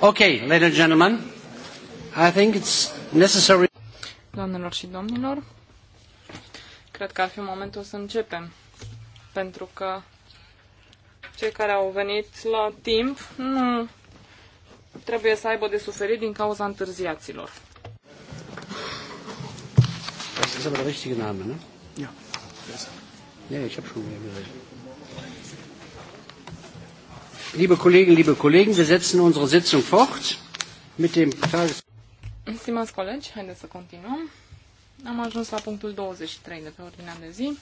Okay, ladies and gentlemen, I think it's necessary... Doamnelor și domnilor, cred că ar fi momentul să începem, pentru că cei care au venit la timp nu trebuie să aibă de suferit din cauza întârziaților. Das ist aber der richtige Name, ne? Ja. Ja, ich habe schon gesehen. Liebe Kolleginnen, liebe Kollegen, wir setzen unsere Sitzung fort mit dem Tages Stimați colegi, haideți să continuăm. Am ajuns la punctul 23 de pe ordinea de zi.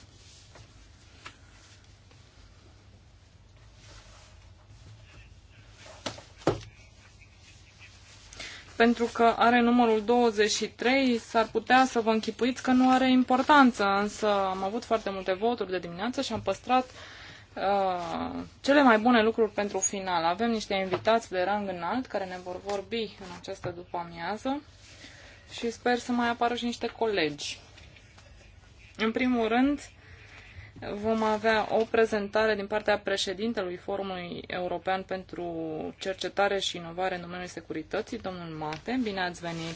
pentru că are numărul 23, s-ar putea să vă închipuiți că nu are importanță, însă am avut foarte multe voturi de dimineață și am păstrat uh, uh, cele mai bune lucruri pentru final. Avem niște invitați de rang înalt care ne vor vorbi în această după-amiază și sper să mai apară și niște colegi. În primul rând, vom avea o prezentare din partea președintelui Forumului European pentru Cercetare și Inovare în domeniul securității, domnul Mate. Bine ați venit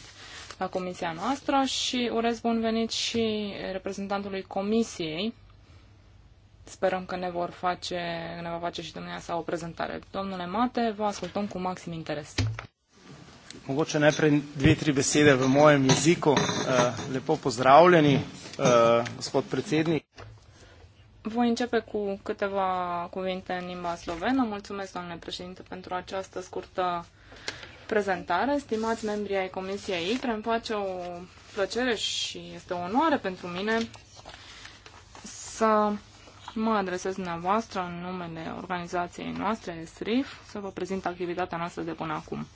la comisia noastră și urez bun venit și reprezentantului comisiei Sperăm că ne vor face, ne va face și dumneavoastră o prezentare. Domnule Mate, vă ascultăm cu maxim interes. Mogoče najprej dve, tri besede v mojem jeziku. Eh, lepo pozdravljeni, eh, gospod predsednik. Voi începe cu câteva cuvinte în limba slovenă. Mulțumesc, domnule președinte, pentru această scurtă prezentare. Stimați membri ai Comisiei ITRE, îmi face o plăcere și este o onoare pentru mine să Mă adresez dumneavoastră în numele organizației noastre, SRIF, să vă prezint activitatea noastră de până acum.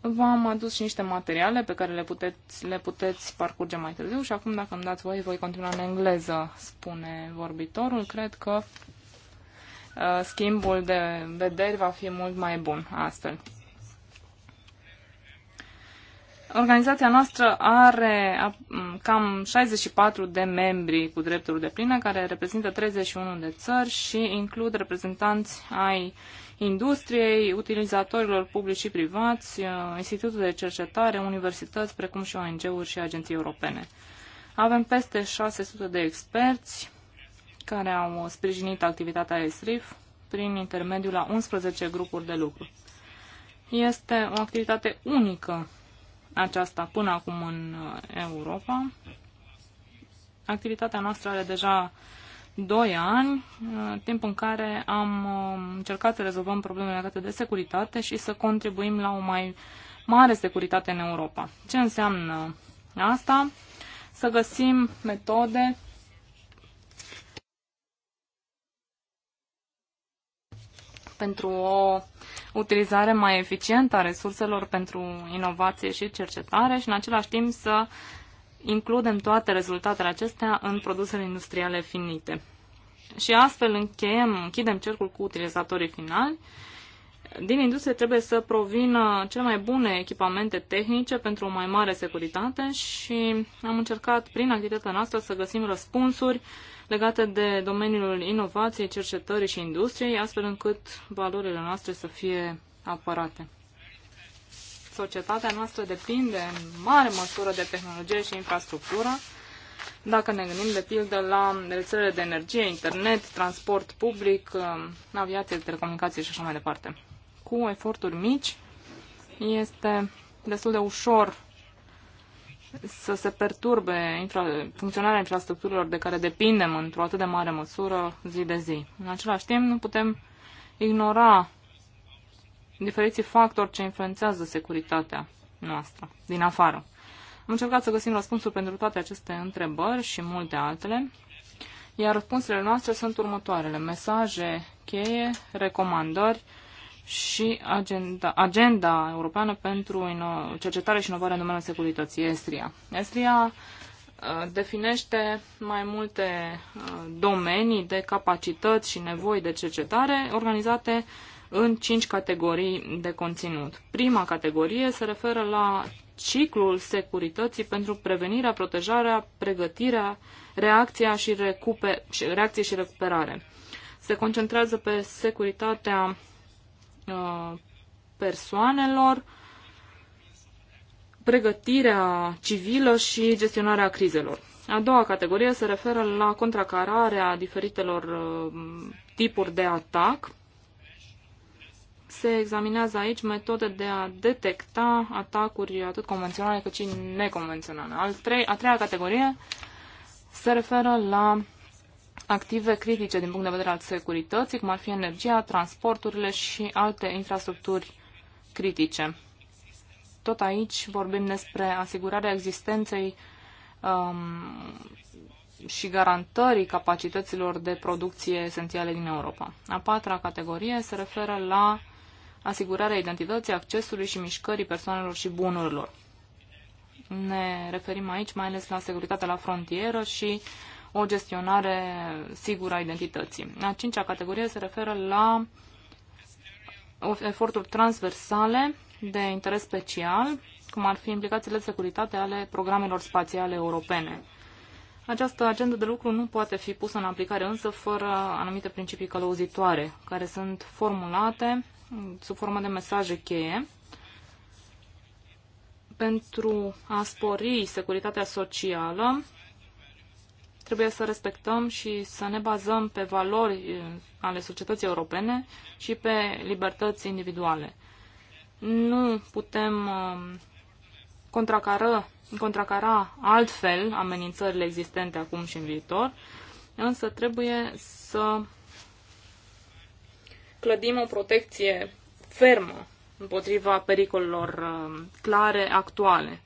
V-am adus și niște materiale pe care le puteți, le puteți parcurge mai târziu și acum, dacă îmi dați voi, voi continua în engleză, spune vorbitorul. Cred că uh, schimbul de vederi va fi mult mai bun astfel. Organizația noastră are cam 64 de membri cu drepturi de plină, care reprezintă 31 de țări și includ reprezentanți ai industriei, utilizatorilor publici și privați, uh, institutul de cercetare, universități, precum și ONG-uri și agenții europene. Avem peste 600 de experți care au sprijinit activitatea ESRIF prin intermediul a 11 grupuri de lucru. Este o activitate unică aceasta până acum în uh, Europa. Activitatea noastră are deja 2 ani, uh, timp în care am um, încercat să rezolvăm problemele legate de securitate și să contribuim la o mai mare securitate în Europa. Ce înseamnă asta? Să găsim metode pentru o utilizare mai eficientă a resurselor pentru inovație și cercetare și în același timp să includem toate rezultatele acestea în produsele industriale finite. Și astfel încheiem, închidem cercul cu utilizatorii finali. Din industrie trebuie să provină cele mai bune echipamente tehnice pentru o mai mare securitate și am încercat prin activitatea noastră să găsim răspunsuri uh, legate de domeniul inovației, cercetării și industriei, astfel încât valorile noastre să fie apărate. Societatea noastră depinde în mare măsură de tehnologie și infrastructură, dacă ne gândim de pildă la rețelele de energie, internet, transport public, um, aviație, telecomunicații și așa mai departe. Cu eforturi mici este destul de ușor să se perturbe infra, funcționarea infrastructurilor de care depindem într-o atât de mare măsură zi de zi. În același timp, nu putem ignora diferiții factori ce influențează securitatea noastră din afară. Am încercat să găsim răspunsuri pentru toate aceste întrebări și multe altele, iar răspunsurile noastre sunt următoarele. Mesaje cheie, recomandări, și agenda, agenda europeană pentru cercetare și inovare în domeniul securității, Estria. Estria uh, definește mai multe uh, domenii de capacități și nevoi de cercetare organizate în cinci categorii de conținut. Prima categorie se referă la ciclul securității pentru prevenirea, protejarea, pregătirea, reacția și, recupe, reacție și recuperare. Se concentrează pe securitatea Uh, persoanelor, pregătirea civilă și gestionarea crizelor. A doua categorie se referă la contracararea diferitelor uh, tipuri de atac. Se examinează aici metode de a detecta atacuri atât convenționale cât și neconvenționale. Al a treia categorie se referă la active critice din punct de vedere al securității, cum ar fi energia, transporturile și alte infrastructuri critice. Tot aici vorbim despre asigurarea existenței um, și garantării capacităților de producție esențiale din Europa. A patra categorie se referă la asigurarea identității, accesului și mișcării persoanelor și bunurilor. Ne referim aici mai ales la securitatea la frontieră și uh, o gestionare sigură a identității. A cincea categorie se referă la eforturi transversale de interes special, cum ar fi implicațiile de securitate ale programelor spațiale europene. Această agendă de lucru nu poate fi pusă în aplicare însă fără anumite principii călăuzitoare, care sunt formulate sub formă de mesaje cheie pentru a spori securitatea socială Trebuie să respectăm și să ne bazăm pe valori eh, ale societății europene și pe libertăți individuale. Nu putem eh, contracara, contracara altfel amenințările existente acum și în viitor, însă trebuie să clădim o protecție fermă împotriva pericolelor eh, clare actuale.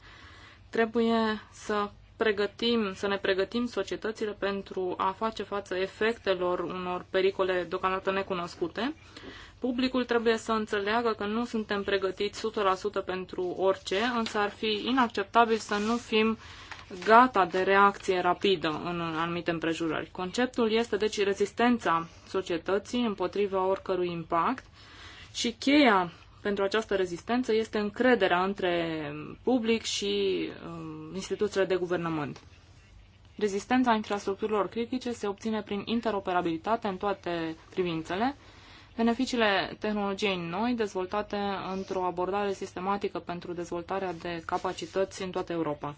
Trebuie să pregătim, să ne pregătim societățile pentru a face față efectelor unor pericole deocamdată necunoscute. Publicul trebuie să înțeleagă că nu suntem pregătiți 100% pentru orice, însă ar fi inacceptabil să nu fim gata de reacție rapidă în anumite împrejurări. Conceptul este deci rezistența societății împotriva oricărui impact și cheia pentru această rezistență este încrederea între public și um, instituțiile de guvernământ. Rezistența infrastructurilor critice se obține prin interoperabilitate în toate privințele, beneficiile tehnologiei noi dezvoltate într-o abordare sistematică pentru dezvoltarea de capacități în toată Europa.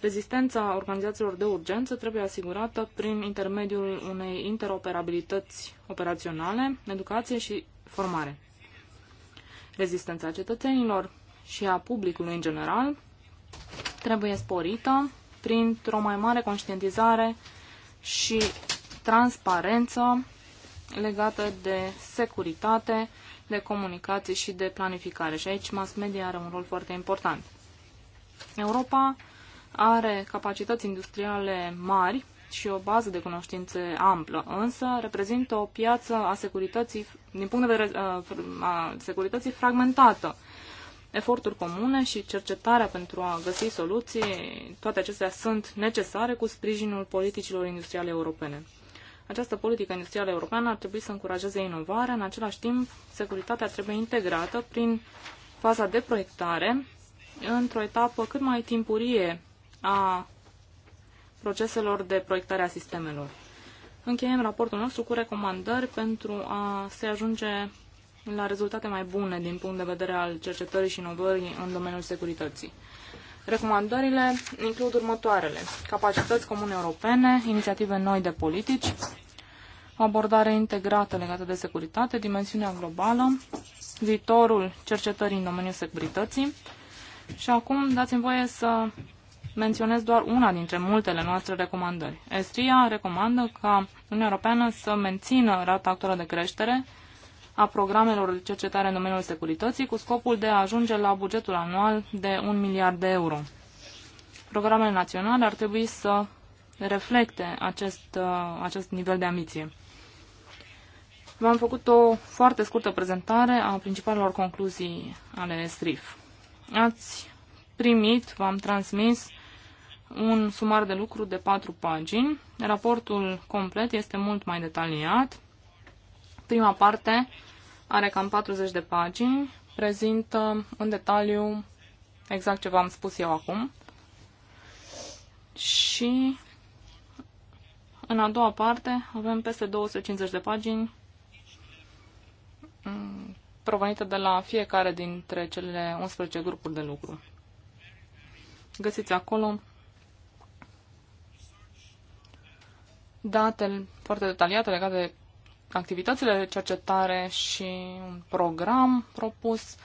Rezistența organizațiilor de urgență trebuie asigurată prin intermediul unei interoperabilități operaționale, educație și formare rezistența cetățenilor și a publicului în general trebuie sporită printr-o mai mare conștientizare și transparență legată de securitate, de comunicații și de planificare. Și aici mass media are un rol foarte important. Europa are capacități industriale mari și o bază de cunoștințe amplă, însă reprezintă o piață a securității, din punct de vedere uh, a securității fragmentată. Eforturi comune și cercetarea pentru a găsi soluții, toate acestea sunt necesare cu sprijinul politicilor industriale europene. Această politică industrială europeană ar trebui să încurajeze inovarea, în același timp securitatea trebuie integrată prin faza de proiectare într-o etapă cât mai timpurie a proceselor de proiectare a sistemelor. Încheiem raportul nostru cu recomandări pentru a se ajunge la rezultate mai bune din punct de vedere al cercetării și inovării în domeniul securității. Recomandările includ următoarele. Capacități comune europene, inițiative noi de politici, o abordare integrată legată de securitate, dimensiunea globală, viitorul cercetării în domeniul securității. Și acum dați-mi voie să menționez doar una dintre multele noastre recomandări. Estria recomandă ca Uniunea Europeană să mențină rata actuală de creștere a programelor de cercetare în domeniul securității cu scopul de a ajunge la bugetul anual de 1 miliard de euro. Programele naționale ar trebui să reflecte acest, uh, acest nivel de ambiție. V-am făcut o foarte scurtă prezentare a principalelor concluzii ale STRIF. Ați primit, v-am transmis un sumar de lucru de patru pagini. Raportul complet este mult mai detaliat. Prima parte are cam 40 de pagini, prezintă în detaliu exact ce v-am spus eu acum. Și în a doua parte avem peste 250 de pagini mm, provenite de la fiecare dintre cele 11 grupuri de lucru. Găsiți acolo date foarte detaliate legate de activitățile de cercetare și un program propus,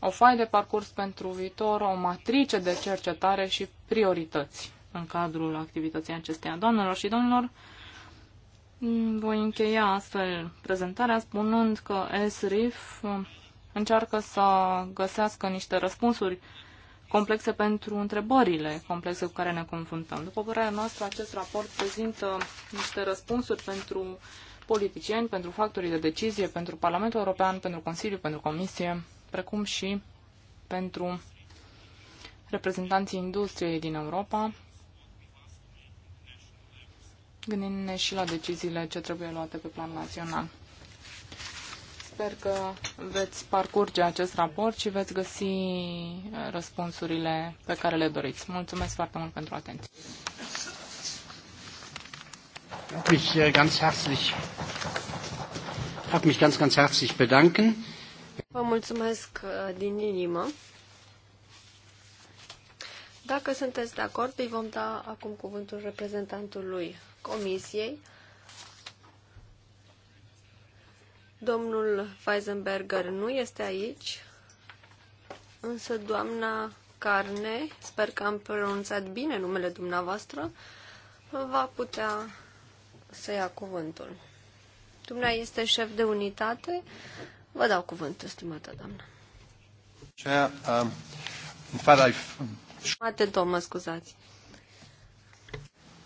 o foaie de parcurs pentru viitor, o matrice de cercetare și priorități în cadrul activității acesteia. Doamnelor și domnilor, voi încheia astfel prezentarea spunând că SRIF încearcă să găsească niște răspunsuri complexe pentru întrebările complexe cu care ne confruntăm. După părerea noastră, acest raport prezintă niște răspunsuri pentru politicieni, pentru factorii de decizie, pentru Parlamentul European, pentru Consiliu, pentru Comisie, precum și pentru reprezentanții industriei din Europa, gândindu-ne și la deciziile ce trebuie luate pe plan național. Sper că veți parcurge acest raport și veți găsi uh, răspunsurile pe care le doriți. Mulțumesc foarte mult pentru atenție. Mich äh, ganz herzlich, hab mich ganz, ganz herzlich bedanken. Vă mulțumesc uh, din inimă. Dacă sunteți de acord, îi vom da acum cuvântul reprezentantului Comisiei. Domnul Weisenberger nu este aici, însă doamna Carne, sper că am pronunțat bine numele dumneavoastră, va putea să ia cuvântul. Dumnea este șef de unitate. Vă dau cuvântul, stimată doamnă. Ce, um, în Mate, domnă, scuzați.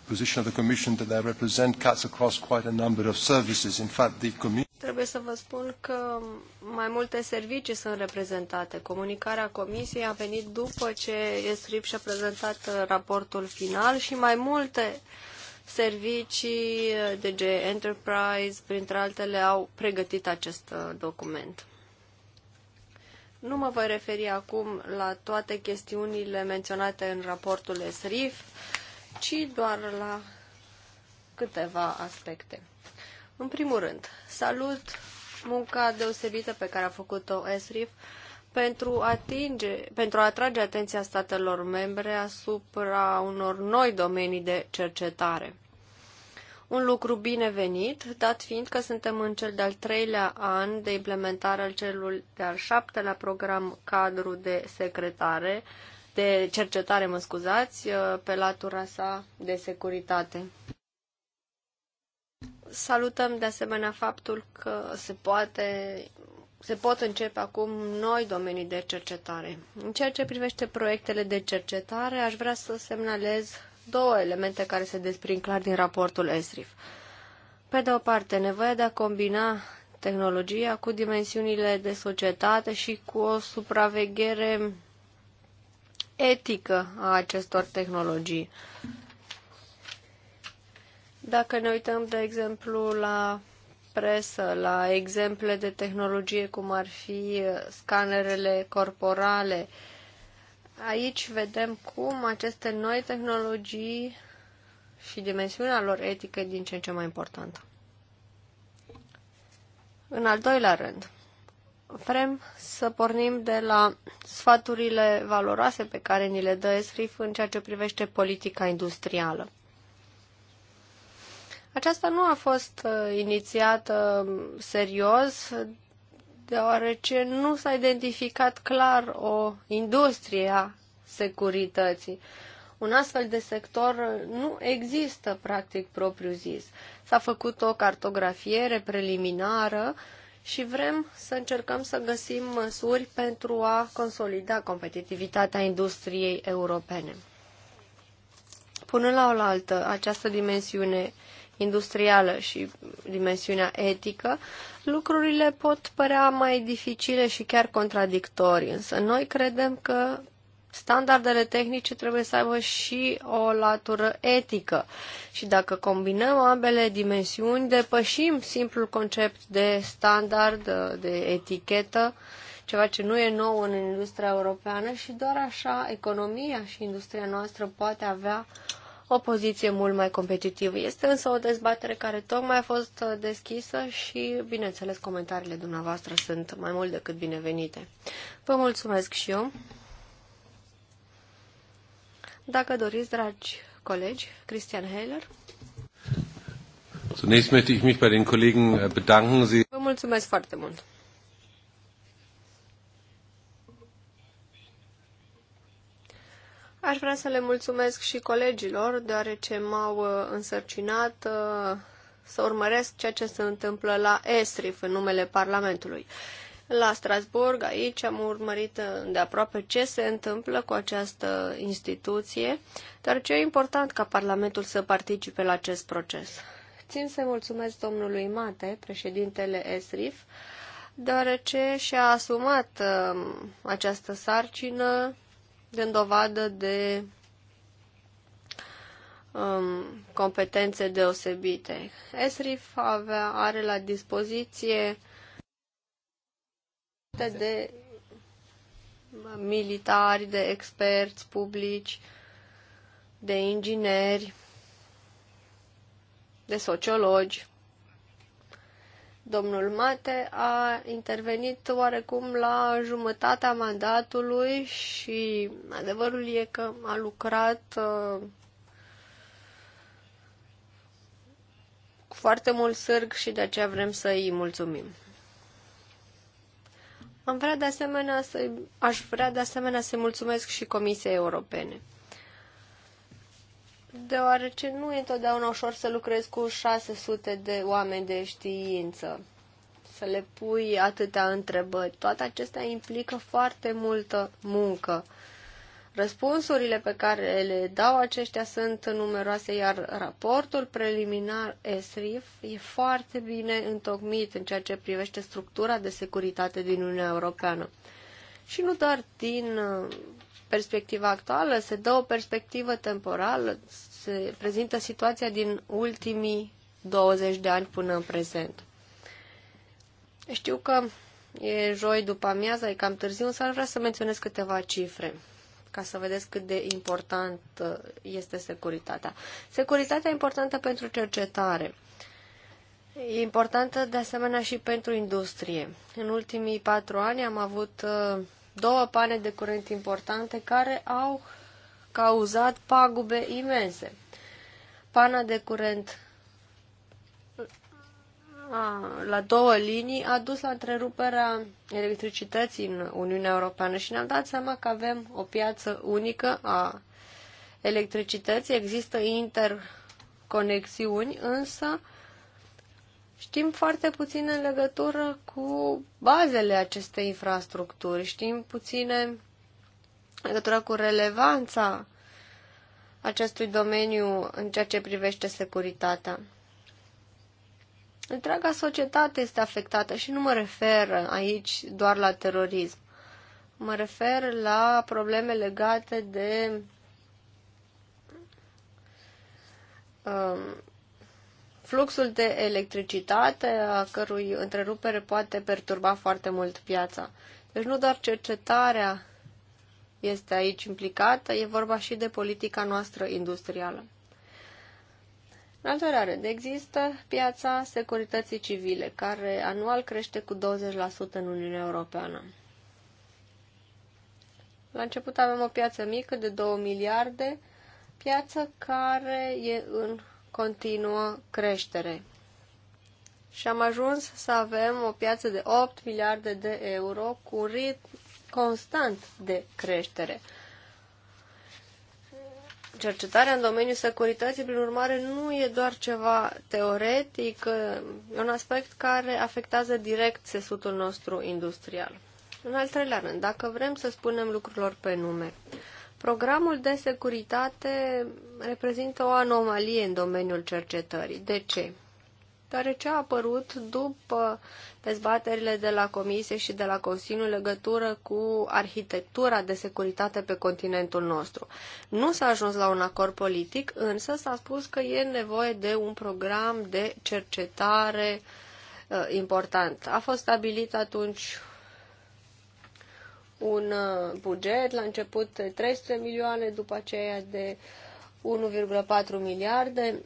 Position of the Commission that they represent cuts across quite a number of services. In fact, the Commission Trebuie să vă spun că mai multe servicii sunt reprezentate. Comunicarea comisiei a venit după ce ESRIP și-a prezentat raportul final și mai multe servicii DG Enterprise, printre altele, au pregătit acest document. Nu mă voi referi acum la toate chestiunile menționate în raportul ESRIF, ci doar la câteva aspecte. În primul rând, salut munca deosebită pe care a făcut-o ESRIF pentru, atinge, pentru a atrage atenția statelor membre asupra unor noi domenii de cercetare. Un lucru binevenit, dat fiind că suntem în cel de-al treilea an de implementare al celul de-al șaptelea program cadru de secretare, de cercetare, mă scuzați, pe latura sa de securitate. Salutăm de asemenea faptul că se poate se pot începe acum noi domenii de cercetare. În ceea ce privește proiectele de cercetare, aș vrea să semnalez două elemente care se desprind clar din raportul ESRIF. Pe de o parte, nevoia de a combina tehnologia cu dimensiunile de societate și cu o supraveghere etică a acestor tehnologii. Dacă ne uităm, de exemplu, la presă, la exemple de tehnologie cum ar fi scanerele corporale, aici vedem cum aceste noi tehnologii și dimensiunea lor etică e din ce în ce mai importantă. În al doilea rând, vrem să pornim de la sfaturile valoroase pe care ni le dă ESRIF în ceea ce privește politica industrială. Aceasta nu a fost uh, inițiată serios, deoarece nu s-a identificat clar o industrie a securității. Un astfel de sector nu există practic propriu zis. S-a făcut o cartografiere preliminară și vrem să încercăm să găsim măsuri pentru a consolida competitivitatea industriei europene. Până la oaltă, această dimensiune industrială și dimensiunea etică, lucrurile pot părea mai dificile și chiar contradictorii, însă noi credem că standardele tehnice trebuie să aibă și o latură etică. Și dacă combinăm ambele dimensiuni, depășim simplul concept de standard, de etichetă, ceva ce nu e nou în industria europeană și doar așa economia și industria noastră poate avea o poziție mult mai competitivă. Este însă o dezbatere care tocmai a fost uh, deschisă și, bineînțeles, comentariile dumneavoastră sunt mai mult decât binevenite. Vă mulțumesc și eu. Dacă doriți, dragi colegi, Cristian Heller. Zunächst möchte ich mich bei den Kollegen äh, bedanken. Sie Vă mulțumesc foarte mult. Aș vrea să le mulțumesc și colegilor, deoarece m-au uh, însărcinat uh, să urmăresc ceea ce se întâmplă la ESRIF în numele Parlamentului. La Strasburg, aici, am urmărit uh, de aproape ce se întâmplă cu această instituție, dar ce e important ca Parlamentul să participe la acest proces. Țin să mulțumesc domnului Mate, președintele ESRIF, deoarece și-a asumat această sarcină dând dovadă de um, competențe deosebite. Esrif avea, are la dispoziție de militari, de experți publici, de ingineri, de sociologi. Domnul Mate a intervenit oarecum la jumătatea mandatului și adevărul e că a lucrat uh, cu foarte mult sârg și de aceea vrem să îi mulțumim. Am vrea de asemenea să aș vrea de asemenea să mulțumesc și Comisiei Europene deoarece nu e întotdeauna ușor să lucrezi cu 600 de oameni de știință, să le pui atâtea întrebări. Toate acestea implică foarte multă muncă. Răspunsurile pe care le dau aceștia sunt numeroase, iar raportul preliminar ESRIF e foarte bine întocmit în ceea ce privește structura de securitate din Uniunea Europeană. Și nu doar din perspectiva actuală, se dă o perspectivă temporală, se prezintă situația din ultimii 20 de ani până în prezent. Știu că e joi după amiază, e cam târziu, însă vreau vrea să menționez câteva cifre ca să vedeți cât de important uh, este securitatea. Securitatea e importantă pentru cercetare. E importantă de asemenea și pentru industrie. În ultimii patru ani am avut uh, două pane de curent importante care au cauzat pagube imense. Pana de curent a, la două linii a dus la întreruperea electricității în Uniunea Europeană și ne-am dat seama că avem o piață unică a electricității, există interconexiuni, însă Știm foarte puțin în legătură cu bazele acestei infrastructuri, știm puține în legătură cu relevanța acestui domeniu în ceea ce privește securitatea. Întreaga societate este afectată și nu mă refer aici doar la terorism. Mă refer la probleme legate de um, fluxul de electricitate a cărui întrerupere poate perturba foarte mult piața. Deci nu doar cercetarea este aici implicată, e vorba și de politica noastră industrială. În altă rare, de există piața securității civile, care anual crește cu 20% în Uniunea Europeană. La început avem o piață mică de 2 miliarde, piață care e în continuă creștere. Și am ajuns să avem o piață de 8 miliarde de euro cu ritm constant de creștere. Cercetarea în domeniul securității, prin urmare, nu e doar ceva teoretic, e un aspect care afectează direct sesutul nostru industrial. În al treilea rând, dacă vrem să spunem lucrurilor pe nume, Programul de securitate reprezintă o anomalie în domeniul cercetării. De ce? Deoarece a apărut după dezbaterile de la Comisie și de la Consiliu în legătură cu arhitectura de securitate pe continentul nostru. Nu s-a ajuns la un acord politic, însă s-a spus că e nevoie de un program de cercetare uh, important. A fost stabilit atunci un uh, buget, la început 300 milioane, după aceea de 1,4 miliarde.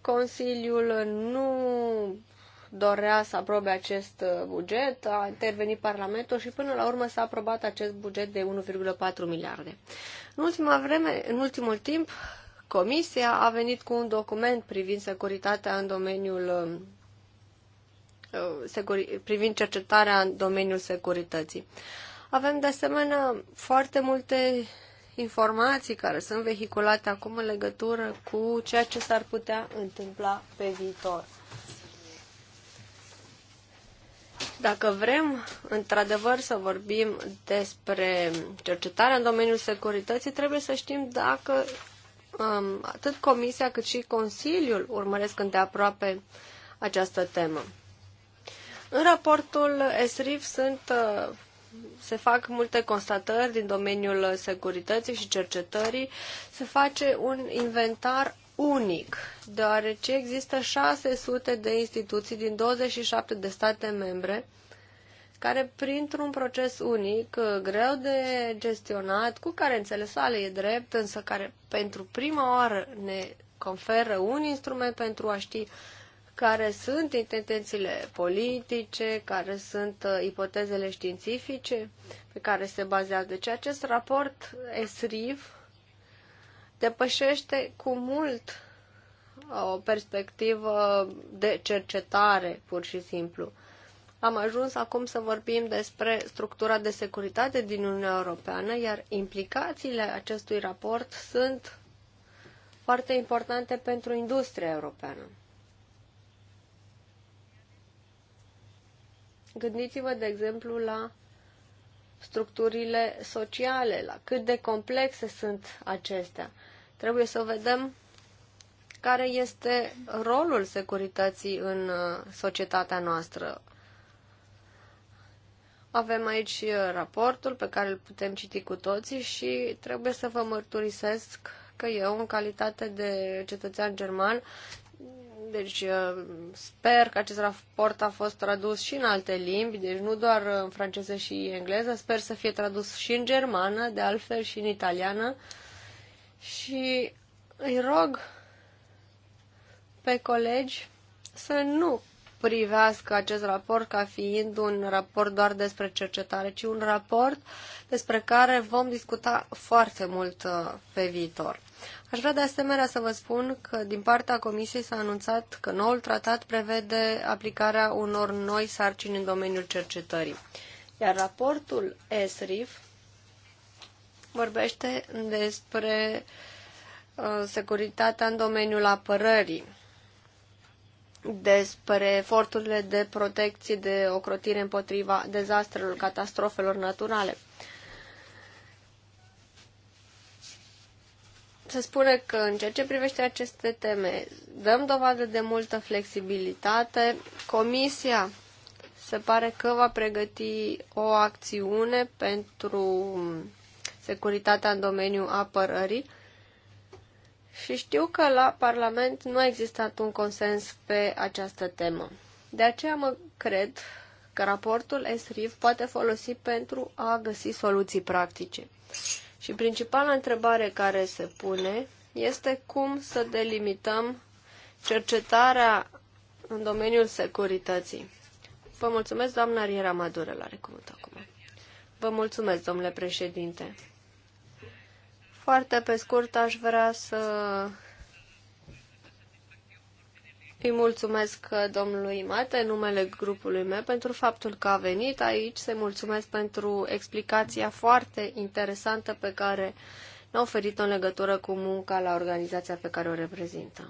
Consiliul nu dorea să aprobe acest uh, buget, a intervenit Parlamentul și până la urmă s-a aprobat acest buget de 1,4 miliarde. În ultima vreme, în ultimul timp, Comisia a venit cu un document privind securitatea în domeniul uh, Uh, privind cercetarea în domeniul securității. Avem de asemenea foarte multe informații care sunt vehiculate acum în legătură cu ceea ce s-ar putea întâmpla pe viitor. Dacă vrem, într-adevăr, să vorbim despre cercetarea în domeniul securității, trebuie să știm dacă um, atât Comisia cât și Consiliul urmăresc îndeaproape această temă. În raportul ESRIF sunt, uh, se fac multe constatări din domeniul securității și cercetării. Se face un inventar unic, deoarece există 600 de instituții din 27 de state membre care printr-un proces unic, uh, greu de gestionat, cu care sale e drept, însă care pentru prima oară ne conferă un instrument pentru a ști uh, care sunt intențiile politice, care sunt uh, ipotezele științifice pe care se bazează. Deci acest raport ESRIV depășește cu mult uh, o perspectivă de cercetare, pur și simplu. Am ajuns acum să vorbim despre structura de securitate din Uniunea Europeană, iar implicațiile acestui raport sunt foarte importante pentru industria europeană. Gândiți-vă, de exemplu, la structurile sociale, la cât de complexe sunt acestea. Trebuie să vedem care este rolul securității în uh, societatea noastră. Avem aici uh, raportul pe care îl putem citi cu toții și trebuie să vă mărturisesc că eu, în calitate de cetățean german, deci uh, sper că acest raport a fost tradus și în alte limbi, deci nu doar în franceză și engleză, sper să fie tradus și în germană, de altfel și în italiană. Și îi rog pe colegi să nu privească acest raport ca fiind un raport doar despre cercetare, ci un raport despre care vom discuta foarte mult uh, pe viitor. Aș vrea de asemenea să vă spun că din partea Comisiei s-a anunțat că noul tratat prevede aplicarea unor noi sarcini în domeniul cercetării. Iar raportul ESRIF vorbește despre uh, securitatea în domeniul apărării, despre eforturile de protecție de ocrotire împotriva dezastrelor, catastrofelor naturale. se spune că în ceea ce privește aceste teme, dăm dovadă de multă flexibilitate. Comisia se pare că va pregăti o acțiune pentru securitatea în domeniul apărării. Și știu că la Parlament nu a existat un consens pe această temă. De aceea mă cred că raportul ESRIV poate folosi pentru a găsi soluții practice. Și principala întrebare care se pune este cum să delimităm cercetarea în domeniul securității. Vă mulțumesc, doamna Riera Madură, la recuvânt acum. Vă mulțumesc, domnule președinte. Foarte pe scurt aș vrea să îi mulțumesc domnului Mate, numele grupului meu, pentru faptul că a venit aici. Să-i mulțumesc pentru explicația foarte interesantă pe care ne-a oferit-o în legătură cu munca la organizația pe care o reprezintă.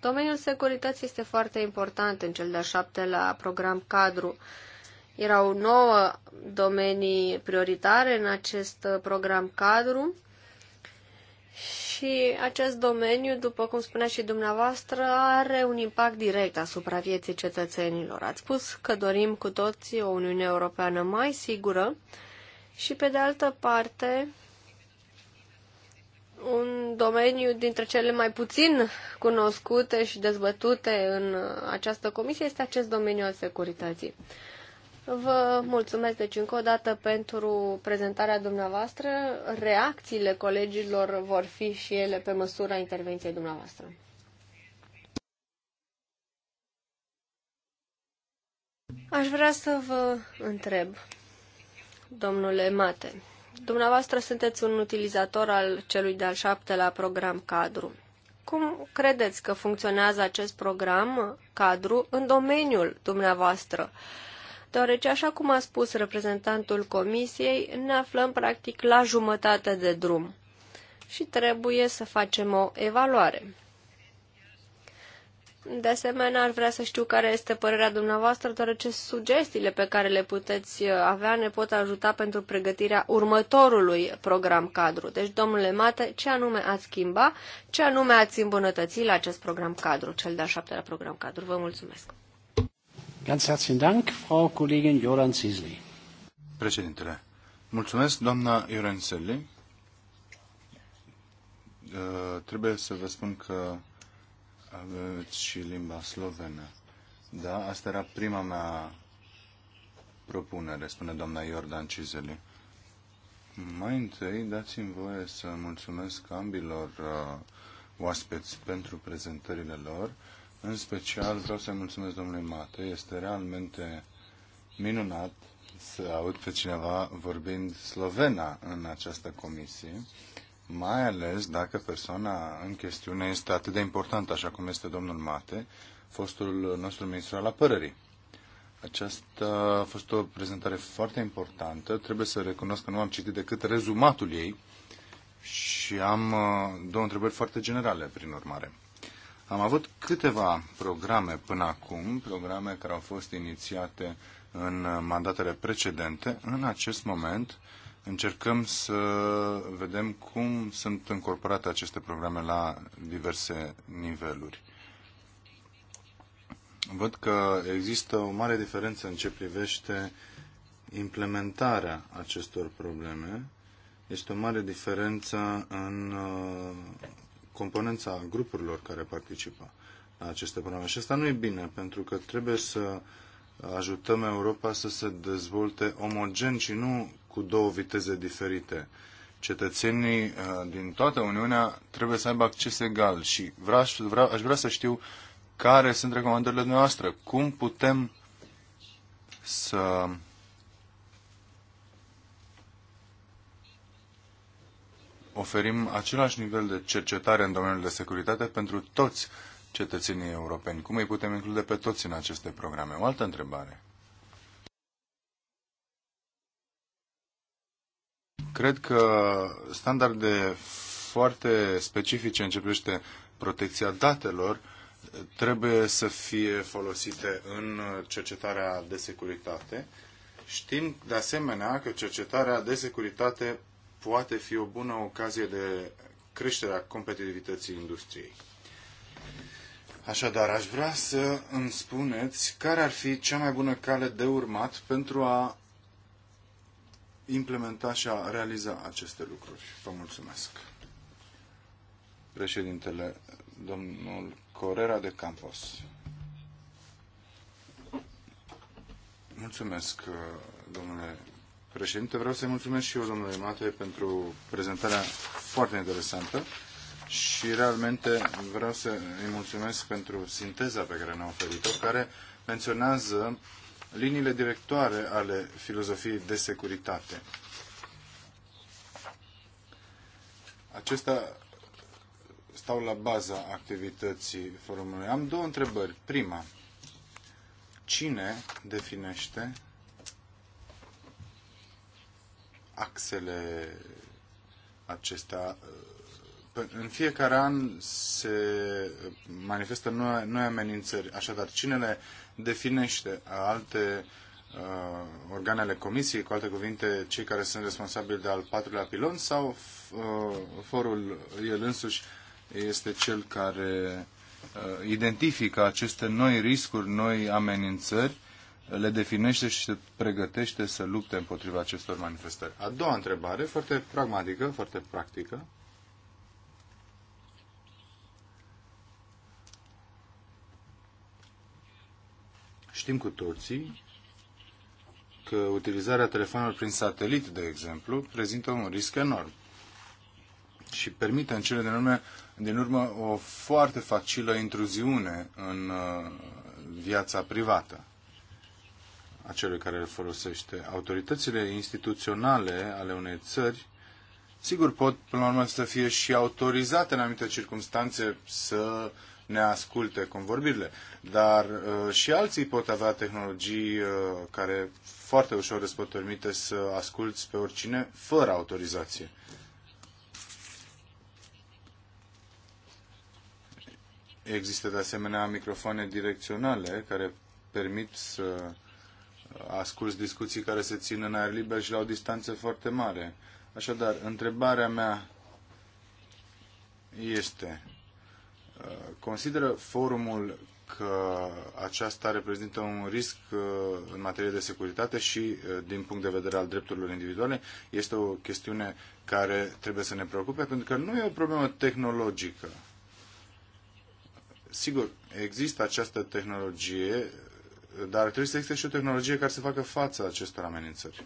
Domeniul securității este foarte important în cel de-a șaptelea program cadru. Erau nouă domenii prioritare în acest program cadru și acest domeniu, după cum spunea și dumneavoastră, are un impact direct asupra vieții cetățenilor. Ați spus că dorim cu toții o Uniune Europeană mai sigură și, pe de altă parte, un domeniu dintre cele mai puțin cunoscute și dezbătute în această comisie este acest domeniu al securității. Vă mulțumesc deci încă o dată pentru prezentarea dumneavoastră. Reacțiile colegilor vor fi și ele pe măsura intervenției dumneavoastră. Aș vrea să vă întreb, domnule Mate, dumneavoastră sunteți un utilizator al celui de-al șaptelea program cadru. Cum credeți că funcționează acest program cadru în domeniul dumneavoastră? deoarece, așa cum a spus reprezentantul comisiei, ne aflăm practic la jumătate de drum și trebuie să facem o evaluare. De asemenea, ar vrea să știu care este părerea dumneavoastră, deoarece sugestiile pe care le puteți avea ne pot ajuta pentru pregătirea următorului program cadru. Deci, domnule Mate, ce anume ați schimba, ce anume ați îmbunătăți la acest program cadru, cel de-al șaptelea program cadru? Vă mulțumesc! Ganz herzlichen Dank, Frau Kollegin Joran Președintele, mulțumesc, doamna Joran Cisli. Uh, trebuie să vă spun că aveți și limba slovenă. Da, asta era prima mea propunere, spune doamna Iordan Cizeli. Mai întâi, dați-mi voie să mulțumesc ambilor uh, oaspeți pentru prezentările lor în special vreau să-i mulțumesc domnului Mate. Este realmente minunat să aud pe cineva vorbind slovena în această comisie, mai ales dacă persoana în chestiune este atât de importantă, așa cum este domnul Mate, fostul nostru ministru al apărării. Aceasta a fost o prezentare foarte importantă. Trebuie să recunosc că nu am citit decât rezumatul ei și am uh, două întrebări foarte generale, prin urmare. Am avut câteva programe până acum, programe care au fost inițiate în mandatele precedente. În acest moment încercăm să vedem cum sunt încorporate aceste programe la diverse niveluri. Văd că există o mare diferență în ce privește implementarea acestor probleme. Este o mare diferență în uh, componența grupurilor care participă la aceste programe. Și asta nu e bine, pentru că trebuie să ajutăm Europa să se dezvolte omogen și nu cu două viteze diferite. Cetățenii uh, din toată Uniunea trebuie să aibă acces egal și vreau, vreau, aș vrea să știu care sunt recomandările noastre, cum putem să oferim același nivel de cercetare în domeniul de securitate pentru toți cetățenii europeni. Cum îi putem include pe toți în aceste programe? O altă întrebare. Cred că standarde foarte specifice în ce privește protecția datelor trebuie să fie folosite în cercetarea de securitate. Știm de asemenea că cercetarea de securitate poate fi o bună ocazie de creșterea competitivității industriei. Așadar, aș vrea să îmi spuneți care ar fi cea mai bună cale de urmat pentru a implementa și a realiza aceste lucruri. Vă mulțumesc. Președintele, domnul Corera de Campos. Mulțumesc, domnule președinte. Vreau să-i mulțumesc și eu, domnule Mate, pentru prezentarea foarte interesantă și realmente vreau să-i mulțumesc pentru sinteza pe care ne-a oferit-o, care menționează liniile directoare ale filozofiei de securitate. Acesta stau la baza activității forumului. Am două întrebări. Prima, cine definește axele acestea. În fiecare an se manifestă noi, amenințări. Așadar, cine le definește alte uh, organele comisiei, cu alte cuvinte, cei care sunt responsabili de al patrulea pilon sau uh, forul el însuși este cel care uh, identifică aceste noi riscuri, noi amenințări le definește și se pregătește să lupte împotriva acestor manifestări. A doua întrebare, foarte pragmatică, foarte practică. Știm cu toții că utilizarea telefonului prin satelit, de exemplu, prezintă un risc enorm și permite în cele din urmă, din urmă o foarte facilă intruziune în uh, viața privată a celui care îl folosește. Autoritățile instituționale ale unei țări, sigur, pot, până la urmă, să fie și autorizate în anumite circunstanțe să ne asculte convorbirile, dar uh, și alții pot avea tehnologii uh, care foarte ușor îți pot permite să asculți pe oricine fără autorizație. Există de asemenea microfoane direcționale care permit să ascult discuții care se țin în aer liber și la o distanță foarte mare. Așadar, întrebarea mea este, uh, consideră forumul că aceasta reprezintă un risc uh, în materie de securitate și uh, din punct de vedere al drepturilor individuale, este o chestiune care trebuie să ne preocupe, pentru că nu e o problemă tehnologică. Sigur, există această tehnologie dar trebuie să existe și o tehnologie care să facă față acestor amenințări.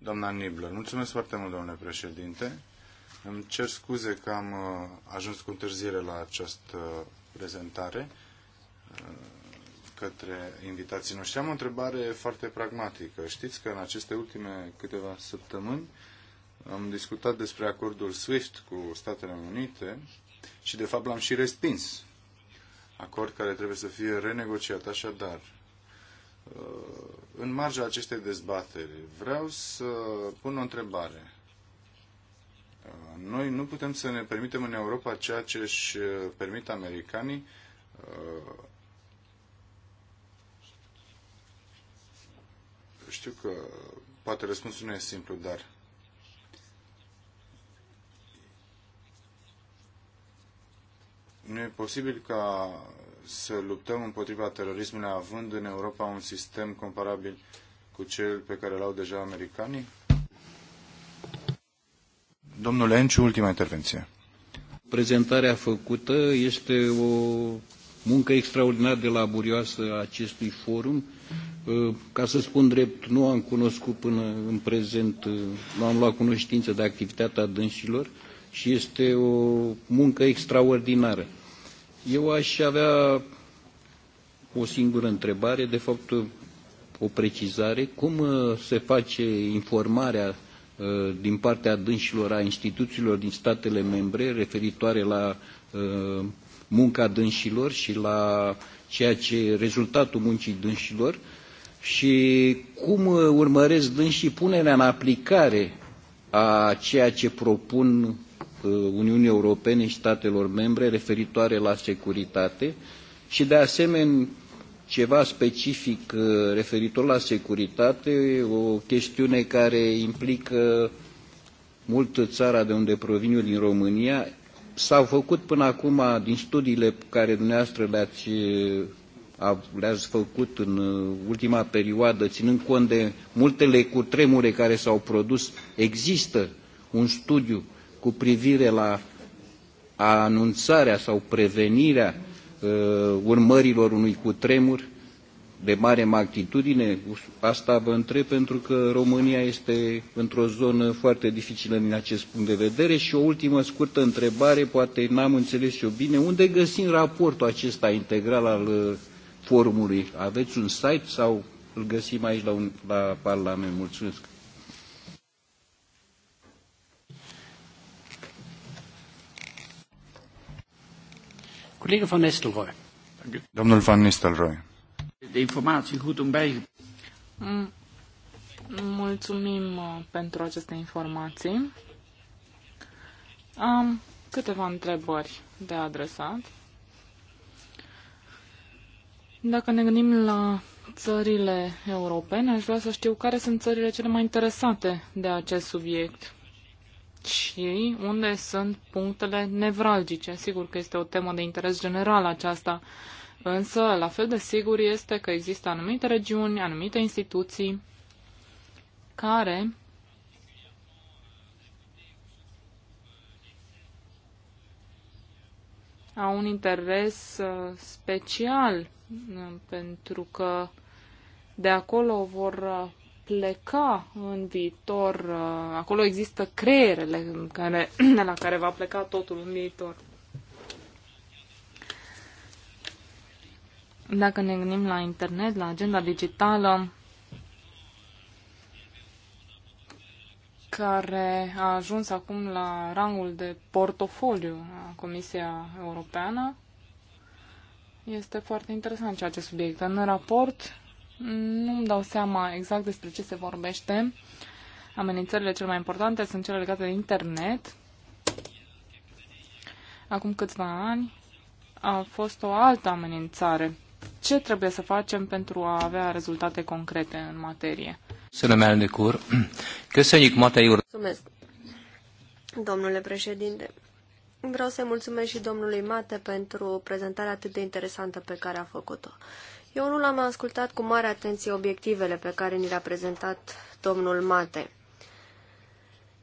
Doamna Nibler, mulțumesc foarte mult, domnule președinte. Îmi cer scuze că am uh, ajuns cu întârziere la această prezentare uh, către invitații noștri. Am o întrebare foarte pragmatică. Știți că în aceste ultime câteva săptămâni am discutat despre acordul SWIFT cu Statele Unite și de fapt l-am și respins acord care trebuie să fie renegociat. Așadar, uh, în marginea acestei dezbateri, vreau să pun o întrebare. Uh, noi nu putem să ne permitem în Europa ceea ce își uh, permit americanii știu că poate răspunsul nu e simplu, dar nu e posibil ca să luptăm împotriva terorismului având în Europa un sistem comparabil cu cel pe care l-au deja americanii? Domnule Enciu, ultima intervenție. Prezentarea făcută este o muncă extraordinar de laborioasă a acestui forum. Ă, ca să spun drept, nu am cunoscut până în prezent, ă, nu am luat cunoștință de activitatea dânșilor și este o muncă extraordinară. Eu aș avea o singură întrebare, de fapt o precizare. Cum uh, se face informarea uh, din partea dânșilor a instituțiilor din statele membre referitoare la uh, munca dânșilor și la ceea ce rezultatul muncii dânșilor și cum urmăresc dânșii punerea în aplicare a ceea ce propun Uh, Uniunii Europene și statelor membre referitoare la securitate și de asemenea ceva specific uh, referitor la securitate, o chestiune care implică mult țara de unde provin eu din România. S-au făcut până acum din studiile pe care dumneavoastră le-ați uh, le-ați făcut în ultima perioadă, ținând cont de multele cutremure care s-au produs, există un studiu uh, cu privire la anunțarea sau prevenirea uh, urmărilor unui cutremur de mare magnitudine? Asta vă întreb pentru că România este într-o zonă foarte dificilă din acest punct de vedere și o ultimă scurtă întrebare, poate n-am înțeles eu bine, unde găsim raportul acesta integral al uh, forumului? Aveți un site sau îl găsim aici la, un, la Parlament? Mulțumesc! Collega van Nistelrooy. Domnul van Nistelrooy. De informații cu om mm, Mulțumim uh, pentru aceste informații. Am câteva întrebări de adresat. Dacă ne gândim la țările europene, aș vrea să știu care sunt țările cele mai interesate de acest subiect și unde sunt punctele nevralgice. Sigur că este o temă de interes general aceasta, însă la fel de sigur este că există anumite regiuni, anumite instituții care au un interes uh, special uh, pentru că de acolo vor uh, pleca în viitor, uh, acolo există creierele în care, la care va pleca totul în viitor. Dacă ne gândim la internet, la agenda digitală, care a ajuns acum la rangul de portofoliu a Comisia Europeană, este foarte interesant ceea ce subiect. În raport nu-mi dau seama exact despre ce se vorbește. Amenințările cele mai importante sunt cele legate de internet. Acum câțiva ani a fost o altă amenințare. Ce trebuie să facem pentru a avea rezultate concrete în materie? Mulțumesc, domnule președinte. Vreau să-i mulțumesc și domnului Mate pentru prezentarea atât de interesantă pe care a făcut-o. Eu nu l-am ascultat cu mare atenție obiectivele pe care ni le-a prezentat domnul Mate.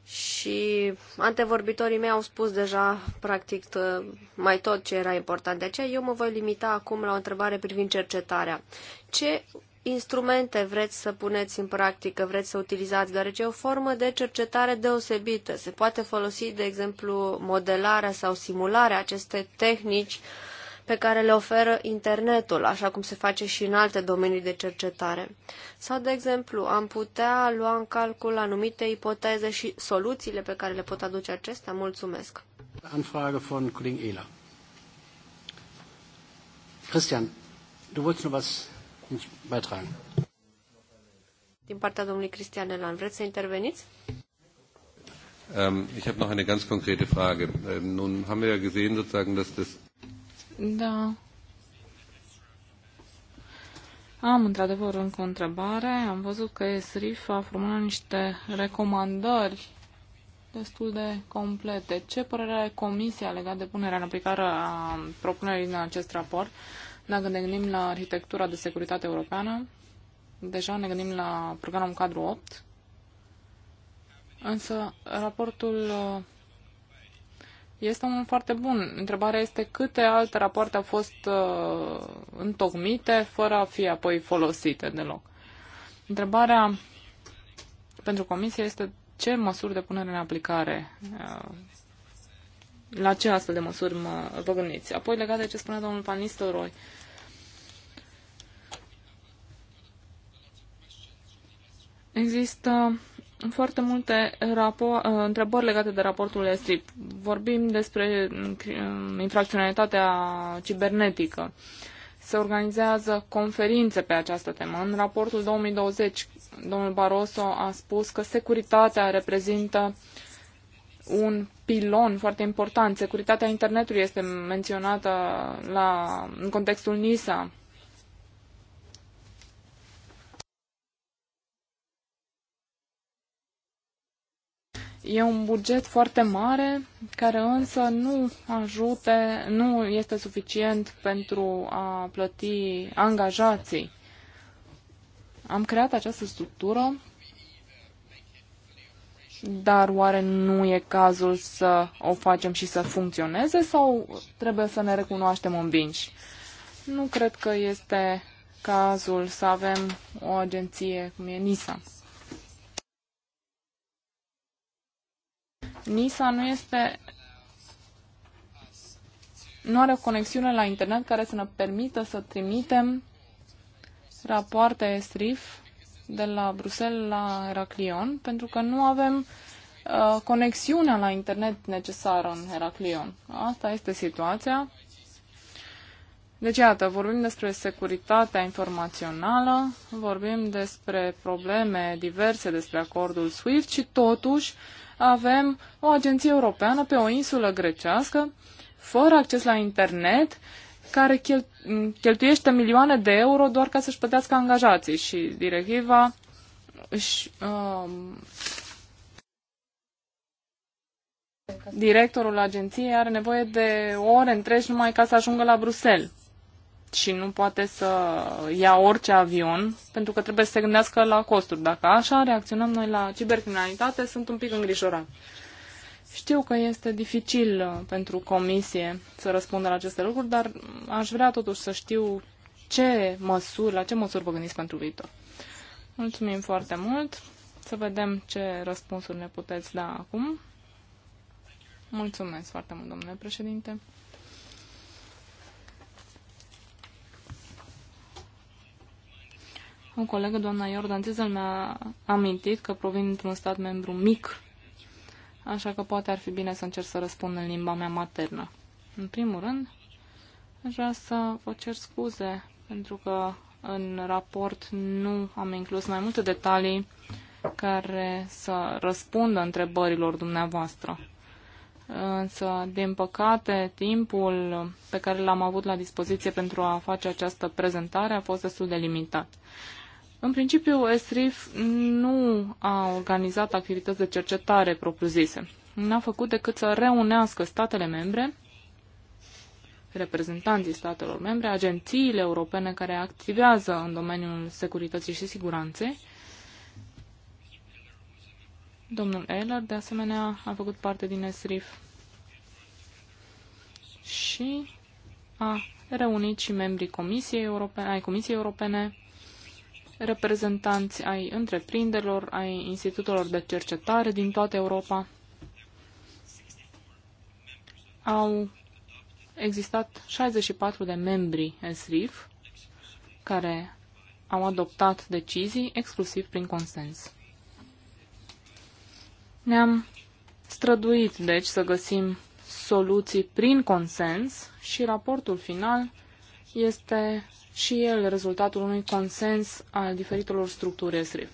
Și antevorbitorii mei au spus deja, practic, ă, mai tot ce era important. De aceea eu mă voi limita acum la o întrebare privind cercetarea. Ce instrumente vreți să puneți în practică, vreți să utilizați, deoarece e o formă de cercetare deosebită. Se poate folosi, de exemplu, modelarea sau simularea acestei tehnici uh, pe care le oferă internetul, așa cum se face și în alte domenii de cercetare. Sau, de exemplu, am putea lua în calcul anumite ipoteze și soluțiile pe care le pot aduce acestea. Mulțumesc! Anfrage von Kollegen Christian, du wolltest noch was beitragen? Din partea domnului Cristian Elan, vreți să interveniți? Ähm, ich habe noch eine ganz konkrete Frage. Äh, nun haben wir ja gesehen, sozusagen, dass das da. Am într-adevăr încă o întrebare. Am văzut că SRIF a formulat niște recomandări destul de complete. Ce părere are Comisia legat de punerea în aplicare a propunerii din acest raport? Dacă ne gândim la arhitectura de securitate europeană, deja ne gândim la programul cadru 8, însă raportul este unul foarte bun. Întrebarea este câte alte rapoarte au fost uh, întocmite fără a fi apoi folosite deloc. Întrebarea pentru comisie este ce măsuri de punere în aplicare, uh, la ce astfel de măsuri mă, vă gândiți. Apoi, legat de ce spunea domnul Panistoroi, există foarte multe uh, întrebări legate de raportul ESRIP. Vorbim despre mm, mm, infracționalitatea cibernetică. Se organizează conferințe pe această temă. În raportul 2020, domnul Barroso a spus că securitatea reprezintă un pilon foarte important. Securitatea internetului este menționată la, în contextul NISA. E un buget foarte mare, care însă nu ajute, nu este suficient pentru a plăti angajații. Am creat această structură, dar oare nu e cazul să o facem și să funcționeze sau trebuie să ne recunoaștem învinși? Nu cred că este cazul să avem o agenție cum e NISA. NISA nu este nu are o conexiune la internet care să ne permită să trimitem rapoarte SRIF de la Bruxelles la Heraclion, pentru că nu avem uh, conexiunea la internet necesară în Heraclion. Asta este situația. Deci, iată, vorbim despre securitatea informațională, vorbim despre probleme diverse despre acordul SWIFT și totuși uh, avem o agenție europeană pe o insulă grecească, fără acces la internet, care chel cheltuiește milioane de euro doar ca să-și plătească angajații și directiva își, Um, directorul agenției are nevoie de ore întregi numai ca să ajungă la Bruxelles și nu poate să ia orice avion, pentru că trebuie să se gândească la costuri. Dacă așa reacționăm noi la cibercriminalitate, sunt un pic îngrijorat. Știu că este dificil uh, pentru comisie să răspundă la aceste lucruri, dar aș vrea totuși să știu ce măsuri, la ce măsuri vă gândiți pentru viitor. Mulțumim foarte mult. Să vedem ce răspunsuri ne puteți da acum. Mulțumesc foarte mult, domnule președinte. O colegă, doamna Iordan Tizel, mi-a amintit că provin dintr-un stat membru mic, așa că poate ar fi bine să încerc să răspund în limba mea maternă. În primul rând, aș vrea să vă cer scuze pentru că în raport nu am inclus mai multe detalii care să răspundă întrebărilor dumneavoastră. Însă, din păcate, timpul pe care l-am avut la dispoziție pentru a face această prezentare a fost destul de limitat. În principiu, ESRIF nu a organizat activități de cercetare propriu-zise. N-a făcut decât să reunească statele membre, reprezentanții statelor membre, agențiile europene care activează în domeniul securității și siguranței. Domnul Eller, de asemenea, a făcut parte din ESRIF și a reunit și membrii Comisiei Europene, ai Comisiei Europene, reprezentanți ai întreprinderilor, ai institutelor de cercetare din toată Europa. Au existat 64 de membri SRIF care au adoptat decizii exclusiv prin consens. Ne-am străduit, deci, să găsim soluții prin consens și raportul final este și el rezultatul unui consens al diferitelor structuri ESRIF.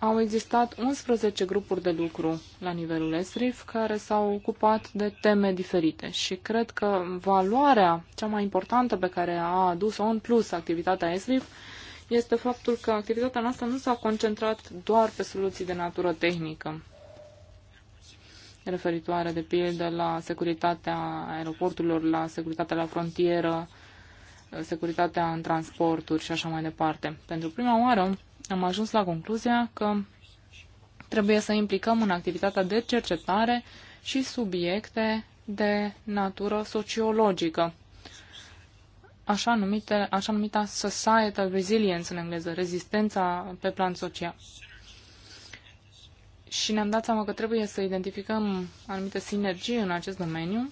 Au existat 11 grupuri de lucru la nivelul ESRIF care s-au ocupat de teme diferite și cred că valoarea cea mai importantă pe care a adus-o în plus activitatea ESRIF este faptul că activitatea noastră nu s-a concentrat doar pe soluții de natură tehnică referitoare de pildă la securitatea aeroporturilor, la securitatea la frontieră, securitatea în transporturi și așa mai departe. Pentru prima oară am ajuns la concluzia că trebuie să implicăm în activitatea de cercetare și subiecte de natură sociologică, așa, numite, așa numita societal resilience în engleză, rezistența pe plan social și ne-am dat seama că trebuie să identificăm anumite sinergii în acest domeniu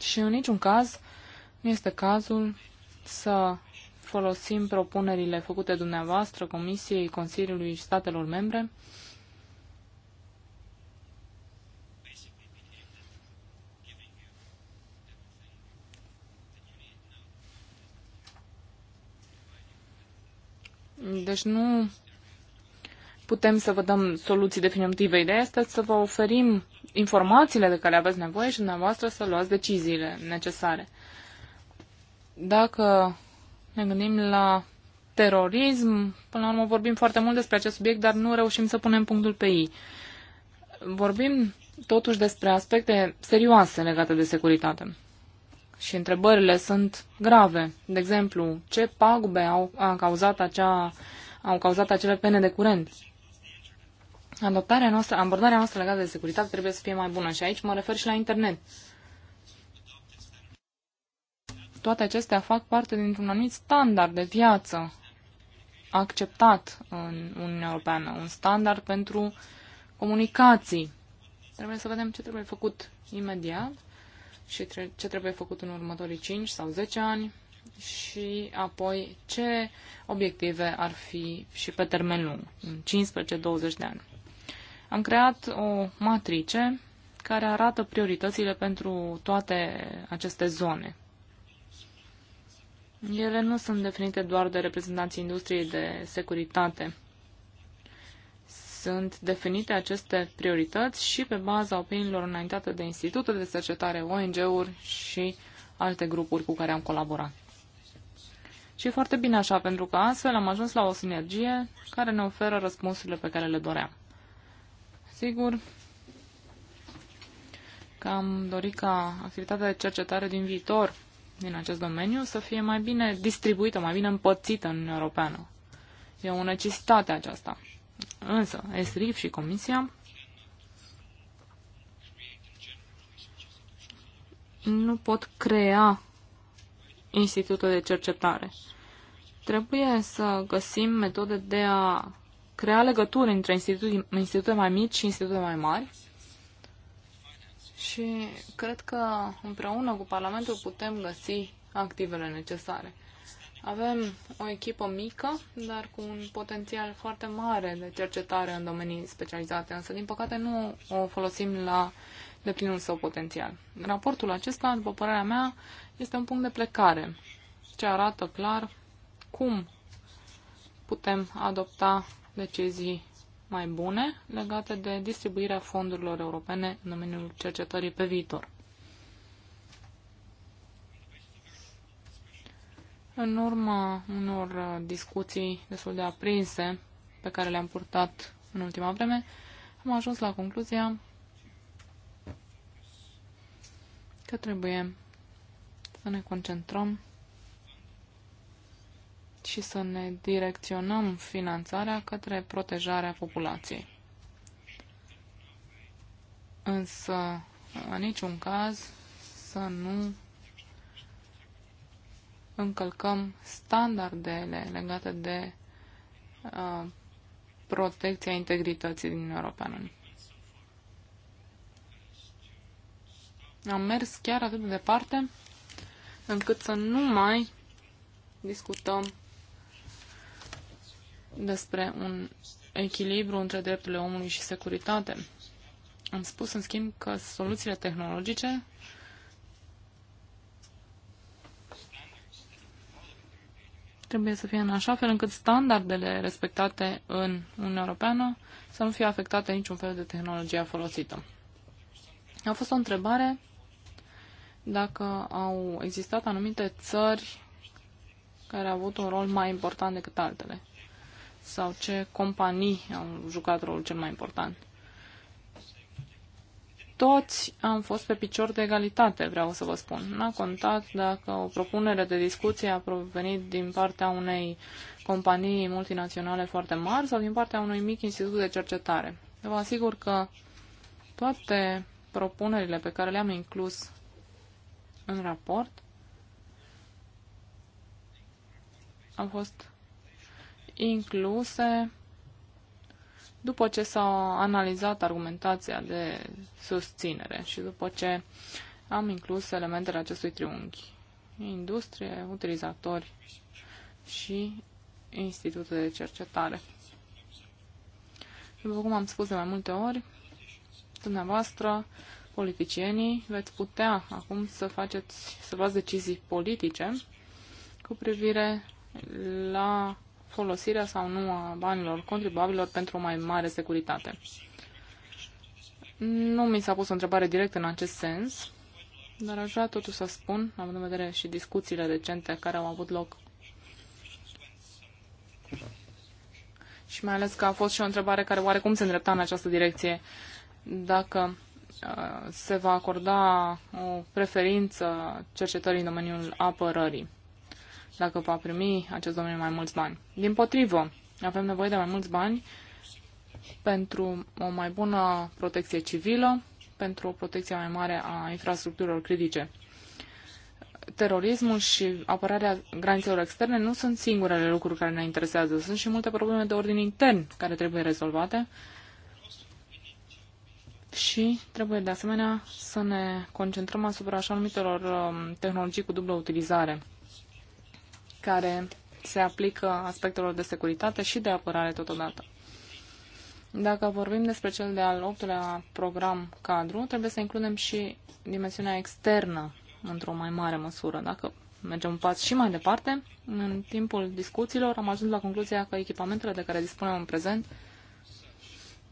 și în niciun caz nu este cazul să folosim propunerile făcute dumneavoastră, Comisiei, Consiliului și statelor membre Deci nu putem să vă dăm soluții definitive. Ideea este să vă oferim informațiile de care aveți nevoie și dumneavoastră să luați deciziile necesare. Dacă ne gândim la terorism, până la urmă vorbim foarte mult despre acest subiect, dar nu reușim să punem punctul pe ei. Vorbim totuși despre aspecte serioase legate de securitate. Și întrebările sunt grave. De exemplu, ce pagube au, a cauzat acea, au cauzat acele pene de curent? adoptarea noastră, abordarea noastră legată de securitate trebuie să fie mai bună și aici mă refer și la internet. Toate acestea fac parte dintr-un anumit standard de viață acceptat în Uniunea Europeană, un standard pentru comunicații. Trebuie să vedem ce trebuie făcut imediat și ce trebuie făcut în următorii 5 sau 10 ani și apoi ce obiective ar fi și pe termen lung, în 15-20 de ani. Am creat o matrice care arată prioritățile pentru toate aceste zone. Ele nu sunt definite doar de reprezentanții industriei de securitate. Sunt definite aceste priorități și pe baza opiniilor înaintate de institute de cercetare, ONG-uri și alte grupuri cu care am colaborat. Și e foarte bine așa, pentru că astfel am ajuns la o sinergie care ne oferă răspunsurile pe care le doream. Sigur că am dorit ca activitatea de cercetare din viitor din acest domeniu să fie mai bine distribuită, mai bine împățită în Europeană. E o necesitate aceasta. Însă, ESRIF și Comisia nu pot crea institutul de cercetare. Trebuie să găsim metode de a crea legături între institute, institute mai mici și institute mai mari. Și cred că împreună cu Parlamentul putem găsi activele necesare. Avem o echipă mică, dar cu un potențial foarte mare de cercetare în domenii specializate, însă din păcate nu o folosim la deplinul său potențial. Raportul acesta, după părerea mea, este un punct de plecare, ce arată clar cum putem adopta decizii mai bune legate de distribuirea fondurilor europene în domeniul cercetării pe viitor. În urma unor discuții destul de aprinse pe care le-am purtat în ultima vreme, am ajuns la concluzia că trebuie să ne concentrăm și să ne direcționăm finanțarea către protejarea populației. Însă, în niciun caz, să nu încălcăm standardele legate de uh, protecția integrității din Europeană. Am mers chiar atât de departe încât să nu mai discutăm despre un echilibru între drepturile omului și securitate. Am spus, în schimb, că soluțiile tehnologice trebuie să fie în așa fel încât standardele respectate în Uniunea Europeană să nu fie afectate niciun fel de tehnologia folosită. A fost o întrebare dacă au existat anumite țări care au avut un rol mai important decât altele sau ce companii au jucat rolul cel mai important. Toți am fost pe picior de egalitate, vreau să vă spun. N-a contat dacă o propunere de discuție a provenit din partea unei companii multinaționale foarte mari sau din partea unui mic institut de cercetare. Vă asigur că toate propunerile pe care le-am inclus în raport au fost incluse după ce s-a analizat argumentația de susținere și după ce am inclus elementele acestui triunghi, industrie, utilizatori și institute de cercetare. După cum am spus de mai multe ori, dumneavoastră, politicienii, veți putea acum să faceți, să luați decizii politice cu privire la folosirea sau nu a banilor contribuabilor pentru o mai mare securitate. Nu mi s-a pus o întrebare directă în acest sens, dar aș vrea totuși să spun, având în vedere și discuțiile recente care au avut loc. Și mai ales că a fost și o întrebare care oarecum se îndrepta în această direcție. Dacă uh, se va acorda o preferință cercetării în domeniul apărării dacă va primi acest domeniu mai mulți bani. Din potrivă, avem nevoie de mai mulți bani pentru o mai bună protecție civilă, pentru o protecție mai mare a infrastructurilor critice. Terorismul și apărarea granițelor externe nu sunt singurele lucruri care ne interesează. Sunt și multe probleme de ordin intern care trebuie rezolvate și trebuie de asemenea să ne concentrăm asupra așa numitelor um, tehnologii cu dublă utilizare care se aplică aspectelor de securitate și de apărare totodată. Dacă vorbim despre cel de-al optulea program cadru, trebuie să includem și dimensiunea externă într-o mai mare măsură. Dacă mergem un pas și mai departe, în timpul discuțiilor am ajuns la concluzia că echipamentele de care dispunem în prezent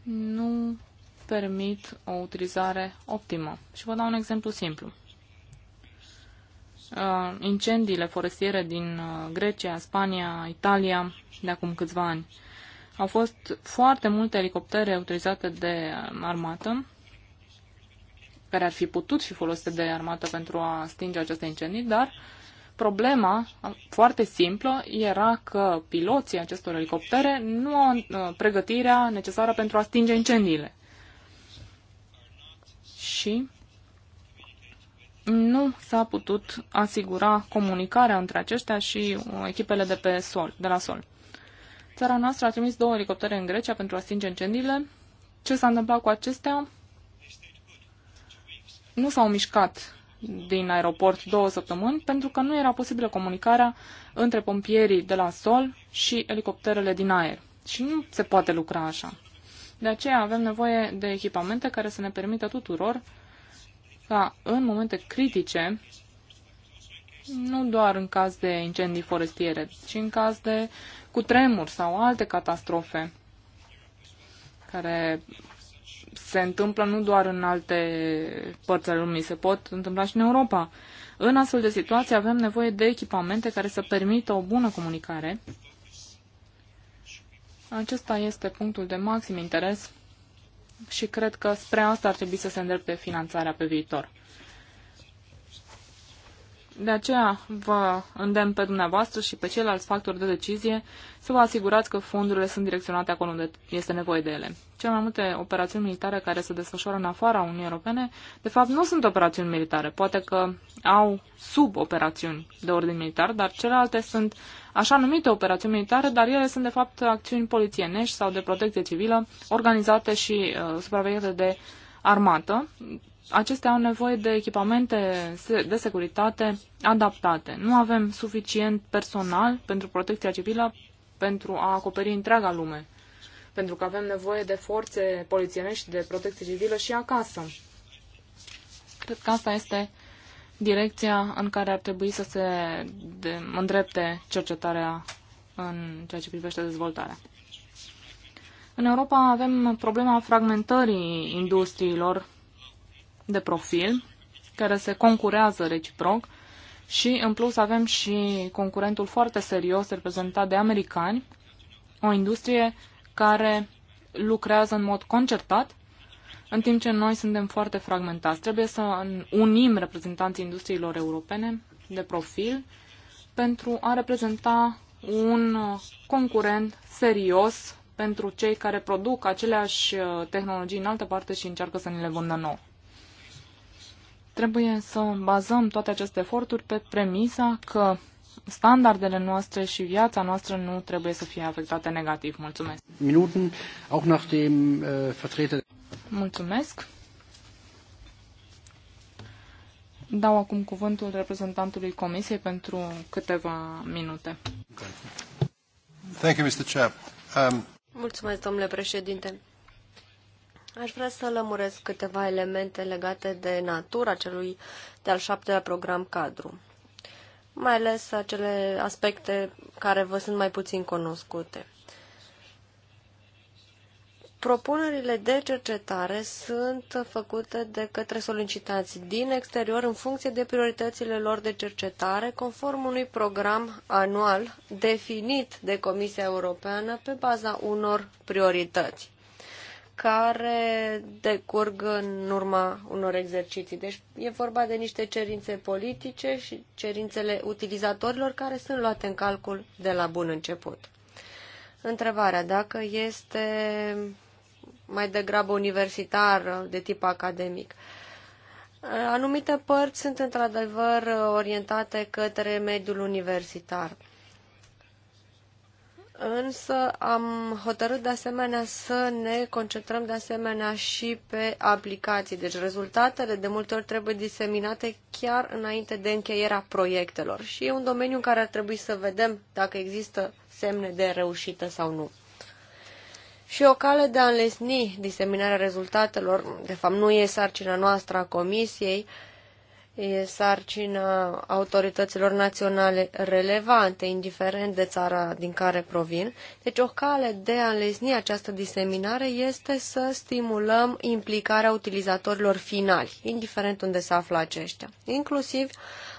nu permit o utilizare optimă. Și vă dau un exemplu simplu. Uh, incendiile forestiere din uh, Grecia, Spania, Italia de acum câțiva ani. Au fost foarte multe elicoptere utilizate de armată, care ar fi putut fi folosite de armată pentru a stinge aceste incendii, dar problema uh, foarte simplă era că piloții acestor elicoptere nu au pregătirea necesară pentru a stinge incendiile. Și nu s-a putut asigura comunicarea între aceștia și echipele de, pe sol, de la sol. Țara noastră a trimis două elicoptere în Grecia pentru a stinge incendiile. Ce s-a întâmplat cu acestea? Nu s-au mișcat din aeroport două săptămâni pentru că nu era posibilă comunicarea între pompierii de la sol și elicopterele din aer. Și nu se poate lucra așa. De aceea avem nevoie de echipamente care să ne permită tuturor ca în momente critice, nu doar în caz de incendii forestiere, ci în caz de cutremuri sau alte catastrofe care se întâmplă nu doar în alte părți ale lumii, se pot întâmpla și în Europa. În astfel de situații avem nevoie de echipamente care să permită o bună comunicare. Acesta este punctul de maxim interes și cred că spre asta ar trebui să se îndrepte finanțarea pe viitor. De aceea vă îndemn pe dumneavoastră și pe ceilalți factori de decizie să vă asigurați că fondurile sunt direcționate acolo unde este nevoie de ele. Cele mai multe operațiuni militare care se desfășoară în afara Uniunii Europene, de fapt, nu sunt operațiuni militare. Poate că au sub-operațiuni de ordin militar, dar celelalte sunt așa numite operațiuni militare, dar ele sunt de fapt acțiuni polițienești sau de protecție civilă, organizate și uh, supravegheate de armată. Acestea au nevoie de echipamente de securitate adaptate. Nu avem suficient personal pentru protecția civilă pentru a acoperi întreaga lume, pentru că avem nevoie de forțe polițienești de protecție civilă și acasă. Cred că asta este uh, direcția în care ar trebui să se îndrepte cercetarea în ceea ce privește dezvoltarea. În Europa avem problema fragmentării industriilor de profil, care se concurează reciproc și, în plus, avem și concurentul foarte serios reprezentat de americani, o industrie care lucrează în mod concertat în timp ce noi suntem foarte fragmentați. Trebuie să unim reprezentanții industriilor europene de profil pentru a reprezenta un concurent serios pentru cei care produc aceleași uh, tehnologii în altă parte și încearcă să ni le vândă nouă. Trebuie să bazăm toate aceste eforturi pe premisa că standardele noastre și viața noastră nu trebuie să fie afectate negativ. Mulțumesc. Minuten, auch nach dem, uh, vertreter... Mulțumesc. Dau acum cuvântul reprezentantului Comisiei pentru câteva minute. Thank you, Mr. Chair. Um... Mulțumesc, domnule președinte. Aș vrea să lămuresc câteva elemente legate de natura celui de-al șaptelea program cadru, mai ales acele aspecte care vă sunt mai puțin cunoscute. Propunerile de cercetare sunt făcute de către solicitanți din exterior în funcție de prioritățile lor de cercetare, conform unui program anual definit de Comisia Europeană pe baza unor priorități care decurg în urma unor exerciții. Deci e vorba de niște cerințe politice și cerințele utilizatorilor care sunt luate în calcul de la bun început. Întrebarea dacă este mai degrabă universitar, de tip academic. Anumite părți sunt într-adevăr orientate către mediul universitar. Însă am hotărât de asemenea să ne concentrăm de asemenea și pe aplicații. Deci rezultatele de multe ori trebuie diseminate chiar înainte de încheierea proiectelor. Și e un domeniu în care ar trebui să vedem dacă există semne de reușită sau nu și o cale de a înlesni diseminarea rezultatelor. De fapt, nu e sarcina noastră a Comisiei, e sarcina autorităților naționale relevante, indiferent de țara din care provin. Deci o cale de a înlesni această diseminare este să stimulăm implicarea utilizatorilor finali, indiferent unde se află aceștia, inclusiv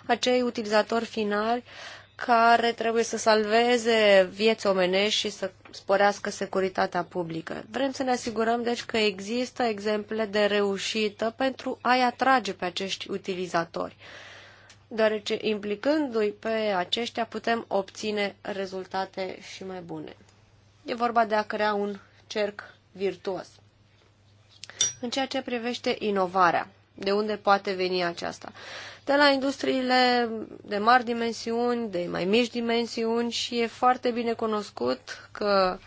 acei utilizatori finali uh, care trebuie să salveze vieți omenești și să sporească securitatea publică. Vrem să ne asigurăm, deci, că există exemple de reușită pentru a-i atrage pe acești utilizatori, deoarece implicându-i pe aceștia putem obține rezultate și mai bune. E vorba de a crea un cerc virtuos. În ceea ce privește inovarea, de unde poate veni aceasta? de la industriile de mari dimensiuni, de mai mici dimensiuni și e foarte bine cunoscut că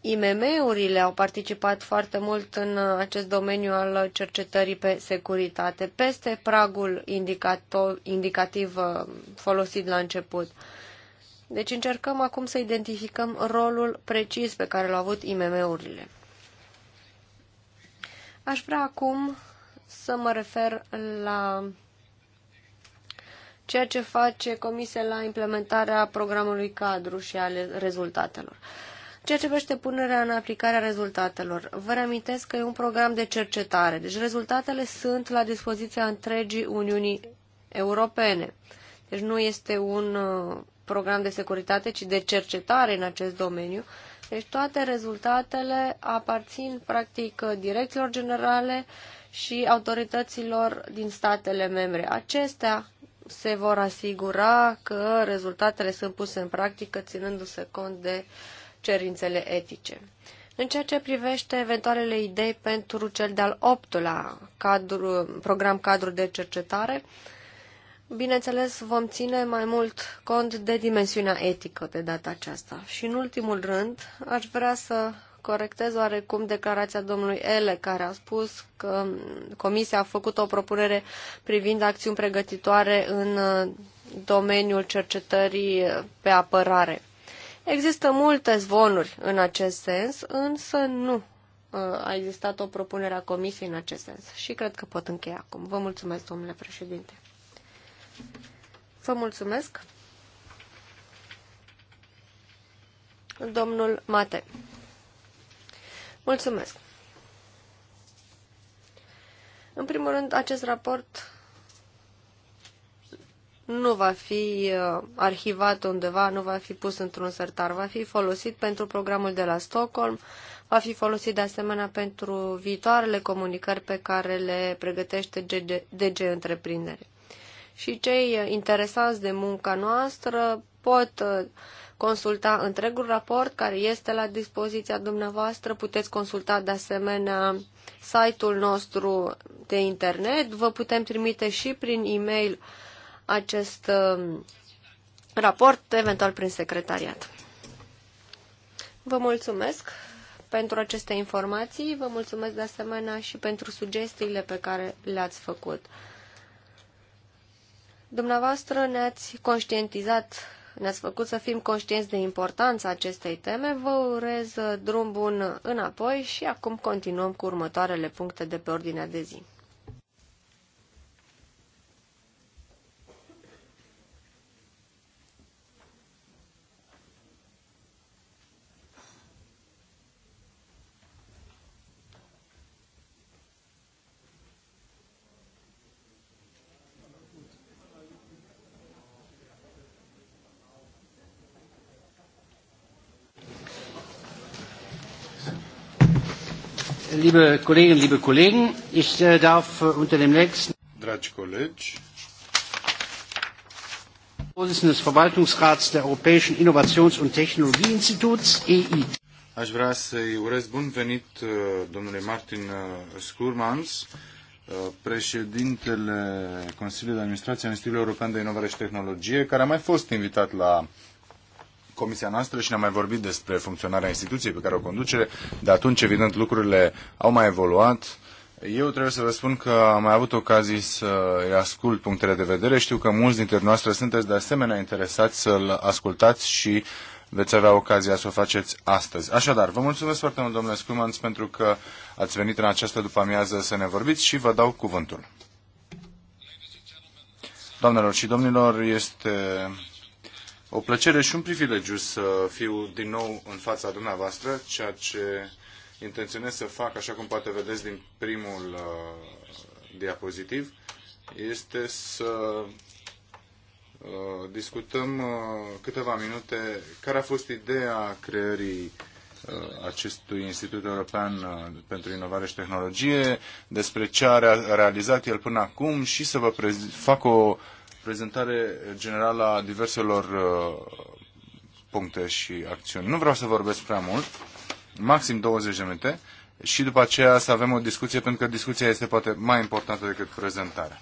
IMM-urile au participat foarte mult în acest domeniu al cercetării pe securitate, peste pragul indicativ uh, folosit la început. Deci încercăm acum să identificăm rolul precis pe care l-au avut IMM-urile. Aș vrea acum să mă refer la ceea ce face Comisia la implementarea programului cadru și ale rezultatelor. Ceea ce privește punerea în aplicare a rezultatelor, vă reamintesc că e un program de cercetare, deci rezultatele sunt la dispoziția întregii Uniunii Europene. Deci nu este un uh, program de securitate, ci de cercetare în acest domeniu. Uh, deci toate rezultatele aparțin practic direcțiilor generale și autorităților din statele membre. Acestea se vor asigura că rezultatele sunt puse în practică ținându-se cont de cerințele etice. În ceea ce privește eventualele idei pentru cel de-al optulea cadru, program cadru de cercetare, Bineînțeles, vom ține mai mult cont de dimensiunea etică de data aceasta. Și în ultimul rând, aș vrea să corectez oarecum declarația domnului Ele, care a spus că Comisia a făcut o propunere privind acțiuni pregătitoare în uh, domeniul cercetării pe apărare. Există multe zvonuri în acest sens, însă nu uh, a existat o propunere a Comisiei în acest sens. Și cred că pot încheia acum. Vă mulțumesc, domnule președinte. Vă mulțumesc. Domnul Mate. Mulțumesc. În primul rând, acest raport nu va fi uh, arhivat undeva, nu va fi pus într-un sertar, va fi folosit pentru programul de la Stockholm, va fi folosit de asemenea pentru viitoarele comunicări pe care le pregătește DG, DG Întreprindere și cei uh, interesați de munca noastră pot uh, consulta întregul raport care este la dispoziția dumneavoastră. Puteți consulta de asemenea site-ul nostru de internet. Vă putem trimite și prin e-mail acest uh, raport, eventual prin secretariat. Vă mulțumesc pentru aceste informații, vă mulțumesc de asemenea și pentru sugestiile pe care le-ați făcut. Dumneavoastră ne-ați conștientizat, ne-ați făcut să fim conștienți de importanța acestei teme. Vă urez drum bun înapoi și acum continuăm cu următoarele puncte de pe ordinea de zi. liebe Kolleginnen, liebe Kollegen, ich äh, darf äh, unter dem nächsten Dragi colegi, Vorsitzenden des Verwaltungsrats der Europäischen Innovations- und Technologieinstituts, Aș vrea să-i urez bun venit uh, domnului Martin uh, Skurmans, uh, președintele Consiliului de Administrație al Institutului European de Inovare și Tehnologie, care a mai fost invitat la comisia noastră și ne am mai vorbit despre funcționarea instituției pe care o conduce. De atunci, evident, lucrurile au mai evoluat. Eu trebuie să vă spun că am mai avut ocazii să îi ascult punctele de vedere. Știu că mulți dintre noastre sunteți de asemenea interesați să-l ascultați și veți avea ocazia să o faceți astăzi. Așadar, vă mulțumesc foarte mult, domnule Scumans, pentru că ați venit în această după-amiază să ne vorbiți și vă dau cuvântul. Doamnelor și domnilor, este o plăcere și un privilegiu să fiu din nou în fața dumneavoastră, ceea ce intenționez să fac, așa cum poate vedeți din primul uh, diapozitiv, este să uh, discutăm uh, câteva minute care a fost ideea creării uh, acestui Institut European uh, pentru Inovare și Tehnologie, despre ce a realizat el până acum și să vă fac o prezentare generală a diverselor uh, puncte și acțiuni. Nu vreau să vorbesc prea mult, maxim 20 de minute și după aceea să avem o discuție, pentru că discuția este poate mai importantă decât prezentarea.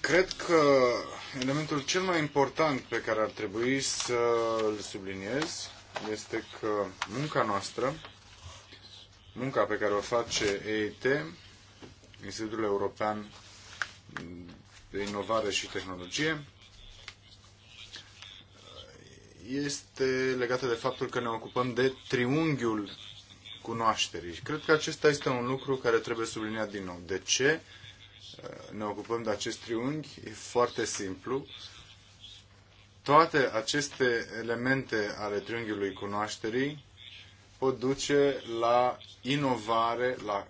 Cred că elementul cel mai important pe care ar trebui să îl subliniez este că munca noastră, munca pe care o face EIT, Institutul European de Inovare și Tehnologie, este legată de faptul că ne ocupăm de triunghiul cunoașterii. Cred că acesta este un lucru care trebuie subliniat din nou. De ce uh, ne ocupăm de acest triunghi? E foarte simplu. Toate aceste elemente ale triunghiului cunoașterii pot duce la inovare, la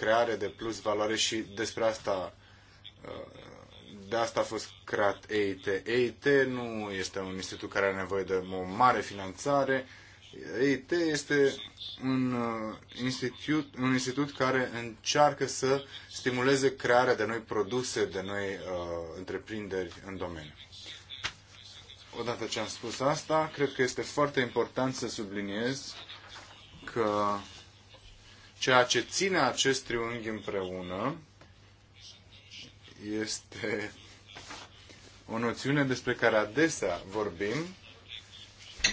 creare de plus valoare și despre asta de asta a fost creat EIT. EIT nu este un institut care are nevoie de o mare finanțare. EIT este un uh, institut, un institut care încearcă să stimuleze crearea de noi produse, de noi uh, întreprinderi în domeniu. Odată ce am spus asta, cred că este foarte important să subliniez că Ceea ce ține acest triunghi împreună este o noțiune despre care adesea vorbim,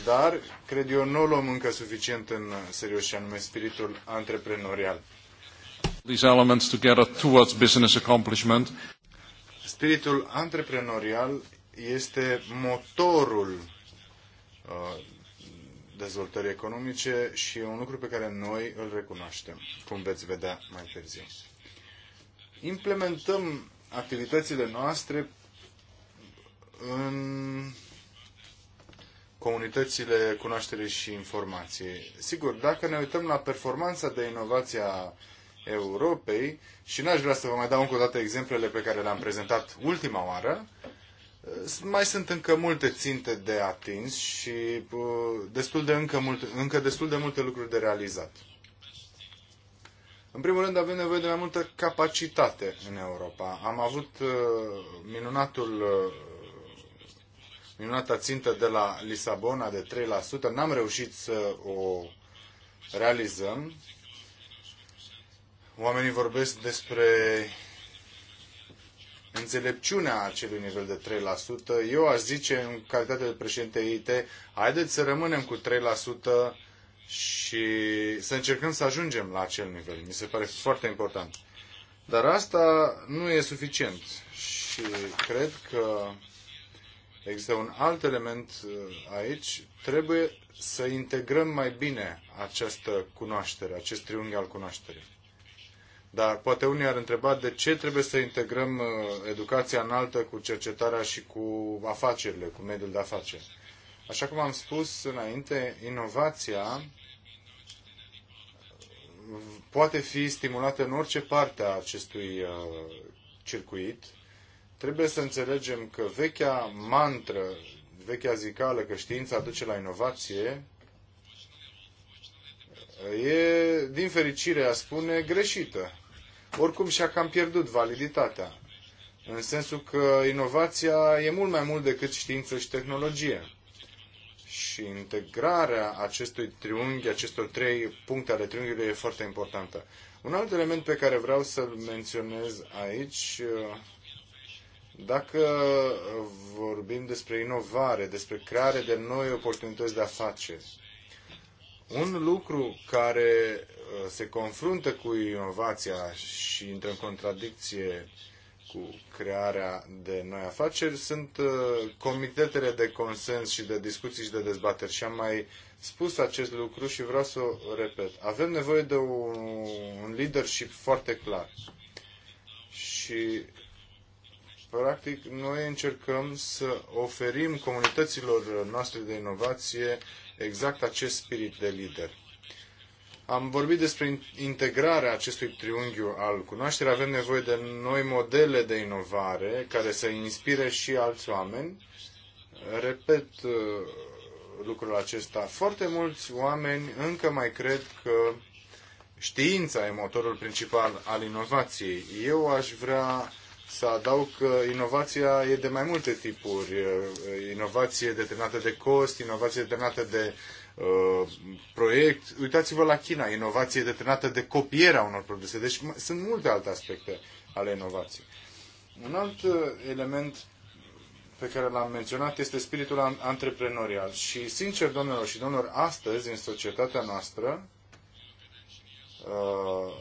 dar cred eu nu o luăm încă suficient în serios și anume spiritul antreprenorial. These elements together towards business accomplishment. Spiritul antreprenorial este motorul uh, dezvoltării economice și e un lucru pe care noi îl recunoaștem, cum veți vedea mai târziu. Implementăm activitățile noastre în comunitățile cunoașterii și informației. Sigur, dacă ne uităm la performanța de inovație a Europei, și n-aș vrea să vă mai dau încă o dată exemplele pe care le-am prezentat ultima oară, mai sunt încă multe ținte de atins și uh, destul de încă, mult, încă destul de multe lucruri de realizat. În primul rând avem nevoie de mai multă capacitate în Europa. Am avut uh, minunatul uh, minunata țintă de la Lisabona de 3%, n-am reușit să o realizăm. Oamenii vorbesc despre înțelepciunea acelui nivel de 3%. Eu aș zice, în calitate de președinte IT, haideți să rămânem cu 3% și să încercăm să ajungem la acel nivel. Mi se pare foarte important. Dar asta nu e suficient și cred că există un alt element uh, aici. Trebuie să integrăm mai bine această cunoaștere, acest triunghi al cunoașterii. Dar poate unii ar întreba de ce trebuie să integrăm uh, educația înaltă cu cercetarea și cu afacerile, cu mediul de afaceri. Așa cum am spus înainte, inovația uh, poate fi stimulată în orice parte a acestui uh, circuit. Trebuie să înțelegem că vechea mantră, vechea zicală că știința aduce la inovație, e, din fericire, a spune, greșită oricum și-a cam pierdut validitatea. În sensul că inovația e mult mai mult decât știință și tehnologie. Și integrarea acestui triunghi, acestor trei puncte ale triunghiului e foarte importantă. Un alt element pe care vreau să-l menționez aici, dacă vorbim despre inovare, despre creare de noi oportunități de afaceri, un lucru care uh, se confruntă cu inovația și intră în contradicție cu crearea de noi afaceri sunt uh, comitetele de consens și de discuții și de dezbateri. Și am mai spus acest lucru și vreau să o repet. Avem nevoie de un leadership foarte clar. Și practic noi încercăm să oferim comunităților noastre de inovație exact acest spirit de lider. Am vorbit despre integrarea acestui triunghiu al cunoașterii. Avem nevoie de noi modele de inovare care să inspire și alți oameni. Repet uh, lucrul acesta. Foarte mulți oameni încă mai cred că știința e motorul principal al inovației. Eu aș vrea să adaug că inovația e de mai multe tipuri. Inovație determinată de cost, inovație determinată de uh, proiect. Uitați-vă la China, inovație determinată de copierea unor produse. Deci sunt multe alte aspecte ale inovației. Un alt uh, element pe care l-am menționat este spiritul antreprenorial. Și, sincer, domnilor și domnilor, astăzi, în societatea noastră, uh,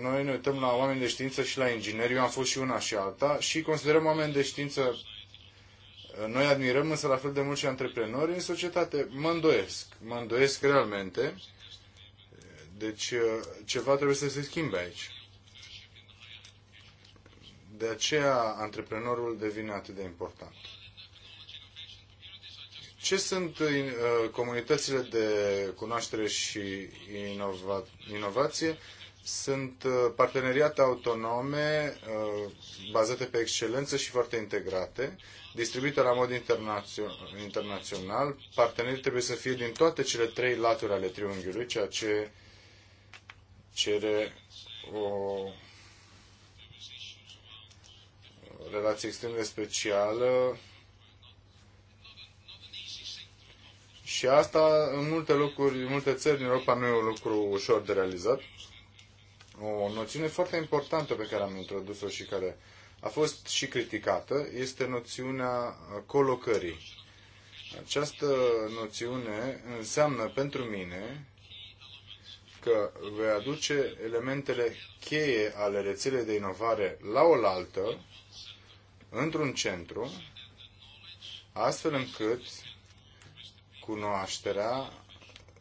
noi ne uităm la oameni de știință și la ingineri, eu am fost și una și alta, și considerăm oameni de știință, uh, noi admirăm însă la fel de mult și antreprenori în societate. Mă îndoiesc, mă îndoiesc realmente, deci uh, ceva trebuie să se schimbe aici. De aceea antreprenorul devine atât de important. Ce sunt uh, comunitățile de cunoaștere și inova- inovație? sunt uh, parteneriate autonome uh, bazate pe excelență și foarte integrate, distribuite la mod internațional. Partenerii trebuie să fie din toate cele trei laturi ale triunghiului, ceea ce cere o relație extrem de specială și asta în multe locuri, în multe țări din Europa nu e un lucru ușor de realizat o noțiune foarte importantă pe care am introdus-o și care a fost și criticată, este noțiunea colocării. Această noțiune înseamnă pentru mine că vei aduce elementele cheie ale rețelei de inovare la oaltă, într-un centru, astfel încât cunoașterea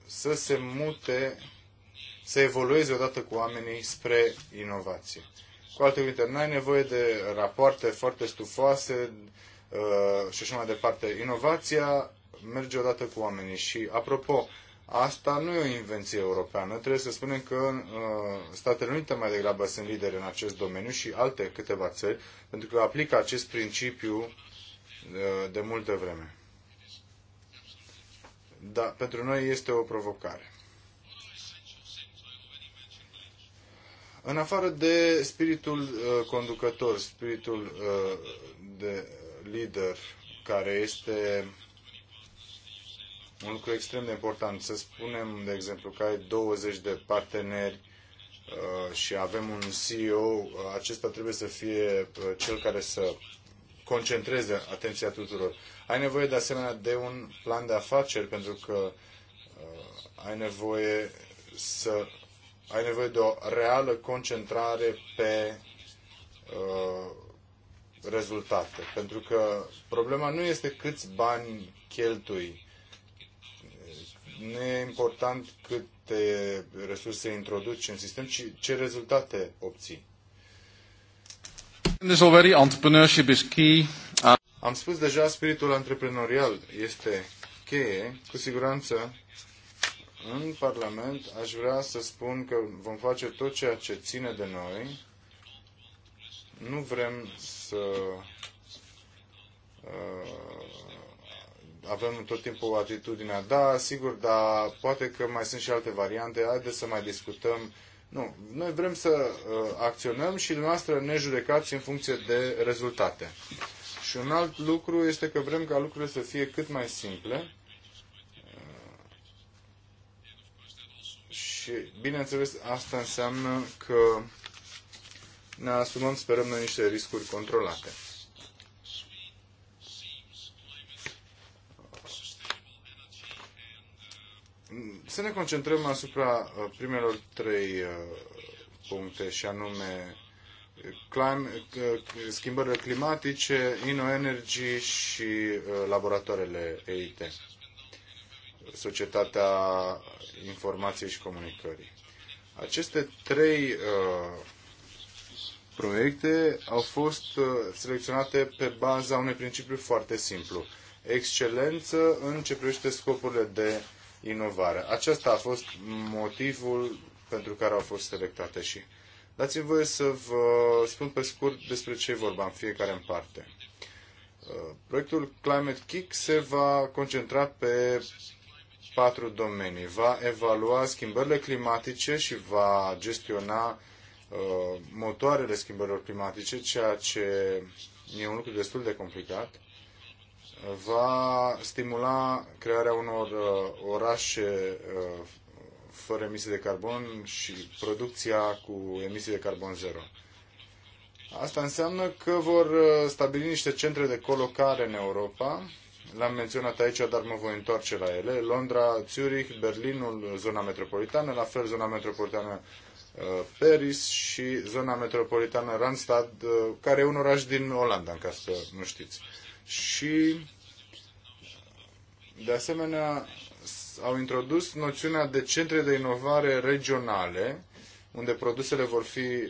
să se mute să evolueze odată cu oamenii spre inovație. Cu alte cuvinte, n-ai nevoie de rapoarte foarte stufoase uh, și așa mai departe. Inovația merge odată cu oamenii și, apropo, asta nu e o invenție europeană. Trebuie să spunem că uh, Statele Unite mai degrabă sunt lideri în acest domeniu și alte câteva țări, pentru că aplică acest principiu uh, de multă vreme. Da, pentru noi este o provocare. În afară de spiritul uh, conducător, spiritul uh, de lider, care este un lucru extrem de important, să spunem, de exemplu, că ai 20 de parteneri uh, și avem un CEO, acesta trebuie să fie cel care să concentreze atenția tuturor. Ai nevoie de asemenea de un plan de afaceri pentru că ai nevoie să ai nevoie de o reală concentrare pe uh, rezultate. Pentru că problema nu este câți bani cheltui, nu e important câte resurse introduci în sistem, ci ce rezultate obții. Am spus deja, spiritul antreprenorial este cheie. Cu siguranță în Parlament aș vrea să spun că vom face tot ceea ce ține de noi. Nu vrem să uh, avem tot timpul o atitudine da, sigur, dar poate că mai sunt și alte variante, haideți să mai discutăm. Nu, noi vrem să uh, acționăm și dumneavoastră ne judecați în funcție de rezultate. Și un alt lucru este că vrem ca lucrurile să fie cât mai simple Și, bineînțeles, asta înseamnă că ne asumăm, sperăm noi, niște riscuri controlate. Să ne concentrăm asupra uh, primelor trei uh, puncte, și anume uh, schimbările climatice, InnoEnergy și laboratoarele EIT societatea informației și comunicării. Aceste trei uh, proiecte au fost uh, selecționate pe baza unui principiu foarte simplu. Excelență în ce privește scopurile de inovare. Acesta a fost motivul pentru care au fost selectate și dați-mi voie să vă spun pe scurt despre ce vorba în fiecare în parte. Uh, proiectul Climate Kick se va concentra pe patru domenii. Va evalua schimbările climatice și va gestiona uh, motoarele schimbărilor climatice, ceea ce e un lucru destul de complicat. Va stimula crearea unor uh, orașe uh, fără emisii de carbon și producția cu emisii de carbon zero. Asta înseamnă că vor uh, stabili niște centre de colocare în Europa le-am menționat aici, dar mă voi întoarce la ele. Londra, Zurich, Berlinul, zona metropolitană, la fel zona metropolitană uh, Paris și zona metropolitană Randstad, uh, care e un oraș din Olanda, în caz să nu știți. Și, de asemenea, au introdus noțiunea de centre de inovare regionale, unde produsele vor fi uh,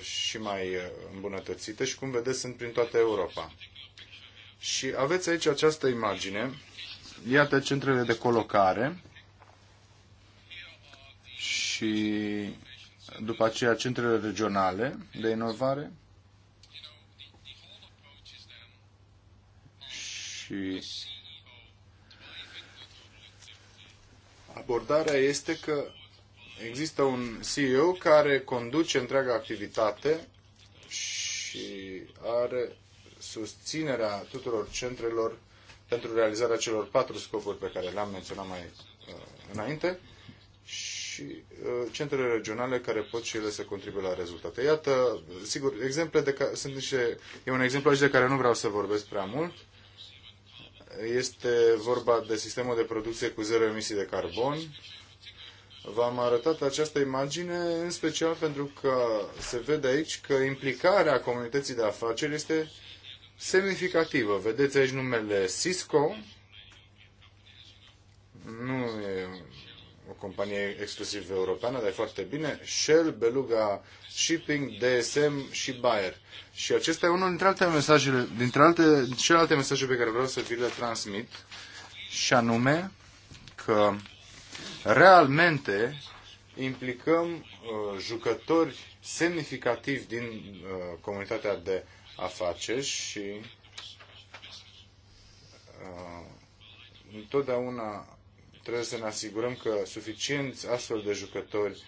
și mai uh, îmbunătățite și, cum vedeți, sunt prin toată Europa. Și aveți aici această imagine. Iată centrele de colocare și după aceea centrele regionale de inovare. Și abordarea este că există un CEO care conduce întreaga activitate și are susținerea tuturor centrelor pentru realizarea celor patru scopuri pe care le-am menționat mai uh, înainte și uh, centrele regionale care pot și ele să contribuie la rezultate. Iată, sigur, exemple de care sunt niște, e un exemplu aici de care nu vreau să vorbesc prea mult. Este vorba de sistemul de producție cu zero emisii de carbon. V-am arătat această imagine în special pentru că se vede aici că implicarea comunității de afaceri este semnificativă. Vedeți aici numele Cisco, nu e o companie exclusiv europeană, dar e foarte bine, Shell, Beluga Shipping, DSM și Bayer. Și acesta e unul dintre alte mesajele, dintre alte, celelalte mesaje pe care vreau să vi le transmit, și anume că realmente implicăm uh, jucători semnificativi din uh, comunitatea de afaceri și uh, întotdeauna trebuie să ne asigurăm că suficienți astfel de jucători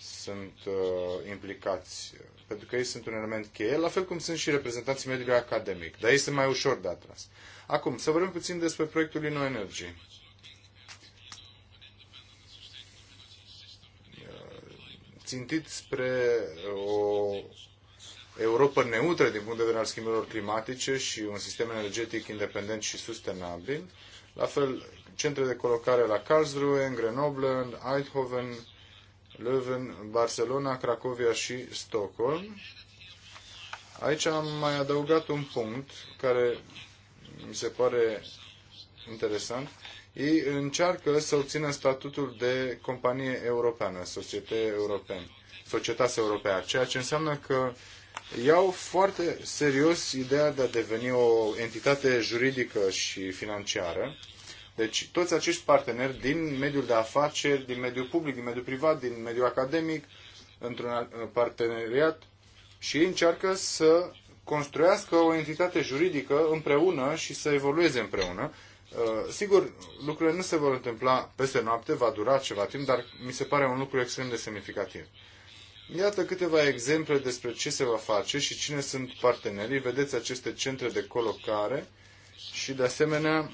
sunt uh, implicați, pentru că ei sunt un element cheie, la fel cum sunt și reprezentanții mediului academic, dar ei sunt mai ușor de atras. Acum, să vorbim puțin despre proiectul Lino Energy. Uh, țintit spre uh, o Europa neutră din punct de vedere al schimbărilor climatice și un sistem energetic independent și sustenabil. La fel, centre de colocare la Karlsruhe, în Grenoble, în Eindhoven, Leuven, Barcelona, Cracovia și Stockholm. Aici am mai adăugat un punct care mi se pare interesant. Ei încearcă să obțină statutul de companie europeană, societate europeană, societate europeană, ceea ce înseamnă că iau foarte serios ideea de a deveni o entitate juridică și financiară. Deci toți acești parteneri din mediul de afaceri, din mediul public, din mediul privat, din mediul academic, într-un uh, parteneriat și ei încearcă să construiască o entitate juridică împreună și să evolueze împreună. Uh, sigur, lucrurile nu se vor întâmpla peste noapte, va dura ceva timp, dar mi se pare un lucru extrem de semnificativ. Iată câteva exemple despre ce se va face și cine sunt partenerii. Vedeți aceste centre de colocare și, de asemenea,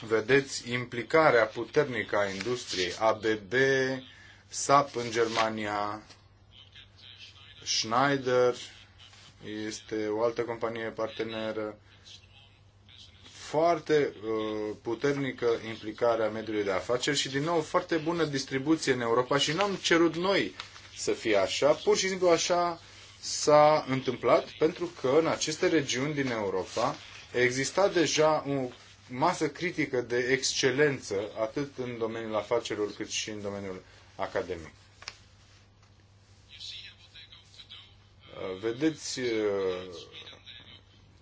vedeți implicarea puternică a industriei, ABB, SAP în Germania, Schneider este o altă companie parteneră, foarte uh, puternică implicarea mediului de afaceri și, din nou, foarte bună distribuție în Europa și n-am cerut noi să fie așa. Pur și simplu așa s-a întâmplat pentru că în aceste regiuni din Europa exista deja o masă critică de excelență atât în domeniul afacerilor cât și în domeniul academic. Uh, vedeți uh,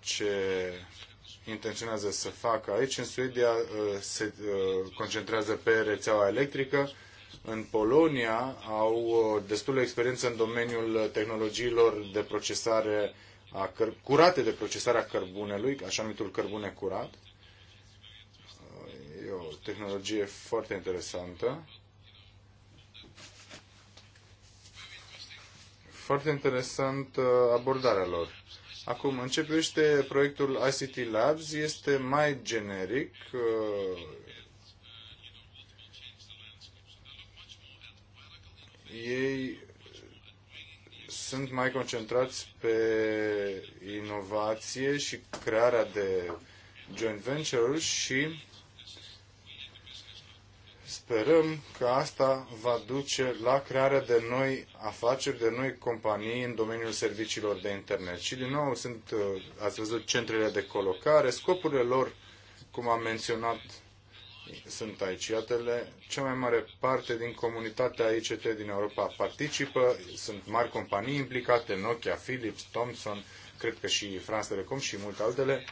ce intenționează să facă aici. În Suedia uh, se concentrează pe rețeaua electrică, în Polonia au uh, destulă experiență în domeniul tehnologiilor de procesare a căr- curate de procesare a cărbunelui, așa numitul cărbune curat. Uh, e o tehnologie foarte interesantă. Foarte interesant uh, abordarea lor. Acum, în ce proiectul ICT Labs, este mai generic, ei sunt mai concentrați pe inovație și crearea de joint venture și sperăm că asta va duce la crearea de noi afaceri, de noi companii în domeniul serviciilor de internet. Și din nou sunt, uh, ați văzut, centrele de colocare, scopurile lor, cum am menționat sunt aici. Iată, le, cea mai mare parte din comunitatea ICT din Europa participă, sunt mari companii implicate, Nokia, Philips, Thomson, cred că și France Telecom și multe altele.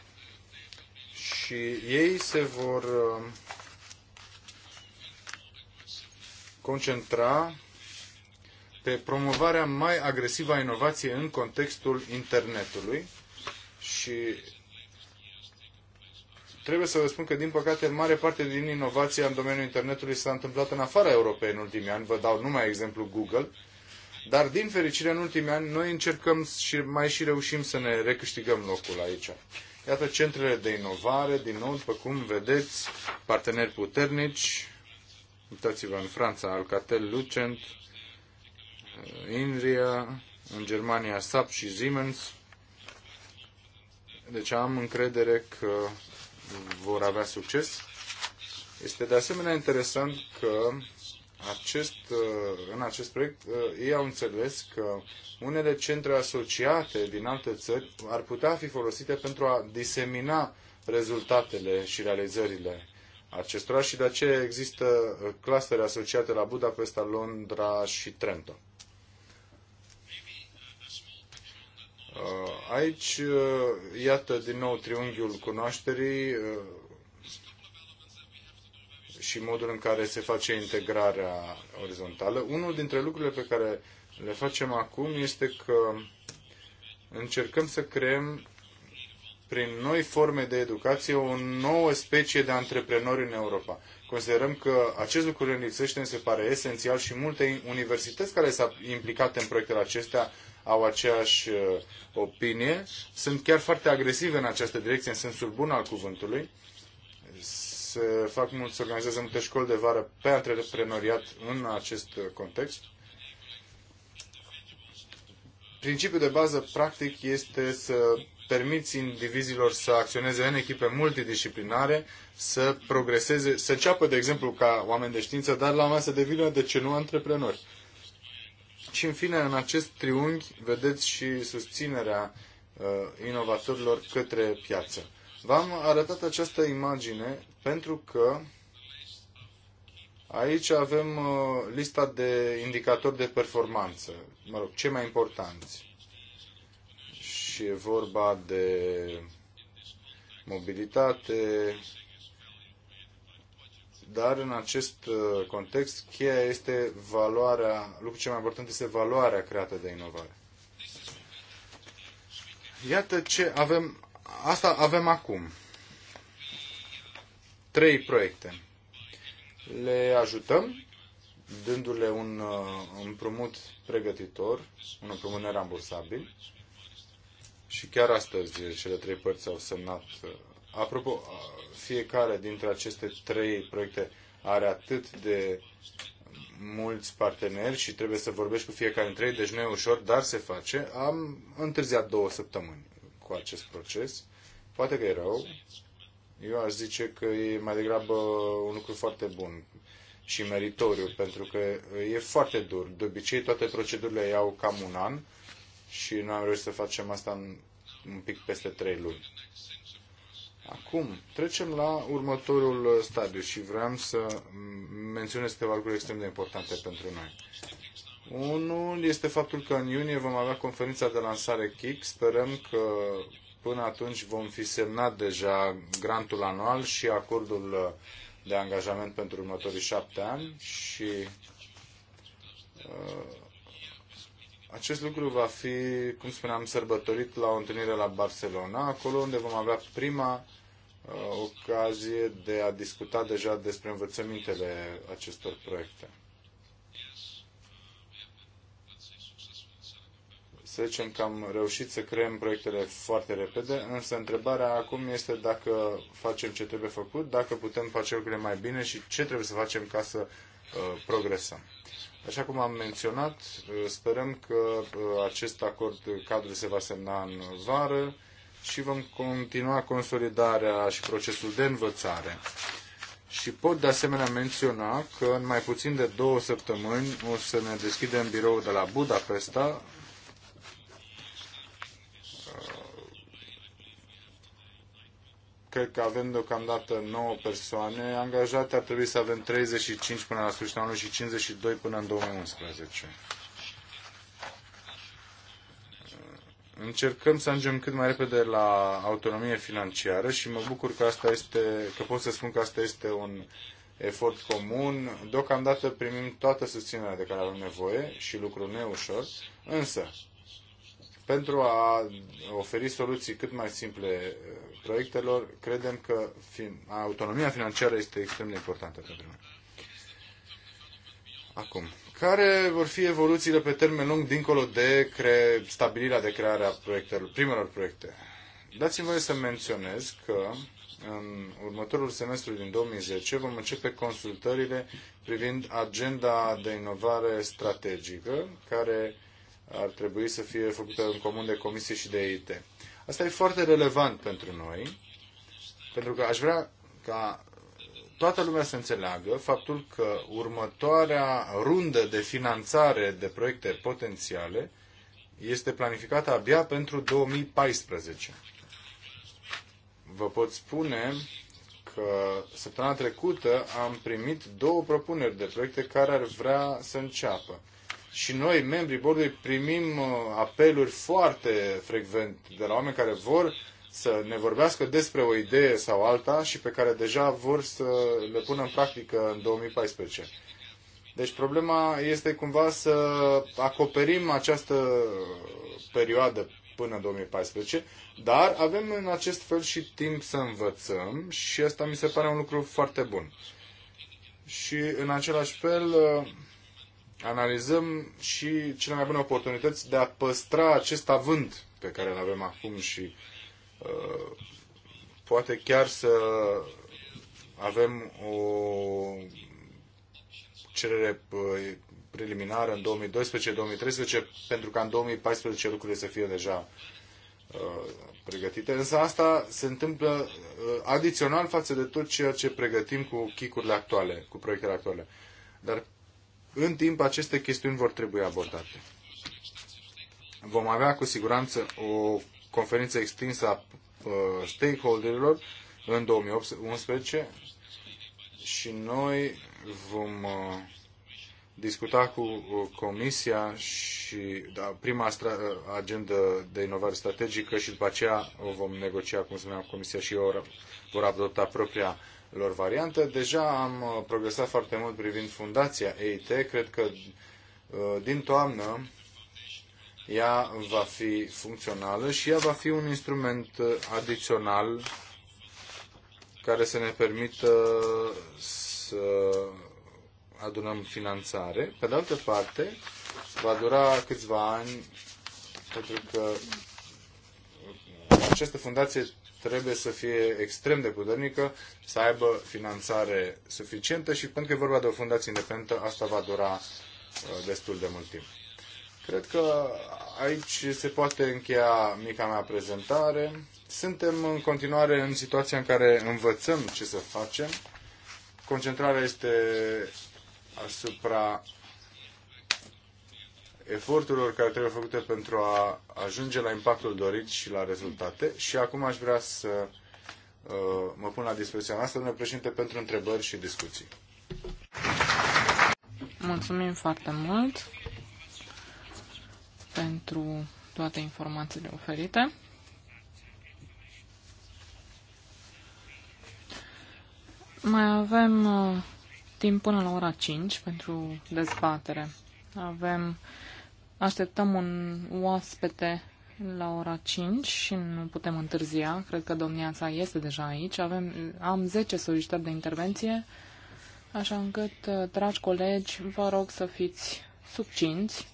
Și ei se vor uh, concentra pe promovarea mai agresivă a inovației în contextul internetului și trebuie să vă spun că, din păcate, mare parte din inovația în domeniul internetului s-a întâmplat în afara Europei în ultimii ani. Vă dau numai exemplu Google. Dar, din fericire, în ultimii ani, noi încercăm și mai și reușim să ne recâștigăm locul aici. Iată centrele de inovare, din nou, după cum vedeți, parteneri puternici. Uitați-vă în Franța, Alcatel, Lucent, eh, Inria, în Germania SAP și Siemens. Deci am încredere că vor avea succes. Este de asemenea interesant că acest, uh, în acest proiect uh, ei au înțeles că unele centre asociate din alte țări ar putea fi folosite pentru a disemina rezultatele și realizările acestora și de aceea există uh, clustere asociate la Budapesta, Londra și Trento. Uh, aici, uh, iată din nou triunghiul cunoașterii uh, și modul în care se face integrarea orizontală. Unul dintre lucrurile pe care le facem acum este că încercăm să creăm prin noi forme de educație o nouă specie de antreprenori în Europa. Considerăm că acest lucru ne lipsește, ne se pare esențial și multe universități care s-au implicat în proiectele acestea au aceeași uh, opinie, sunt chiar foarte agresive în această direcție, în sensul bun al cuvântului. Se, fac mult, se organizează multe școli de vară pe antreprenoriat în acest context. Principiul de bază, practic, este să permiți indivizilor să acționeze în echipe multidisciplinare, să progreseze, să înceapă, de exemplu, ca oameni de știință, dar la masă devină, de ce nu, antreprenori. Și, deci, în fine, în acest triunghi vedeți și susținerea uh, inovatorilor către piață. V-am arătat această imagine pentru că aici avem uh, lista de indicatori de performanță, mă rog, cei mai importanți. Și e vorba de mobilitate, dar în acest uh, context, cheia este valoarea, lucrul cel mai important este valoarea creată de inovare. Iată ce avem, asta avem acum. Trei proiecte. Le ajutăm dându-le un uh, împrumut pregătitor, un împrumut nerambursabil. Și chiar astăzi cele trei părți au semnat uh, Apropo, fiecare dintre aceste trei proiecte are atât de mulți parteneri și trebuie să vorbești cu fiecare dintre ei, deci nu e ușor, dar se face. Am întârziat două săptămâni cu acest proces. Poate că e rău. Eu aș zice că e mai degrabă un lucru foarte bun și meritoriu, pentru că e foarte dur. De obicei, toate procedurile iau cam un an și noi am reușit să facem asta în un pic peste trei luni. Acum, trecem la următorul stadiu și vreau să menționez câteva lucruri extrem de importante pentru noi. Unul este faptul că în iunie vom avea conferința de lansare KIC. Sperăm că până atunci vom fi semnat deja grantul anual și acordul de angajament pentru următorii șapte ani și uh, acest lucru va fi, cum spuneam, sărbătorit la o întâlnire la Barcelona, acolo unde vom avea prima uh, ocazie de a discuta deja despre învățămintele acestor proiecte. Să zicem că am reușit să creăm proiectele foarte repede, însă întrebarea acum este dacă facem ce trebuie făcut, dacă putem face lucrurile mai bine și ce trebuie să facem ca să uh, progresăm. Așa cum am menționat, uh, sperăm că uh, acest acord cadru se va semna în vară și vom continua consolidarea și procesul de învățare. Și pot de asemenea menționa că în mai puțin de două săptămâni o să ne deschidem biroul de la Budapesta cred că avem deocamdată 9 persoane angajate, ar trebui să avem 35 până la sfârșitul anului și 52 până în 2011. Încercăm să ajungem cât mai repede la autonomie financiară și mă bucur că asta este, că pot să spun că asta este un efort comun. Deocamdată primim toată susținerea de care avem nevoie și lucrul nu e ușor, însă pentru a oferi soluții cât mai simple proiectelor, credem că autonomia financiară este extrem de importantă pentru noi. Acum, care vor fi evoluțiile pe termen lung dincolo de cre- stabilirea de crearea proiectelor, primelor proiecte? Dați-mi voie să menționez că în următorul semestru din 2010 vom începe consultările privind agenda de inovare strategică care ar trebui să fie făcută în comun de comisie și de IT. Asta e foarte relevant pentru noi, pentru că aș vrea ca toată lumea să înțeleagă faptul că următoarea rundă de finanțare de proiecte potențiale este planificată abia pentru 2014. Vă pot spune că săptămâna trecută am primit două propuneri de proiecte care ar vrea să înceapă și noi, membrii bordului, primim uh, apeluri foarte frecvent de la oameni care vor să ne vorbească despre o idee sau alta și pe care deja vor să le pună în practică în 2014. Deci problema este cumva să acoperim această perioadă până în 2014, dar avem în acest fel și timp să învățăm și asta mi se pare un lucru foarte bun. Și în același fel, uh, analizăm și cele mai bune oportunități de a păstra acest avânt pe care îl avem acum și uh, poate chiar să avem o cerere uh, preliminară în 2012-2013 pentru ca în 2014 lucrurile să fie deja uh, pregătite. Însă asta se întâmplă uh, adițional față de tot ceea ce pregătim cu chicurile actuale, cu proiectele actuale. Dar în timp, aceste chestiuni vor trebui abordate. Vom avea cu siguranță o conferință extinsă a uh, stakeholderilor în 2011 și noi vom uh, discuta cu uh, Comisia și da, prima agendă de inovare strategică și după aceea o vom negocia, cum spuneam, Comisia și eu vor adopta propria lor variantă. Deja am uh, progresat foarte mult privind fundația EIT. Cred că uh, din toamnă ea va fi funcțională și ea va fi un instrument uh, adițional care să ne permită să adunăm finanțare. Pe de altă parte, va dura câțiva ani pentru că această fundație trebuie să fie extrem de puternică, să aibă finanțare suficientă și pentru că e vorba de o fundație independentă, asta va dura uh, destul de mult timp. Cred că aici se poate încheia mica mea prezentare. Suntem în continuare în situația în care învățăm ce să facem. Concentrarea este asupra eforturilor care trebuie făcute pentru a ajunge la impactul dorit și la rezultate. Și acum aș vrea să uh, mă pun la dispoziția noastră, domnule președinte, pentru întrebări și discuții. Mulțumim foarte mult pentru toate informațiile oferite. Mai avem uh, timp până la ora 5 pentru dezbatere. Avem Așteptăm un oaspete la ora 5 și nu putem întârzia. Cred că domnia sa este deja aici. Avem, am 10 solicitări de intervenție, așa încât, uh, dragi colegi, vă rog să fiți subcinți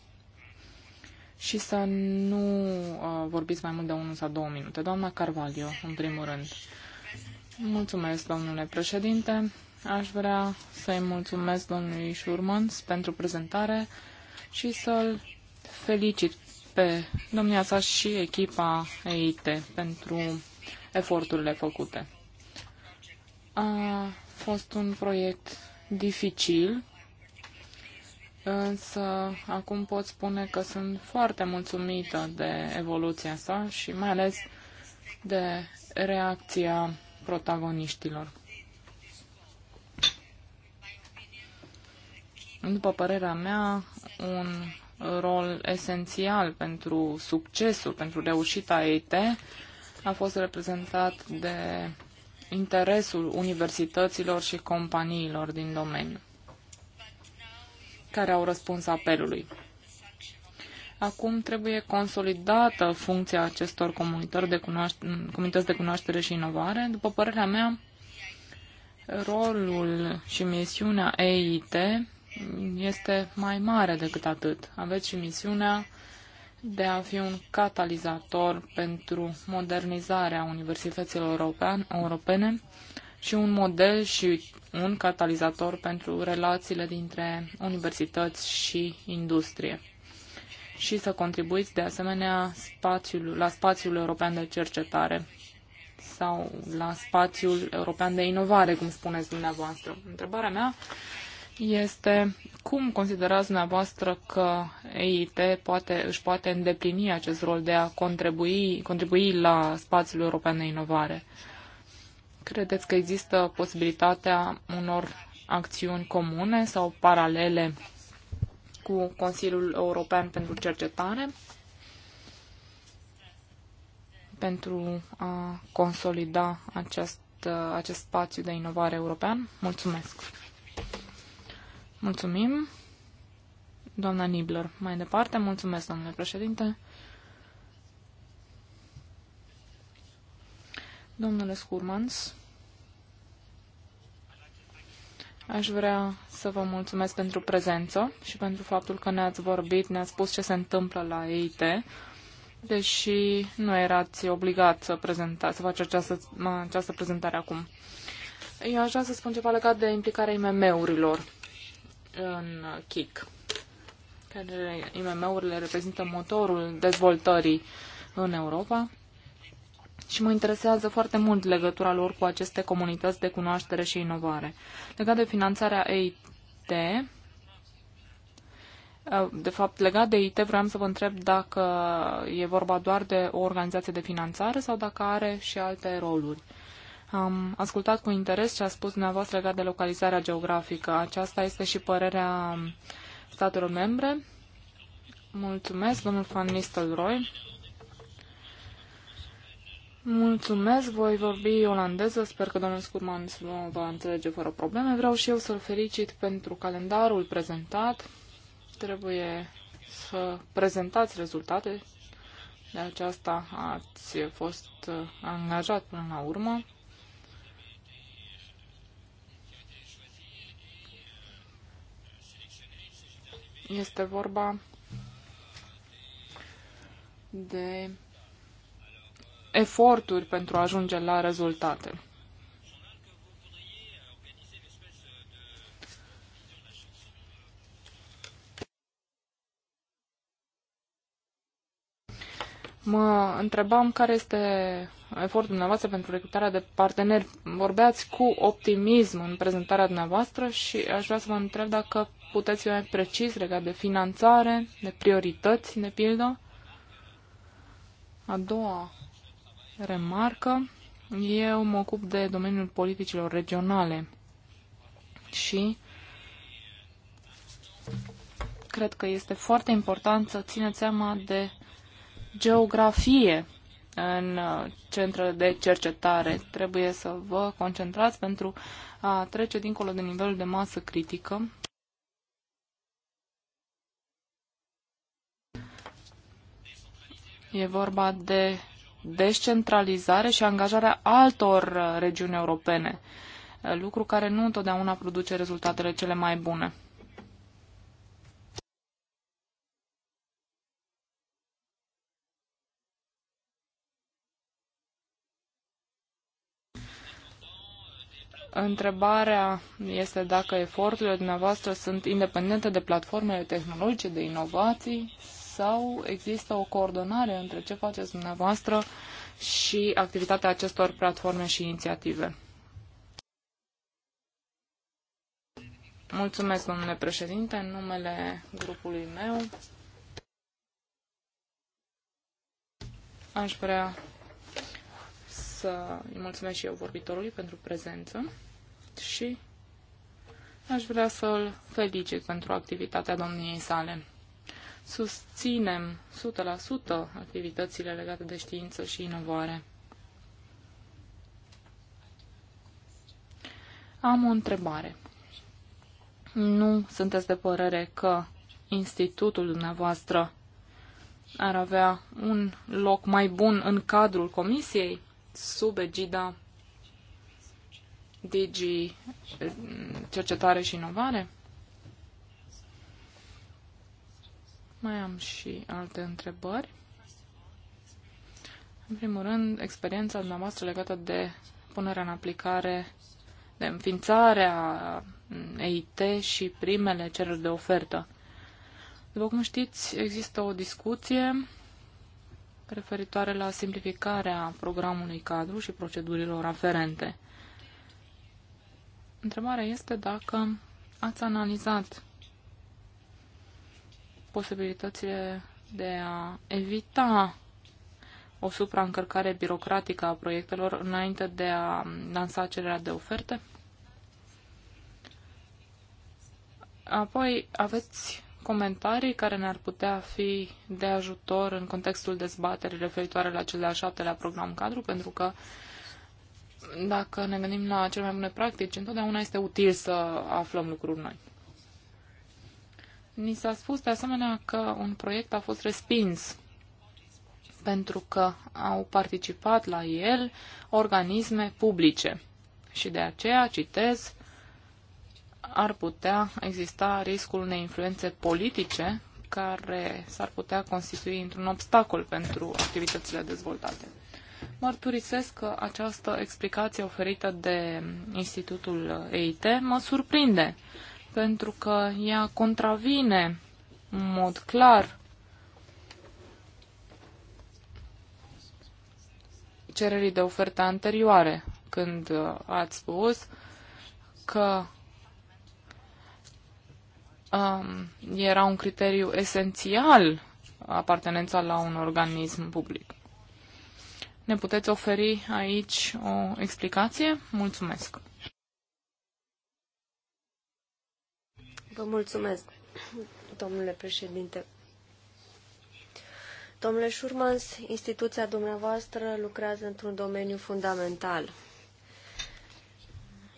și să nu uh, vorbiți mai mult de 1 sau 2 minute. Doamna Carvalho, în primul rând. Mulțumesc, domnule președinte. Aș vrea să-i mulțumesc domnului Șurmans pentru prezentare și să-l felicit pe domnia sa și echipa EIT pentru eforturile făcute. A fost un proiect dificil, însă acum pot spune că sunt foarte mulțumită de evoluția sa și mai ales de reacția protagoniștilor. După părerea mea, un rol esențial pentru succesul, pentru reușita EIT a fost reprezentat de interesul universităților și companiilor din domeniu care au răspuns apelului. Acum trebuie consolidată funcția acestor comunități de, comunități de cunoaștere și inovare. După părerea mea, rolul și misiunea EIT este mai mare decât atât. Aveți și misiunea de a fi un catalizator pentru modernizarea universităților europene și un model și un catalizator pentru relațiile dintre universități și industrie și să contribuiți de asemenea spațiul, la spațiul european de cercetare sau la spațiul european de inovare, cum spuneți dumneavoastră. Întrebarea mea este cum considerați dumneavoastră că EIT poate, își poate îndeplini acest rol de a contribui, contribui la spațiul european de inovare? Credeți că există posibilitatea unor acțiuni comune sau paralele cu Consiliul European pentru Cercetare pentru a consolida acest, acest spațiu de inovare european? Mulțumesc! Mulțumim. Doamna Nibler, mai departe, mulțumesc, domnule președinte. Domnule Scurmans, aș vrea să vă mulțumesc pentru prezență și pentru faptul că ne-ați vorbit, ne-ați spus ce se întâmplă la EIT, deși nu erați obligat să, prezenta, să faceți această, această prezentare acum. Eu aș vrea să spun ceva legat de implicarea IMM-urilor în KIC, care IMM-urile reprezintă motorul dezvoltării în Europa și mă interesează foarte mult legătura lor cu aceste comunități de cunoaștere și inovare. Legat de finanțarea EIT, uh, de fapt, legat de IT, vreau să vă întreb dacă e vorba doar de o organizație de finanțare sau dacă are și alte roluri. Am ascultat cu interes ce a spus dumneavoastră legat de localizarea geografică. Aceasta este și părerea statelor membre. Mulțumesc, domnul Van Nistelrooy. Mulțumesc, voi vorbi olandeză, sper că domnul Scurman va înțelege fără probleme. Vreau și eu să-l felicit pentru calendarul prezentat. Trebuie să prezentați rezultate, de aceasta ați fost angajat până la urmă. Este vorba de eforturi pentru a ajunge la rezultate. Mă întrebam care este efortul dumneavoastră pentru recrutarea de parteneri. Vorbeați cu optimism în prezentarea dumneavoastră și aș vrea să vă întreb dacă puteți fi mai precis legat de finanțare, de priorități, de pildă? A doua remarcă, eu mă ocup de domeniul politicilor regionale și cred că este foarte important să țineți seama de geografie în centrele de cercetare. Trebuie să vă concentrați pentru a trece dincolo de nivelul de masă critică E vorba de descentralizare și angajarea altor regiuni europene, lucru care nu întotdeauna produce rezultatele cele mai bune. Întrebarea este dacă eforturile dumneavoastră sunt independente de platformele tehnologice, de inovații sau există o coordonare între ce faceți dumneavoastră și activitatea acestor platforme și inițiative? Mulțumesc, domnule președinte, în numele grupului meu. Aș vrea să îi mulțumesc și eu vorbitorului pentru prezență și aș vrea să-l felicit pentru activitatea domniei sale susținem 100% activitățile legate de știință și inovare. Am o întrebare. Nu sunteți de părere că institutul dumneavoastră ar avea un loc mai bun în cadrul comisiei sub egida DG Cercetare și Inovare? Mai am și alte întrebări. În primul rând, experiența dumneavoastră legată de punerea în aplicare, de înființarea EIT și primele cereri de ofertă. După cum știți, există o discuție referitoare la simplificarea programului cadru și procedurilor aferente. Întrebarea este dacă ați analizat posibilitățile de a evita o supraîncărcare birocratică a proiectelor înainte de a lansa cererea de oferte? Apoi, aveți comentarii care ne-ar putea fi de ajutor în contextul dezbaterii referitoare la cel de-al șaptelea program cadru, pentru că dacă ne gândim la cele mai bune practici, întotdeauna este util să aflăm lucruri noi. Ni s-a spus de asemenea că un proiect a fost respins pentru că au participat la el organisme publice și de aceea, citez, ar putea exista riscul unei influențe politice care s-ar putea constitui într-un obstacol pentru activitățile dezvoltate. Mărturisesc că această explicație oferită de Institutul EIT mă surprinde, pentru că ea contravine în mod clar cererii de ofertă anterioare, când uh, ați spus că um, era un criteriu esențial apartenența la un organism public. Ne puteți oferi aici o explicație? Mulțumesc! Vă mulțumesc, domnule președinte. Domnule Șurmans, instituția dumneavoastră lucrează într-un domeniu fundamental.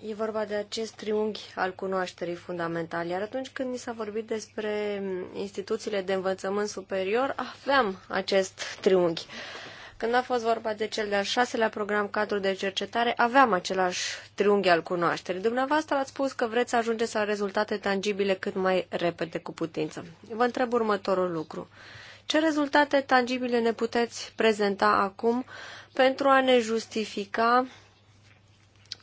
E vorba de acest triunghi al cunoașterii fundamentale. Iar atunci când mi s-a vorbit despre instituțiile de învățământ superior, aveam acest triunghi. Uh, când a fost vorba de cel de-al șaselea program cadru de cercetare, aveam același triunghi al cunoașterii. Dumneavoastră ați spus că vreți să ajungeți la rezultate tangibile cât mai repede cu putință. Vă întreb următorul lucru. Ce rezultate tangibile ne puteți prezenta acum pentru a ne justifica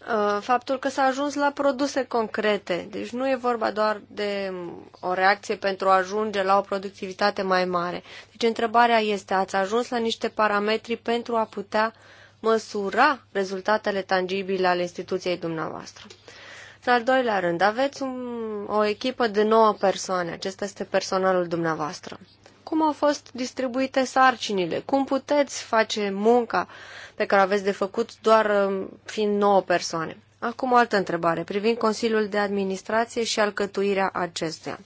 Uh, faptul că s-a ajuns la produse concrete. Deci nu e vorba doar de um, o reacție pentru a ajunge la o productivitate mai mare. Deci întrebarea este, ați ajuns la niște parametri pentru a putea măsura rezultatele tangibile ale instituției dumneavoastră. În al doilea rând, aveți un, o echipă de nouă persoane. Acesta este personalul dumneavoastră cum au fost distribuite sarcinile, cum puteți face munca pe care o aveți de făcut doar um, fiind nouă persoane. Acum o altă întrebare privind Consiliul de Administrație și alcătuirea acestuia.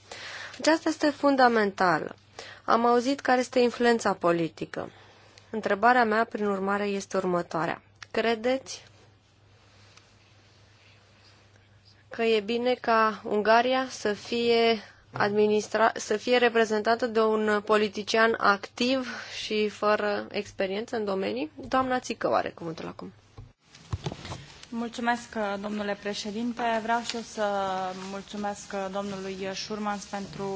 Aceasta este fundamentală. Am auzit care este influența politică. Întrebarea mea, prin urmare, este următoarea. Credeți că e bine ca Ungaria să fie administra- să fie reprezentată de un politician activ și fără experiență în domenii. Doamna Țică are cuvântul acum. Mulțumesc, domnule președinte. Vreau și eu să mulțumesc domnului Șurmans pentru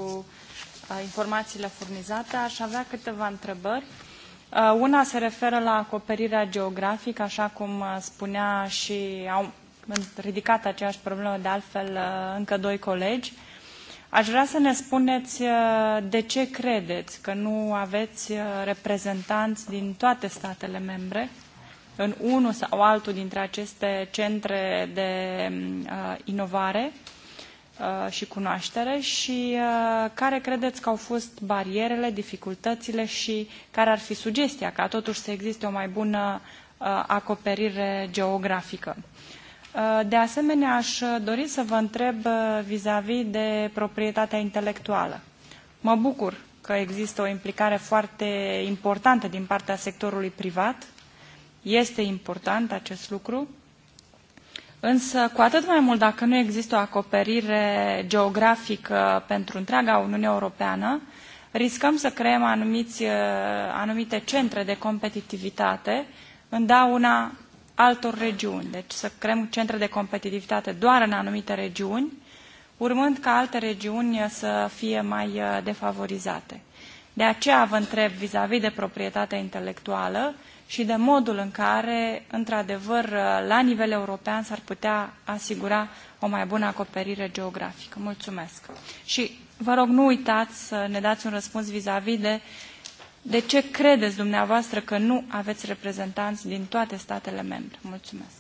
uh, informațiile furnizate. Aș avea câteva întrebări. Uh, una se referă la acoperirea geografică, așa cum uh, spunea și au ridicat aceeași problemă de altfel încă doi colegi. Uh, Aș vrea să ne spuneți uh, de ce credeți că nu aveți uh, reprezentanți din toate statele membre în unul sau altul dintre aceste centre de mm, uh, inovare și cunoaștere și care credeți că au fost barierele, dificultățile și care ar fi sugestia ca totuși să existe o mai bună acoperire geografică. Uh, de asemenea, aș uh, dori să vă întreb uh, vis-a-vis -vis de proprietatea intelectuală. Mă bucur că există o implicare foarte importantă din partea sectorului privat. Este important acest lucru. Însă, cu atât mai mult dacă nu există o acoperire geografică pentru întreaga Uniune Europeană, riscăm să creăm anumiți, anumite centre de competitivitate în dauna altor regiuni, deci să creăm centre de competitivitate doar în anumite regiuni, urmând ca alte regiuni să fie mai uh, defavorizate. De aceea vă întreb vis-a-vis -vis de proprietatea intelectuală și de modul în care, într-adevăr, uh, la nivel european s-ar putea asigura o mai bună acoperire geografică. Mulțumesc. Și vă rog, nu uitați să ne dați un răspuns vis-a-vis -vis de de ce credeți dumneavoastră că nu aveți reprezentanți din toate statele membre? Mulțumesc.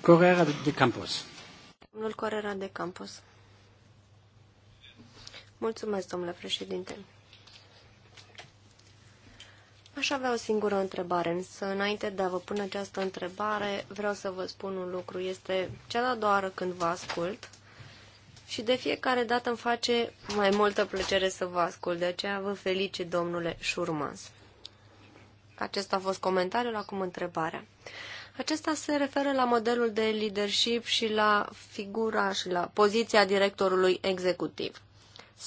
Correra de Campos. Domnul Correra de Campos. Mulțumesc, domnule președinte. Aș avea o singură întrebare, însă înainte de a vă pune această întrebare, vreau să vă spun un lucru. Este cea de-a doua oară când vă ascult și de fiecare dată îmi face mai multă plăcere să vă ascult, de aceea vă felicit, domnule Șurmans. Acesta a fost comentariul, acum întrebarea. Acesta se referă la modelul de leadership și la figura și la poziția directorului executiv,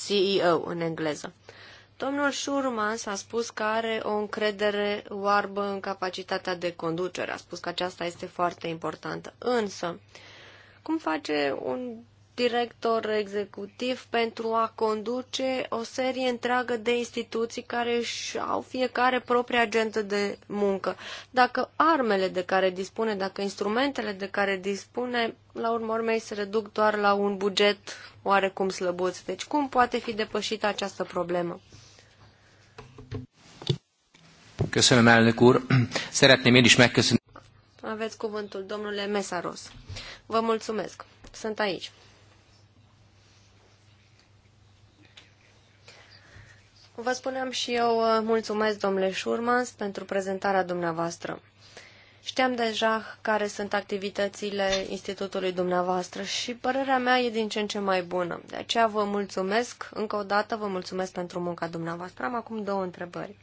CEO în engleză. Uh, Domnul Schurman s-a spus că are o încredere oarbă în capacitatea de conducere. A spus că aceasta este foarte importantă. Însă, cum face un director executiv pentru a conduce o serie întreagă de instituții care își au fiecare propria agentă de muncă. Dacă armele de care dispune, dacă instrumentele de care dispune, la urmă urmei se reduc doar la un buget oarecum slăbuț. Deci cum poate fi depășită această problemă? Köszönöm, elnök úr. Szeretném én is megköszönni. Aveți cuvântul, domnule Mesaros. Vă mulțumesc. Sunt aici. Vă spuneam și eu uh, mulțumesc, domnule Șurmans, pentru prezentarea dumneavoastră. Știam deja care sunt activitățile institutului dumneavoastră și părerea mea e din ce în ce mai bună. De aceea vă mulțumesc, încă o dată vă mulțumesc pentru munca dumneavoastră. Am acum două întrebări.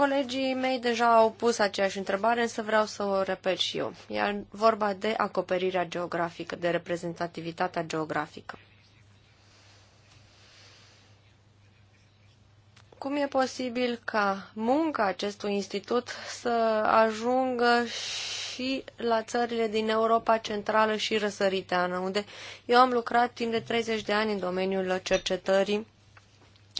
Colegii mei deja au pus aceeași întrebare, însă vreau să o repet și eu. E vorba de acoperirea geografică, de reprezentativitatea geografică. cum e posibil ca munca acestui institut să ajungă și la țările din Europa Centrală și Răsăriteană, unde eu am lucrat timp de 30 de ani în domeniul cercetării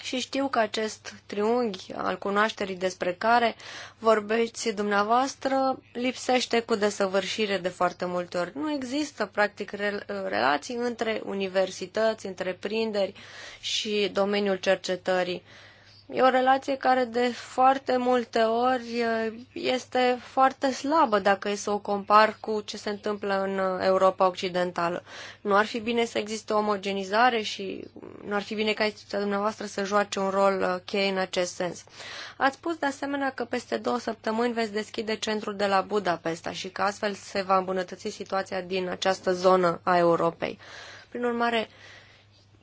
și știu că acest triunghi al cunoașterii despre care vorbeți dumneavoastră lipsește cu desăvârșire de foarte multe ori. Nu există, practic, relații între universități, întreprinderi și domeniul cercetării. E o relație care de foarte multe ori este foarte slabă dacă e să o compar cu ce se întâmplă în Europa Occidentală. Nu ar fi bine să existe o omogenizare și nu ar fi bine ca instituția dumneavoastră să joace un rol cheie în acest sens. Ați spus de asemenea că peste două săptămâni veți deschide centrul de la Budapesta și că astfel se va îmbunătăți situația din această zonă a Europei. Prin urmare,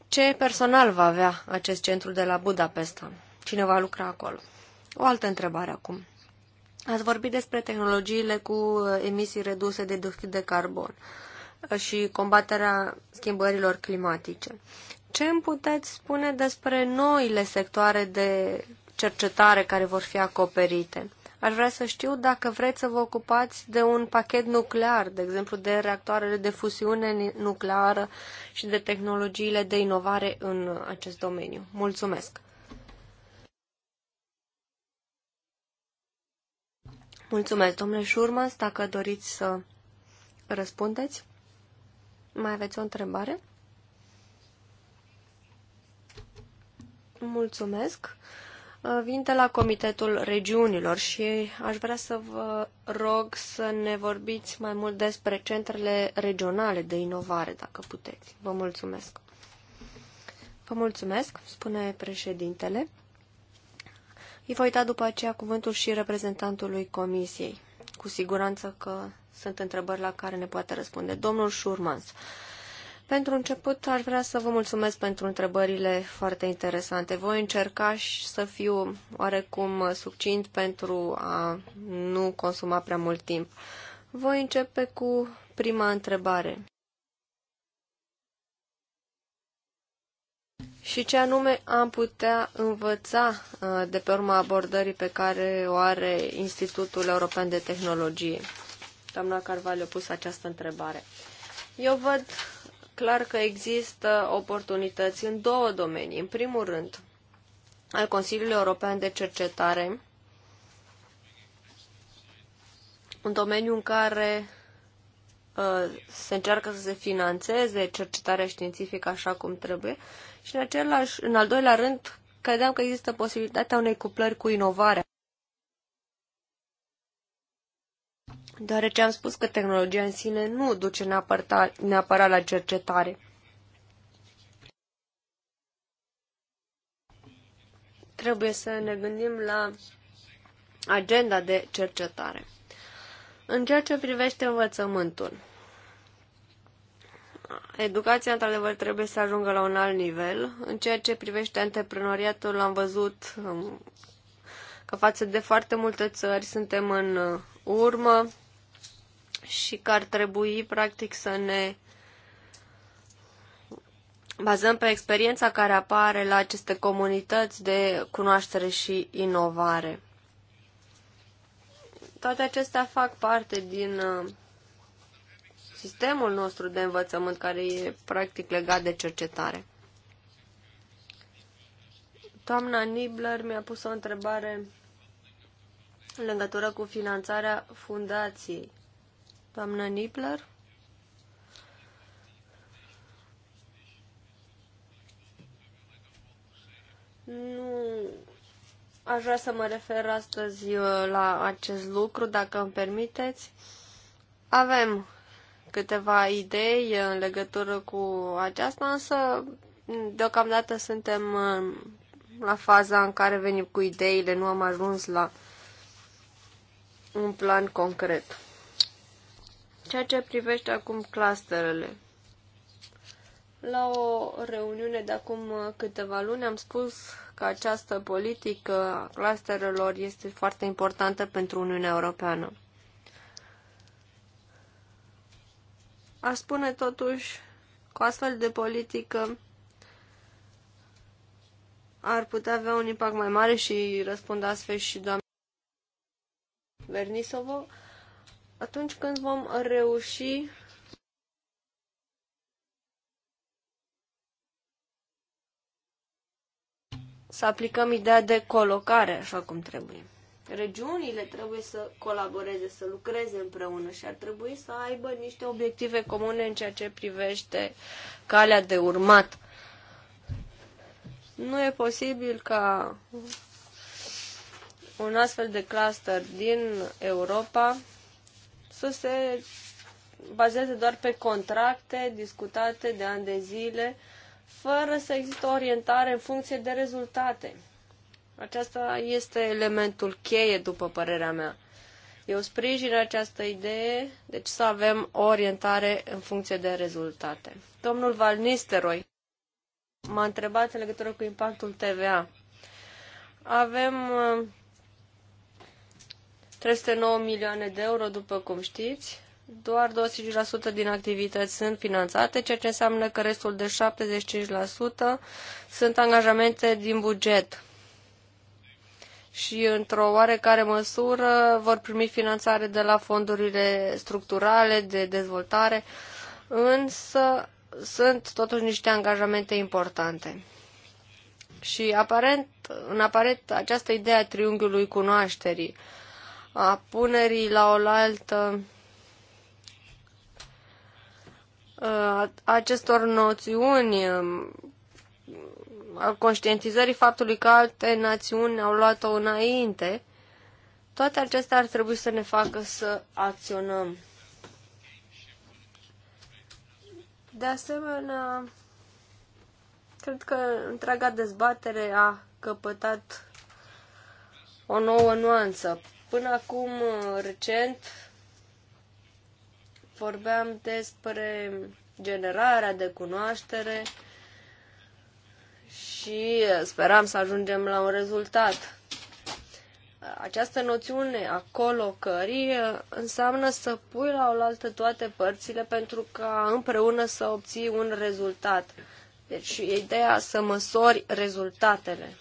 ce personal va avea acest centru de la Budapesta? cine va lucra acolo. O altă întrebare acum. Ați vorbit despre tehnologiile cu uh, emisii reduse de dioxid de carbon uh, și combaterea schimbărilor climatice. Ce îmi puteți spune despre noile sectoare de cercetare care vor fi acoperite? Aș vrea să știu dacă vreți să vă ocupați de un pachet nuclear, de exemplu de reactoarele de fusiune nucleară și de tehnologiile de inovare în uh, acest domeniu. Mulțumesc! Mulțumesc, domnule Șurmans, dacă doriți să răspundeți. Mai aveți o întrebare? Mulțumesc. Vin de la Comitetul Regiunilor și aș vrea să vă rog să ne vorbiți mai mult despre centrele regionale de inovare, dacă puteți. Vă mulțumesc. Vă mulțumesc, spune președintele. Îi voi da după aceea cuvântul și reprezentantului comisiei. Cu siguranță că sunt întrebări la care ne poate răspunde. Domnul Șurmans, pentru început aș vrea să vă mulțumesc pentru întrebările foarte interesante. Voi încerca și să fiu oarecum succint pentru a nu consuma prea mult timp. Voi începe cu prima întrebare. și ce anume am putea învăța uh, de pe urma abordării pe care o are Institutul European de Tehnologie. Doamna Carvalho a pus această întrebare. Eu văd clar că există oportunități în două domenii. În primul rând, al Consiliului European de Cercetare, un domeniu în care uh, se încearcă să se financeze cercetarea științifică așa cum trebuie și în, același, în al doilea rând, credeam că există posibilitatea unei cuplări cu inovarea. Deoarece am spus că tehnologia în sine nu duce neapărat, neapărat la cercetare. Trebuie să ne gândim la agenda de cercetare. În ceea ce privește învățământul, educația, într-adevăr, trebuie să ajungă la un alt nivel. În ceea ce privește antreprenoriatul, am văzut um, că față de foarte multe țări suntem în uh, urmă și că ar trebui, practic, să ne bazăm pe experiența care apare la aceste comunități de cunoaștere și inovare. Toate acestea fac parte din uh, sistemul nostru de învățământ care e practic legat de cercetare. Doamna Nibler mi-a pus o întrebare în legătură cu finanțarea fundației. Doamna Nibler? Nu aș vrea să mă refer astăzi uh, la acest lucru, dacă îmi permiteți. Avem câteva idei în legătură cu aceasta, însă deocamdată suntem uh, la faza în care venim cu ideile, nu am ajuns la un plan concret. Ceea ce privește acum clusterele. La o reuniune de acum uh, câteva luni am spus că această politică a clusterelor este foarte importantă pentru Uniunea Europeană. A spune totuși cu astfel de politică ar putea avea un impact mai mare și răspund astfel și doamna Vernisovo, atunci când vom reuși să aplicăm ideea de colocare așa cum trebuie. Regiunile trebuie să colaboreze, să lucreze împreună și ar trebui să aibă niște obiective comune în ceea ce privește calea de urmat. Nu e posibil ca un astfel de cluster din Europa să se bazeze doar pe contracte discutate de ani de zile, fără să există orientare în funcție de rezultate. Aceasta este elementul cheie, după părerea mea. Eu sprijin această idee, deci să avem o orientare în funcție de rezultate. Domnul Val Nisteroi m-a întrebat în legătură cu impactul TVA. Avem 309 uh, milioane de euro, după cum știți. Doar 25% din activități sunt finanțate, ceea ce înseamnă că restul de 75% sunt angajamente din buget și, într-o oarecare măsură, vor primi finanțare de la fondurile structurale de dezvoltare, însă sunt totuși niște angajamente importante. Și aparent, în aparent această idee a triunghiului cunoașterii, a punerii la oaltă acestor noțiuni conștientizării faptului că alte națiuni au luat-o înainte, toate acestea ar trebui să ne facă să acționăm. De asemenea, cred că întreaga dezbatere a căpătat o nouă nuanță. Până acum, recent, vorbeam despre generarea de cunoaștere, și speram să ajungem la un rezultat. Această noțiune a colocării uh, înseamnă să pui la oaltă toate părțile pentru ca împreună să obții un rezultat. Deci e ideea să măsori rezultatele.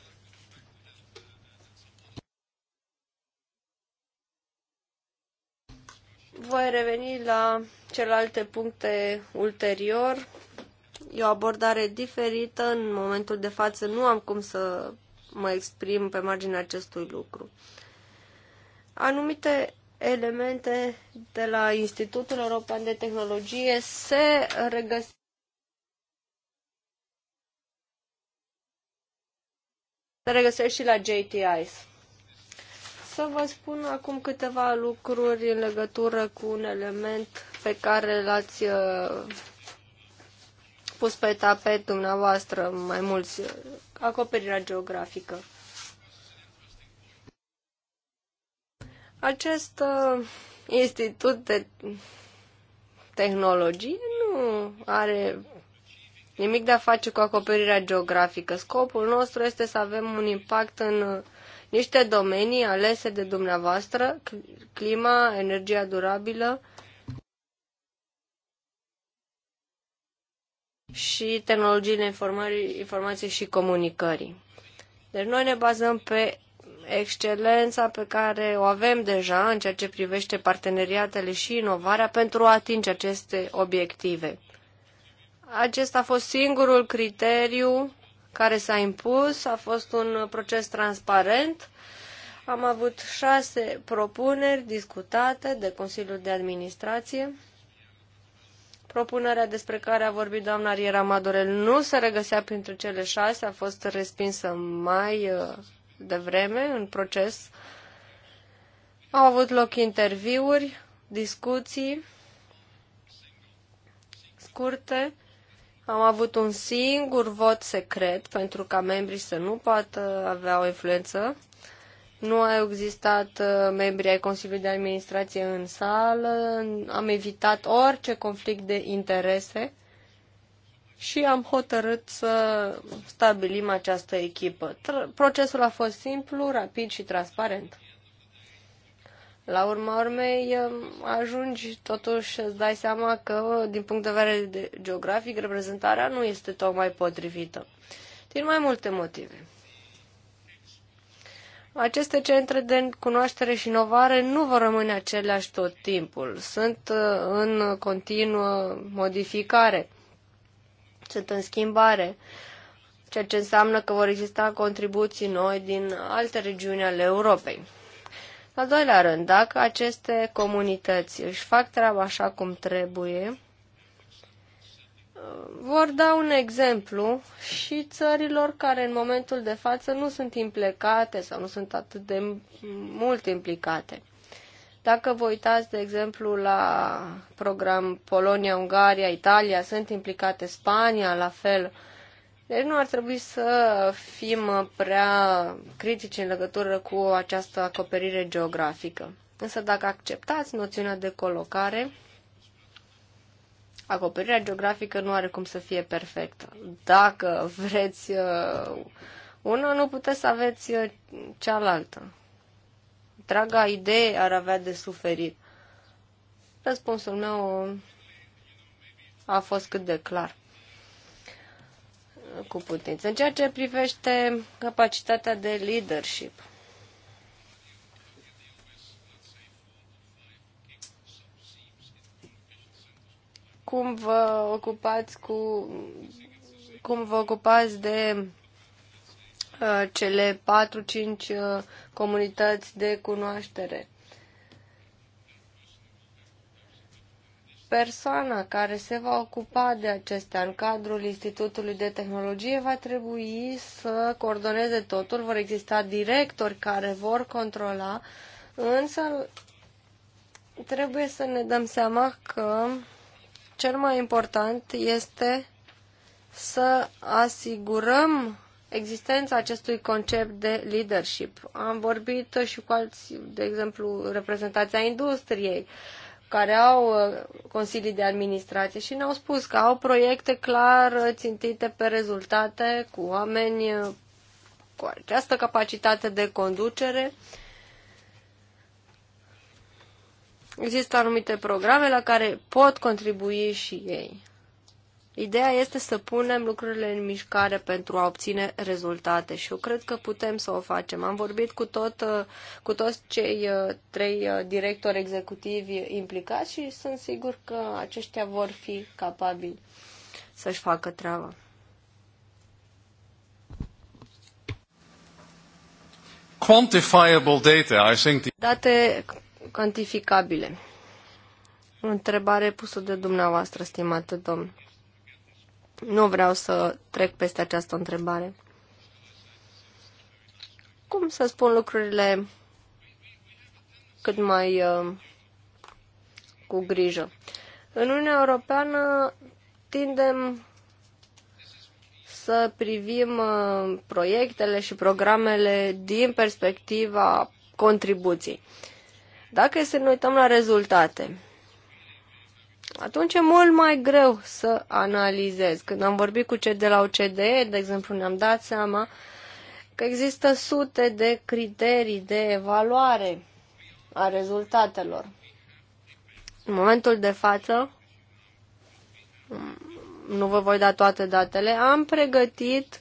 Voi reveni la celelalte puncte ulterior. E o abordare diferită. În momentul de față nu am cum să mă exprim pe marginea acestui lucru. Anumite elemente de la Institutul European de Tehnologie se regăsesc se regăsesc și la JTIs. Să vă spun acum câteva lucruri în legătură cu un element pe care l-ați uh, pus pe tapet dumneavoastră mai mulți acoperirea geografică. Acest uh, institut de tehnologie nu are nimic de a face cu acoperirea geografică. Scopul nostru este să avem un impact în uh, niște domenii alese de dumneavoastră, clima, energia durabilă, și tehnologiile informației și comunicării. Deci noi ne bazăm pe excelența pe care o avem deja în ceea ce privește parteneriatele și inovarea pentru a atinge aceste obiective. Acesta a fost singurul criteriu care s-a impus, a fost un proces transparent. Am avut șase propuneri discutate de Consiliul de Administrație Propunerea despre care a vorbit doamna Riera Madorel nu se regăsea printre cele șase, a fost respinsă mai uh, devreme în proces. Au avut loc interviuri, discuții scurte. Am avut un singur vot secret pentru ca membrii să nu poată avea o influență nu au existat uh, membri ai Consiliului de Administrație în sală, am evitat orice conflict de interese și am hotărât să stabilim această echipă. Tr- procesul a fost simplu, rapid și transparent. La urma urmei, um, ajungi totuși să dai seama că, din punct de vedere de geografic, reprezentarea nu este tocmai potrivită. Din mai multe motive. Aceste centre de cunoaștere și inovare nu vor rămâne aceleași tot timpul. Sunt uh, în continuă modificare, sunt în schimbare, ceea ce înseamnă că vor exista contribuții noi din alte regiuni ale Europei. Al doilea rând, dacă aceste comunități își fac treaba așa cum trebuie, vor da un exemplu și țărilor care în momentul de față nu sunt implicate sau nu sunt atât de mult implicate. Dacă vă uitați, de exemplu, la program Polonia, Ungaria, Italia, sunt implicate Spania, la fel. Deci nu ar trebui să fim prea critici în legătură cu această acoperire geografică. Însă dacă acceptați noțiunea de colocare, acoperirea geografică nu are cum să fie perfectă. Dacă vreți uh, una, nu puteți să aveți uh, cealaltă. Draga idee ar avea de suferit. Răspunsul meu uh, a fost cât de clar cu putință. În ceea ce privește capacitatea de leadership, cum vă ocupați cu cum vă ocupați de uh, cele 4-5 uh, comunități de cunoaștere. Persoana care se va ocupa de acestea în cadrul Institutului de Tehnologie va trebui să coordoneze totul, vor exista directori care vor controla, însă trebuie să ne dăm seama că cel mai important este să asigurăm existența acestui concept de leadership. Am vorbit și cu alți, de exemplu, reprezentația industriei, care au uh, consilii de administrație și ne-au spus că au proiecte clar țintite pe rezultate, cu oameni uh, cu această capacitate de conducere, uh, Există anumite programe la care pot contribui și ei. Ideea este să punem lucrurile în mișcare pentru a obține rezultate și eu cred că putem să o facem. Am vorbit cu, tot, cu toți cei uh, trei uh, directori executivi implicați și sunt sigur că aceștia vor fi capabili să-și facă treaba. Quantifiable data, I think the... Date cantificabile. O întrebare pusă de dumneavoastră, stimată domn. Nu vreau să trec peste această întrebare. Cum să spun lucrurile cât mai uh, cu grijă? În Uniunea Europeană tindem să privim uh, proiectele și programele din perspectiva contribuției. Dacă să ne uităm la rezultate, atunci e mult mai greu să analizez. Când am vorbit cu cei de la OCDE, de exemplu, ne-am dat seama că există sute de criterii de evaluare a rezultatelor. În momentul de față, nu vă voi da toate datele, am pregătit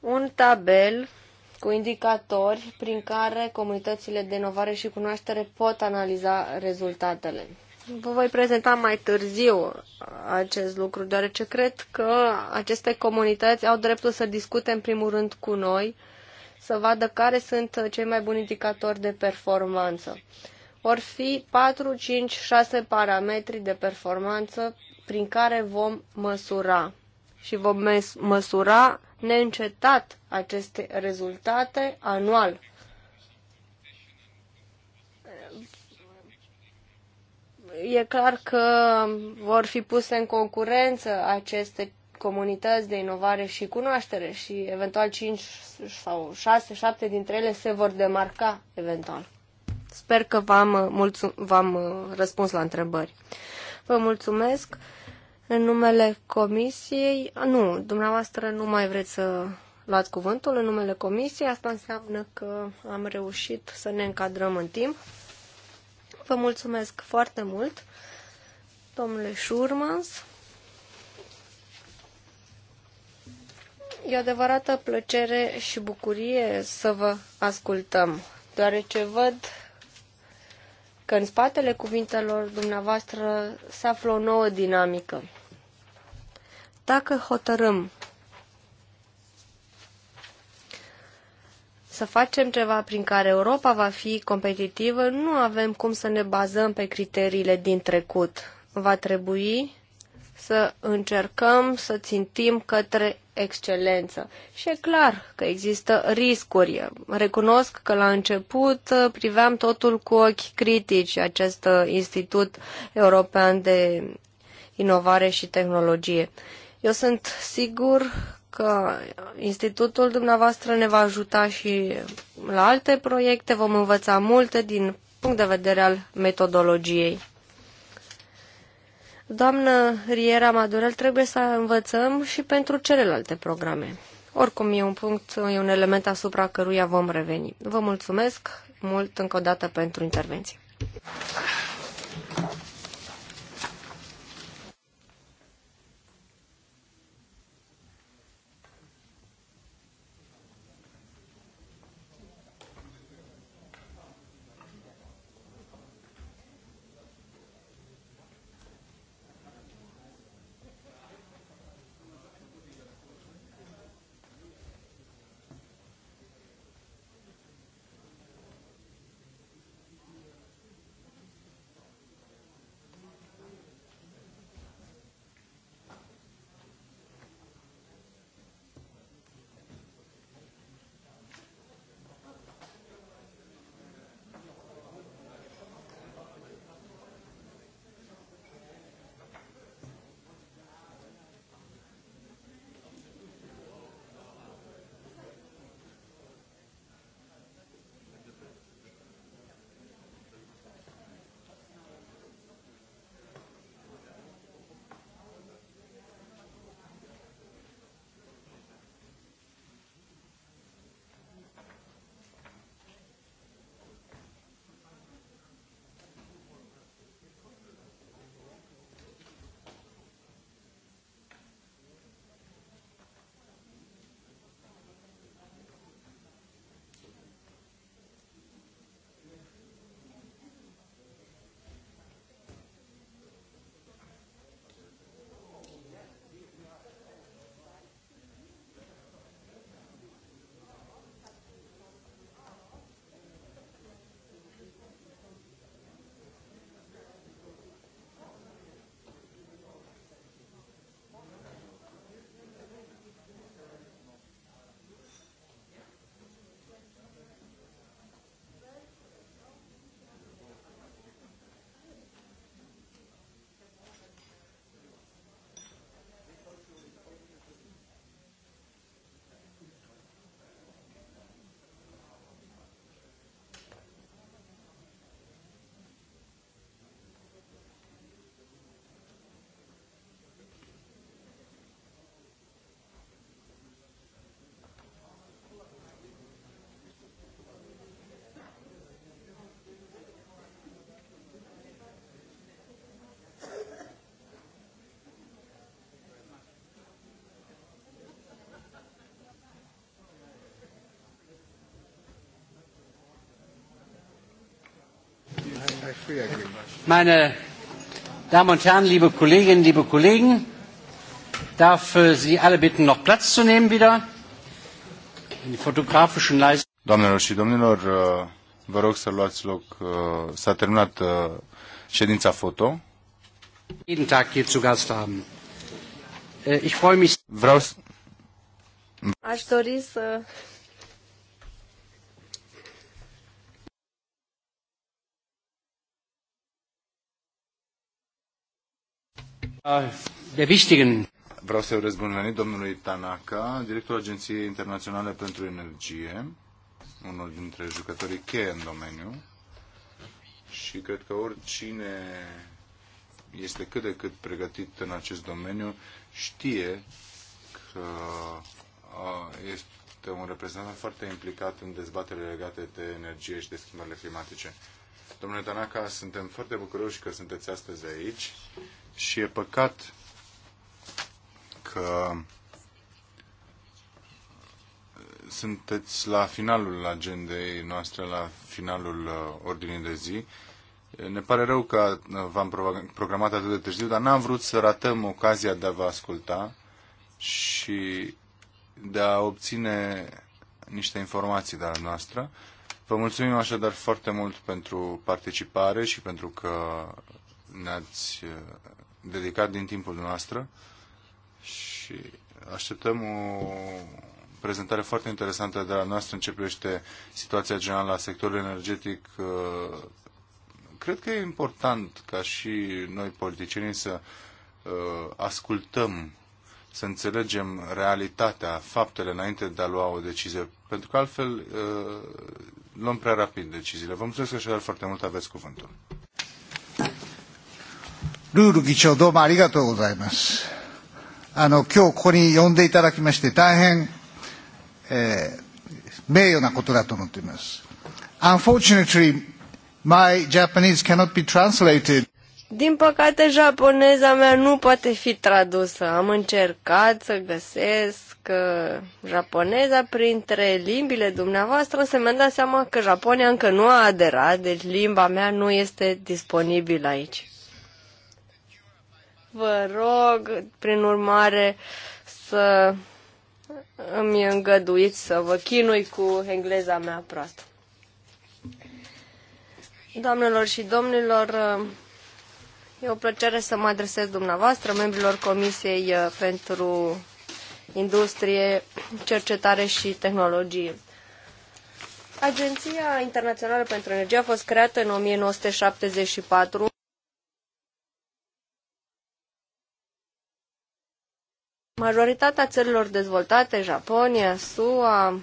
un tabel cu indicatori prin care comunitățile de inovare și cunoaștere pot analiza rezultatele. Vă voi prezenta mai târziu acest lucru, deoarece cred că aceste comunități au dreptul să discute în primul rând cu noi, să vadă care sunt cei mai buni indicatori de performanță. Vor fi 4, 5, 6 parametri de performanță prin care vom măsura și vom măsura neîncetat aceste rezultate anual. E clar că vor fi puse în concurență aceste comunități de inovare și cunoaștere și eventual 5 sau 6, 7 dintre ele se vor demarca eventual. Sper că v-am, mulțum- v-am uh, răspuns la întrebări. Vă mulțumesc! În numele comisiei, nu, dumneavoastră nu mai vreți să luați cuvântul în numele comisiei, asta înseamnă că am reușit să ne încadrăm în timp. Vă mulțumesc foarte mult, domnule Șurmans. E adevărată plăcere și bucurie să vă ascultăm, deoarece văd că în spatele cuvintelor dumneavoastră se află o nouă dinamică. Dacă hotărâm să facem ceva prin care Europa va fi competitivă, nu avem cum să ne bazăm pe criteriile din trecut. Va trebui să încercăm să țintim către excelență. Și e clar că există riscuri. Recunosc că la început priveam totul cu ochi critici acest Institut European de Inovare și Tehnologie. Eu sunt sigur că institutul dumneavoastră ne va ajuta și la alte proiecte, vom învăța multe din punct de vedere al metodologiei. Doamnă Riera Madurel, trebuie să învățăm și pentru celelalte programe. Oricum, e un punct, e un element asupra căruia vom reveni. Vă mulțumesc mult încă o dată pentru intervenție. Meine Damen und Herren, liebe Kolleginnen, liebe Kollegen, darf äh, Sie alle bitten, noch Platz zu nehmen wieder. Die fotografischen Leistungen. Doamnelor și domnilor, uh, vă rog să luați loc. Uh, s-a terminat uh, ședința foto. Jeden Tag hier zu Gast haben. Äh, ich freue mich. Vreau Aș dori să Ah, de wichtigen. Vreau să-i urez bun venit domnului Tanaka, directorul Agenției Internaționale pentru Energie, unul dintre jucătorii cheie în domeniu. Și cred că oricine este cât de cât pregătit în acest domeniu știe că este un reprezentant foarte implicat în dezbaterile legate de energie și de schimbările climatice. Domnule Tanaka, suntem foarte bucuroși că sunteți astăzi aici și e păcat că sunteți la finalul agendei noastre, la finalul uh, ordinii de zi. Ne pare rău că uh, v-am programat atât de târziu, dar n-am vrut să ratăm ocazia de a vă asculta și de a obține niște informații de la noastră. Vă mulțumim așadar foarte mult pentru participare și pentru că ne-ați uh, dedicat din timpul noastră și așteptăm o prezentare foarte interesantă de la noastră începește situația generală a sectorului energetic. Uh, cred că e important ca și noi politicienii să uh, ascultăm, să înțelegem realitatea, faptele înainte de a lua o decizie, pentru că altfel luăm prea rapid deciziile. Vă mulțumesc așadar foarte mult, aveți cuvântul. ルール議長どうもありがとうございます。あの、今日ここに呼んでいただきまして大変、えー、名誉なことだと思っています。Unfortunately, my Japanese cannot be translated. Din păcate, japoneza mea nu poate fi tradusă. Am încercat să găsesc uh, japoneza printre limbile dumneavoastră, să mi-am dat seama că Japonia încă nu a aderat, deci limba mea nu este disponibilă aici. Vă rog, prin urmare, să îmi îngăduiți să vă chinui cu engleza mea proastă. Doamnelor și domnilor, e o plăcere să mă adresez dumneavoastră, membrilor Comisiei uh, pentru Industrie, Cercetare și Tehnologie. Agenția Internațională pentru Energie a fost creată în 1974 Majoritatea țărilor dezvoltate, Japonia, SUA,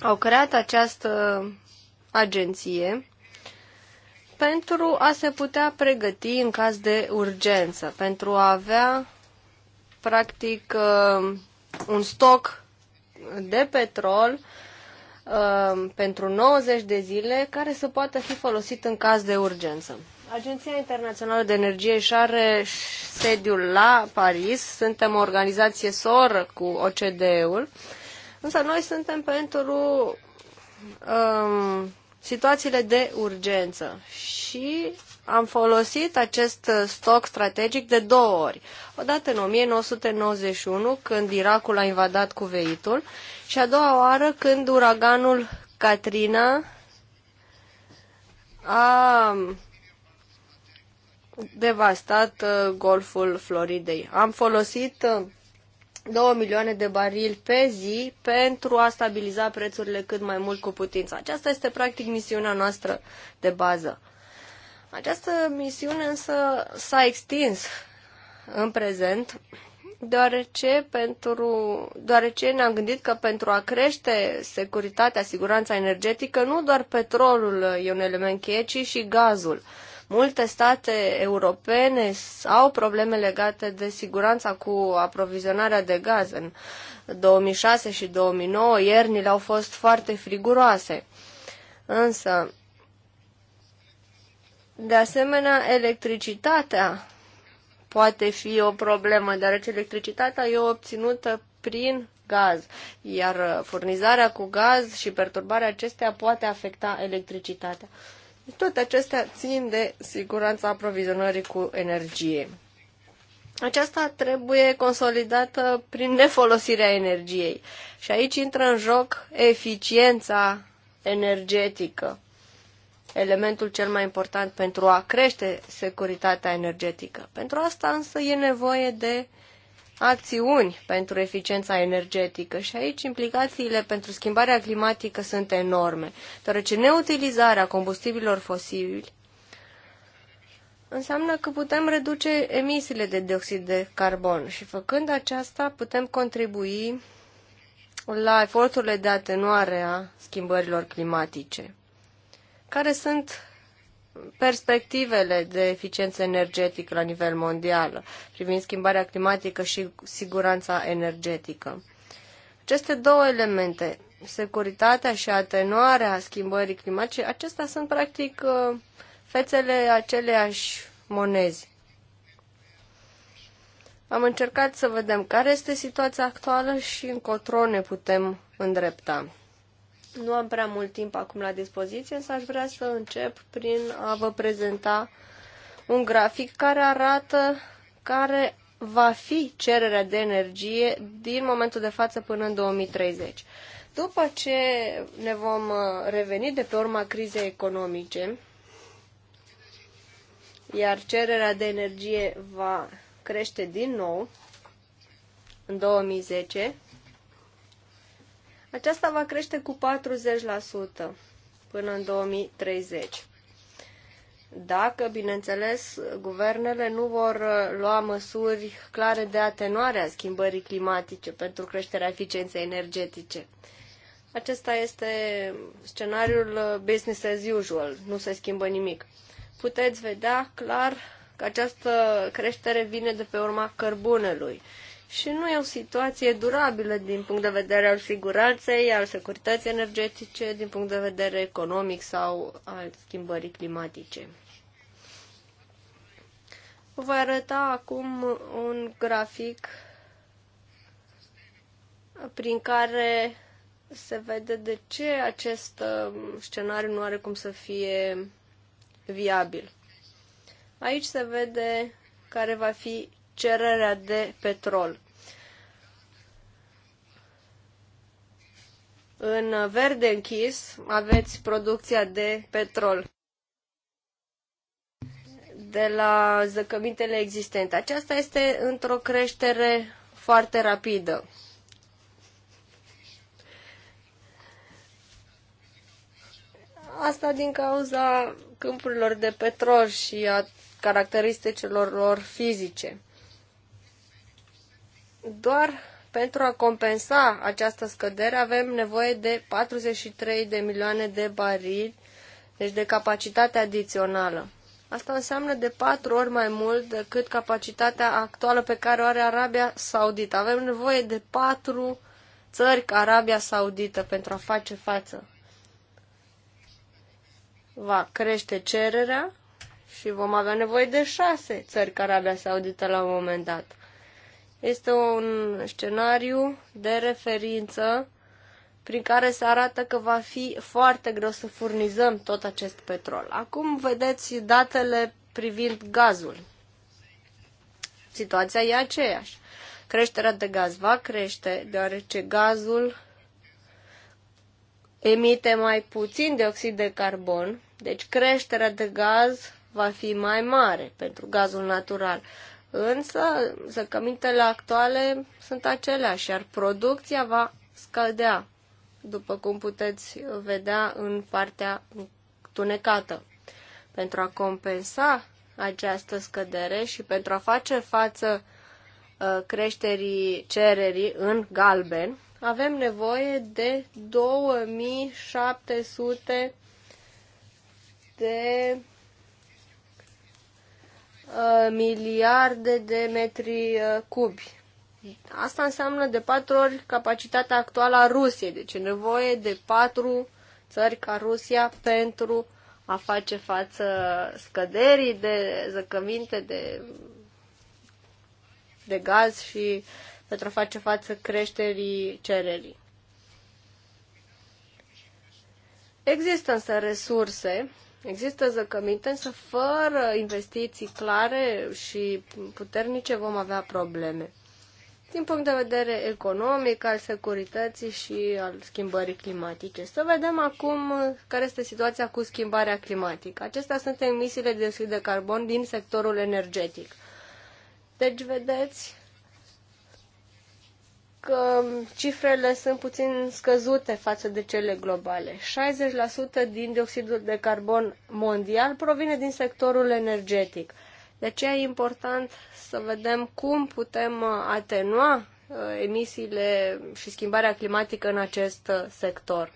au creat această agenție pentru a se putea pregăti în caz de urgență, pentru a avea practic uh, un stoc de petrol uh, pentru 90 de zile care să poată fi folosit în caz de urgență. Agenția Internațională de Energie și are sediul la Paris. Suntem o organizație soră cu OCDE-ul. Însă noi suntem pentru um, situațiile de urgență și am folosit acest stoc strategic de două ori. Odată în 1991, când Irakul a invadat Cuveitul, și a doua oară când uraganul Katrina a devastat uh, golful Floridei. Am folosit 2 uh, milioane de barili pe zi pentru a stabiliza prețurile cât mai mult cu putință. Aceasta este practic misiunea noastră de bază. Această misiune însă s-a extins în prezent, deoarece, pentru, deoarece ne-am gândit că pentru a crește securitatea, siguranța energetică, nu doar petrolul e un element cheie, ci și gazul. Multe state europene au probleme legate de siguranța cu aprovizionarea de gaz. În 2006 și 2009 iernile au fost foarte friguroase. Însă, de asemenea, electricitatea poate fi o problemă, deoarece electricitatea e obținută prin gaz, iar furnizarea cu gaz și perturbarea acestea poate afecta electricitatea. Toate acestea țin de siguranța aprovizionării cu energie. Aceasta trebuie consolidată prin nefolosirea energiei. Și aici intră în joc eficiența energetică, elementul cel mai important pentru a crește securitatea energetică. Pentru asta însă e nevoie de uh, acțiuni pentru eficiența energetică și aici implicațiile pentru schimbarea climatică sunt enorme, deoarece neutilizarea combustibilor fosili înseamnă că putem reduce emisiile de dioxid de carbon și făcând aceasta putem contribui la eforturile de atenuare a schimbărilor climatice, care sunt perspectivele de eficiență energetică la nivel mondial, privind schimbarea climatică și siguranța energetică. Aceste două elemente, securitatea și atenuarea schimbării climatice, acestea sunt practic uh, fețele aceleiași monezi. Am încercat să vedem care este situația actuală și încotro ne putem îndrepta. Nu am prea mult timp acum la dispoziție, însă aș vrea să încep prin a vă prezenta un grafic care arată care va fi cererea de energie din momentul de față până în 2030. După ce ne vom uh, reveni de pe urma crizei economice, iar cererea de energie va crește din nou în 2010, aceasta va crește cu 40% până în 2030. Dacă, bineînțeles, guvernele nu vor uh, lua măsuri clare de atenuare a schimbării climatice pentru creșterea eficienței energetice. Acesta este scenariul uh, business as usual, nu se schimbă nimic. Puteți vedea clar că această creștere vine de pe urma cărbunelui și nu e o situație durabilă din punct de vedere al siguranței, al securității energetice, din punct de vedere economic sau al schimbării climatice. Vă voi arăta acum un grafic prin care se vede de ce acest uh, scenariu nu are cum să fie viabil. Aici se vede care va fi cererea de petrol. În verde închis aveți producția de petrol de la zăcămintele existente. Aceasta este într-o creștere foarte rapidă. Asta din cauza câmpurilor de petrol și a caracteristicilor lor fizice. Doar pentru a compensa această scădere avem nevoie de 43 de milioane de barili, deci de capacitate adițională. Asta înseamnă de patru ori mai mult decât capacitatea actuală pe care o are Arabia Saudită. Avem nevoie de patru țări ca Arabia Saudită pentru a face față. Va crește cererea și vom avea nevoie de șase țări ca Arabia Saudită la un moment dat. Este un scenariu de referință prin care se arată că va fi foarte greu să furnizăm tot acest petrol. Acum vedeți datele privind gazul. Situația e aceeași. Creșterea de gaz va crește, deoarece gazul emite mai puțin dioxid de carbon, deci creșterea de gaz va fi mai mare pentru gazul natural. Însă, zăcămintele actuale sunt aceleași, iar producția va scădea, după cum puteți vedea în partea tunecată. Pentru a compensa această scădere și pentru a face față uh, creșterii cererii în galben, avem nevoie de 2700 de Uh, miliarde de metri uh, cubi. Asta înseamnă de patru ori capacitatea actuală a Rusiei, deci e nevoie de patru țări ca Rusia pentru a face față scăderii de zăcăminte de, de gaz și pentru a face față creșterii cererii. Există însă resurse Există zăcăminte, însă fără investiții clare și puternice vom avea probleme. Din punct de vedere economic, al securității și al schimbării climatice. Să vedem acum care este situația cu schimbarea climatică. Acestea sunt emisiile de oxid de carbon din sectorul energetic. Deci, vedeți, că cifrele sunt puțin scăzute față de cele globale. 60% din dioxidul de carbon mondial provine din sectorul energetic. De aceea e important să vedem cum putem atenua uh, emisiile și schimbarea climatică în acest uh, sector.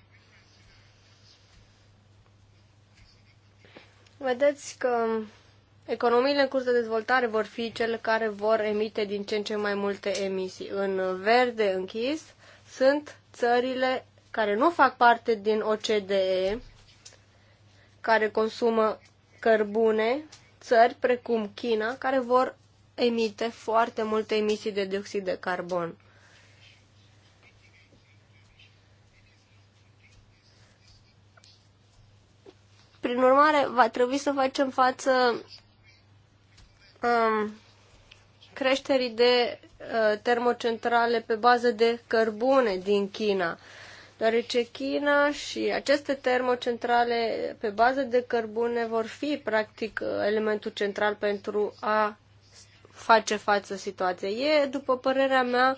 Vedeți că Economiile în curs de dezvoltare vor fi cele care vor emite din ce în ce mai multe emisii. În verde închis sunt țările care nu fac parte din OCDE, care consumă cărbune, țări precum China, care vor emite foarte multe emisii de dioxid de carbon. Prin urmare, va trebui să facem față um, creșterii de uh, termocentrale pe bază de cărbune din China, deoarece China și aceste termocentrale pe bază de cărbune vor fi, practic, uh, elementul central pentru a face față situației. E, după părerea mea,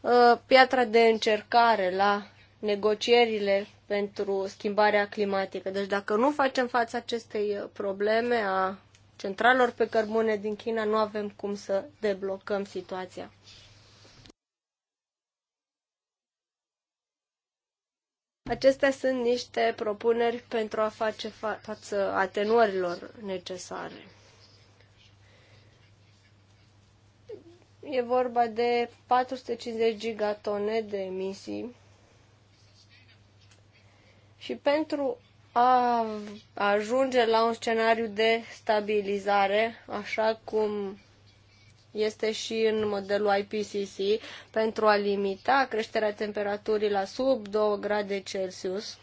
uh, piatra de încercare la negocierile pentru schimbarea climatică. Deci dacă nu facem față acestei uh, probleme a centralelor pe cărbune din China, nu avem cum să deblocăm situația. Acestea sunt niște propuneri pentru a face față atenuărilor necesare. E vorba de 450 gigatone de emisii și pentru a ajunge la un scenariu de stabilizare, așa cum este și în modelul IPCC, pentru a limita creșterea temperaturii la sub 2 grade Celsius.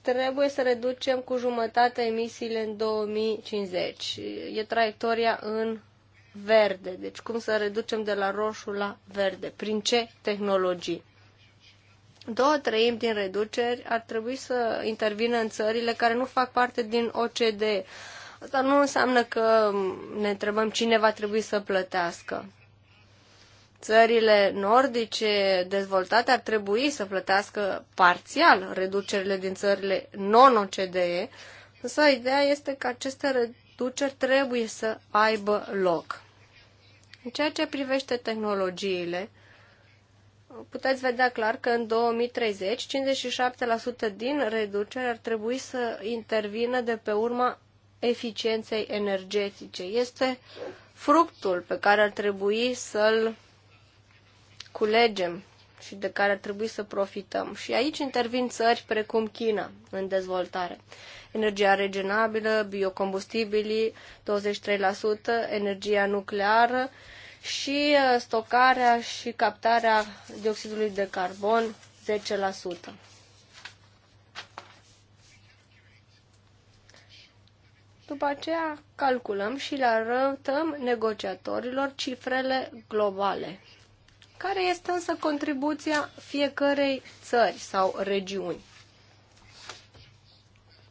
Trebuie să reducem cu jumătate emisiile în 2050. E traiectoria în verde. Deci cum să reducem de la roșu la verde? Prin ce tehnologii? Două treimi din reduceri ar trebui să intervină în țările care nu fac parte din OCDE. Asta nu înseamnă că ne întrebăm cine va trebui să plătească. Țările nordice dezvoltate ar trebui să plătească parțial reducerile din țările non-OCDE, însă ideea este că aceste reduceri trebuie să aibă loc. În ceea ce privește tehnologiile, puteți vedea clar că în 2030 57% din reduceri ar trebui să intervină de pe urma eficienței energetice. Este fructul pe care ar trebui să-l culegem și de care ar trebui să profităm. Și aici intervin țări precum China în dezvoltare. Energia regenabilă, biocombustibilii, 23%, energia nucleară și uh, stocarea și captarea dioxidului de carbon, 10%. După aceea calculăm și le arătăm negociatorilor cifrele globale care este însă contribuția fiecărei țări sau regiuni?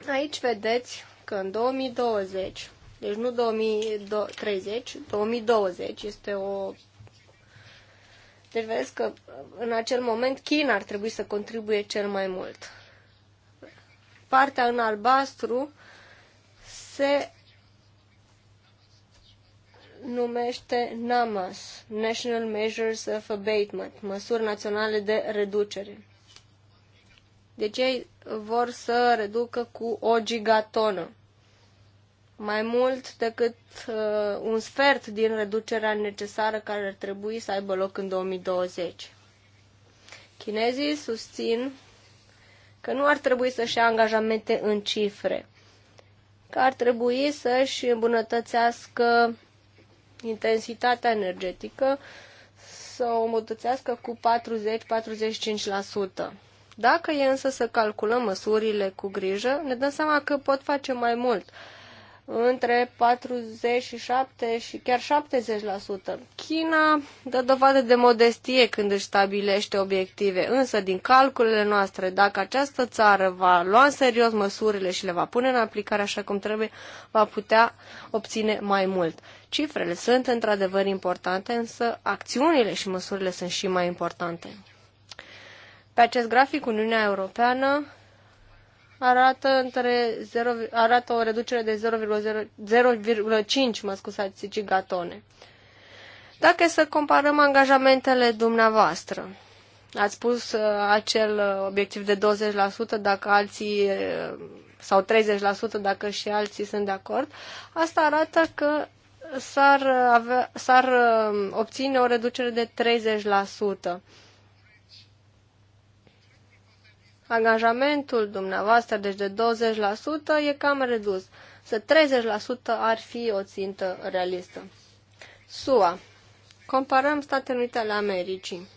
Aici vedeți că în 2020, deci nu 2030, 2020 este o... Deci vedeți că în acel moment China ar trebui să contribuie cel mai mult. Partea în albastru se numește NAMAS, National Measures of Abatement, măsuri naționale de reducere. Deci ei vor să reducă cu o gigatonă, mai mult decât uh, un sfert din reducerea necesară care ar trebui să aibă loc în 2020. Chinezii susțin că nu ar trebui să-și ia angajamente în cifre, că ar trebui să-și îmbunătățească intensitatea energetică să o îmbunătățească cu 40-45%. Dacă e însă să calculăm măsurile cu grijă, ne dăm seama că pot face mai mult între 47 și chiar 70%. China dă dovadă de modestie când își stabilește obiective, însă din calculele noastre, dacă această țară va lua în serios măsurile și le va pune în aplicare așa cum trebuie, va putea obține mai mult. Cifrele sunt într-adevăr importante, însă acțiunile și măsurile sunt și mai importante. Pe acest grafic, Uniunea Europeană arată, între 0, arată o reducere de 0,5 mă scuzați, gigatone. Dacă să comparăm angajamentele dumneavoastră, ați pus uh, acel uh, obiectiv de 20% dacă alții uh, sau 30% dacă și alții sunt de acord, asta arată că s-ar, avea, s-ar obține o reducere de 30% angajamentul dumneavoastră, deci de 20%, e cam redus. Să 30% ar fi o țintă realistă. SUA. Comparăm Statele Unite ale Americii.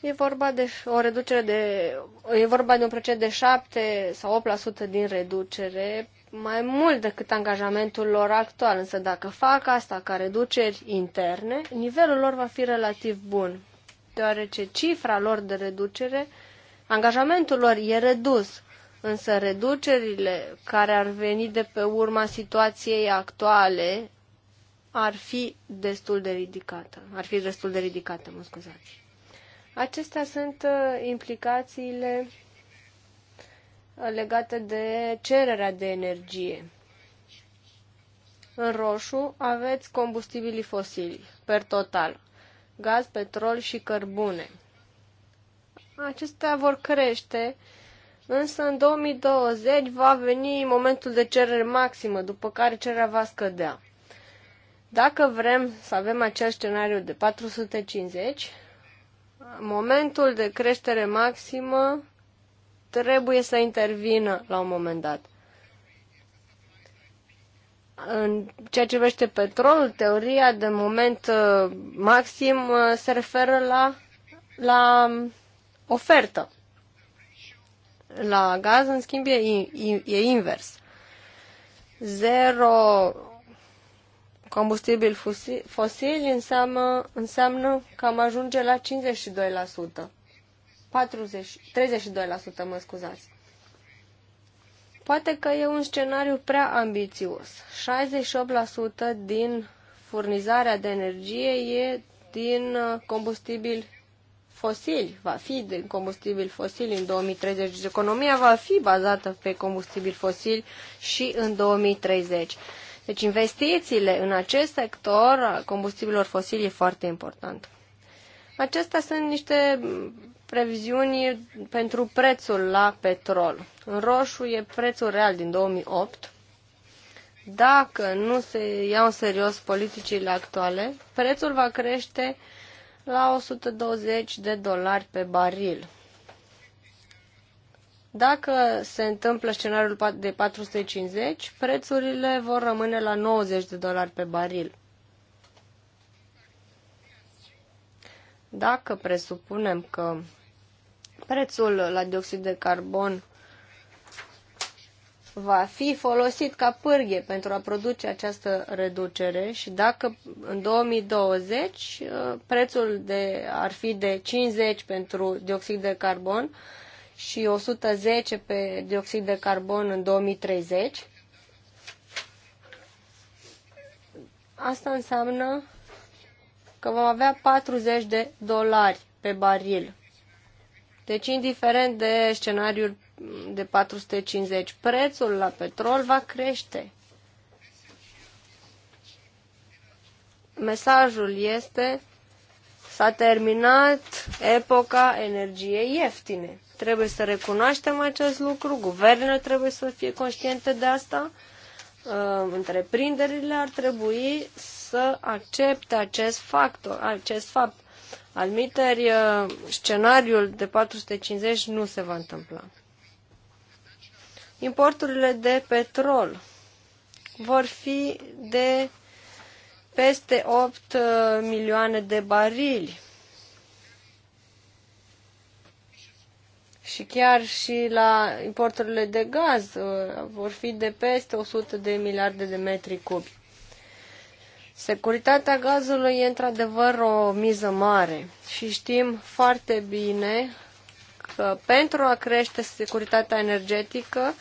E vorba de o reducere de. E vorba de un procent de 7 sau 8% din reducere, mai mult decât angajamentul lor actual. Însă dacă fac asta ca reduceri interne, nivelul lor va fi relativ bun deoarece cifra lor de reducere, angajamentul lor e redus, însă reducerile care ar veni de pe urma situației actuale ar fi destul de ridicată. Ar fi destul de ridicată, mă scuzați. Acestea sunt uh, implicațiile uh, legate de cererea de energie. În roșu aveți combustibilii fosili, per total gaz, petrol și cărbune. Acestea vor crește, însă în 2020 va veni momentul de cerere maximă, după care cererea va scădea. Dacă vrem să avem acel scenariu de 450, momentul de creștere maximă trebuie să intervină la un moment dat. În ceea ce privește petrolul, teoria de moment uh, maxim uh, se referă la, la ofertă. La gaz, în schimb, e, e invers. Zero combustibil fosil înseamnă, înseamnă că am ajunge la 52%. 40, 32%, mă scuzați. Poate că e un scenariu prea ambițios. 68% din furnizarea de energie e din uh, combustibil fosili, va fi din combustibil fosil în 2030. Deci economia va fi bazată pe combustibil fosil și în 2030. Deci investițiile în acest sector a combustibilor fosili e foarte important. Acestea sunt niște previziuni pentru prețul la petrol. În roșu e prețul real din 2008. Dacă nu se iau în serios politicile actuale, prețul va crește la 120 de dolari pe baril. Dacă se întâmplă scenariul de 450, prețurile vor rămâne la 90 de dolari pe baril. Dacă presupunem că prețul la dioxid de carbon va fi folosit ca pârghie pentru a produce această reducere și dacă în 2020 uh, prețul de, ar fi de 50 pentru dioxid de carbon și 110 pe dioxid de carbon în 2030, asta înseamnă că vom avea 40 de dolari pe baril deci, indiferent de scenariul de 450, prețul la petrol va crește. Mesajul este s-a terminat epoca energiei ieftine. Trebuie să recunoaștem acest lucru, guvernele trebuie să fie conștiente de asta, uh, întreprinderile ar trebui să accepte acest factor, acest fapt. Almiteri, uh, scenariul de 450 nu se va întâmpla. Importurile de petrol vor fi de peste 8 uh, milioane de barili. Și chiar și la importurile de gaz uh, vor fi de peste 100 de miliarde de metri cubi. Securitatea gazului e într-adevăr o miză mare și știm foarte bine că pentru a crește securitatea energetică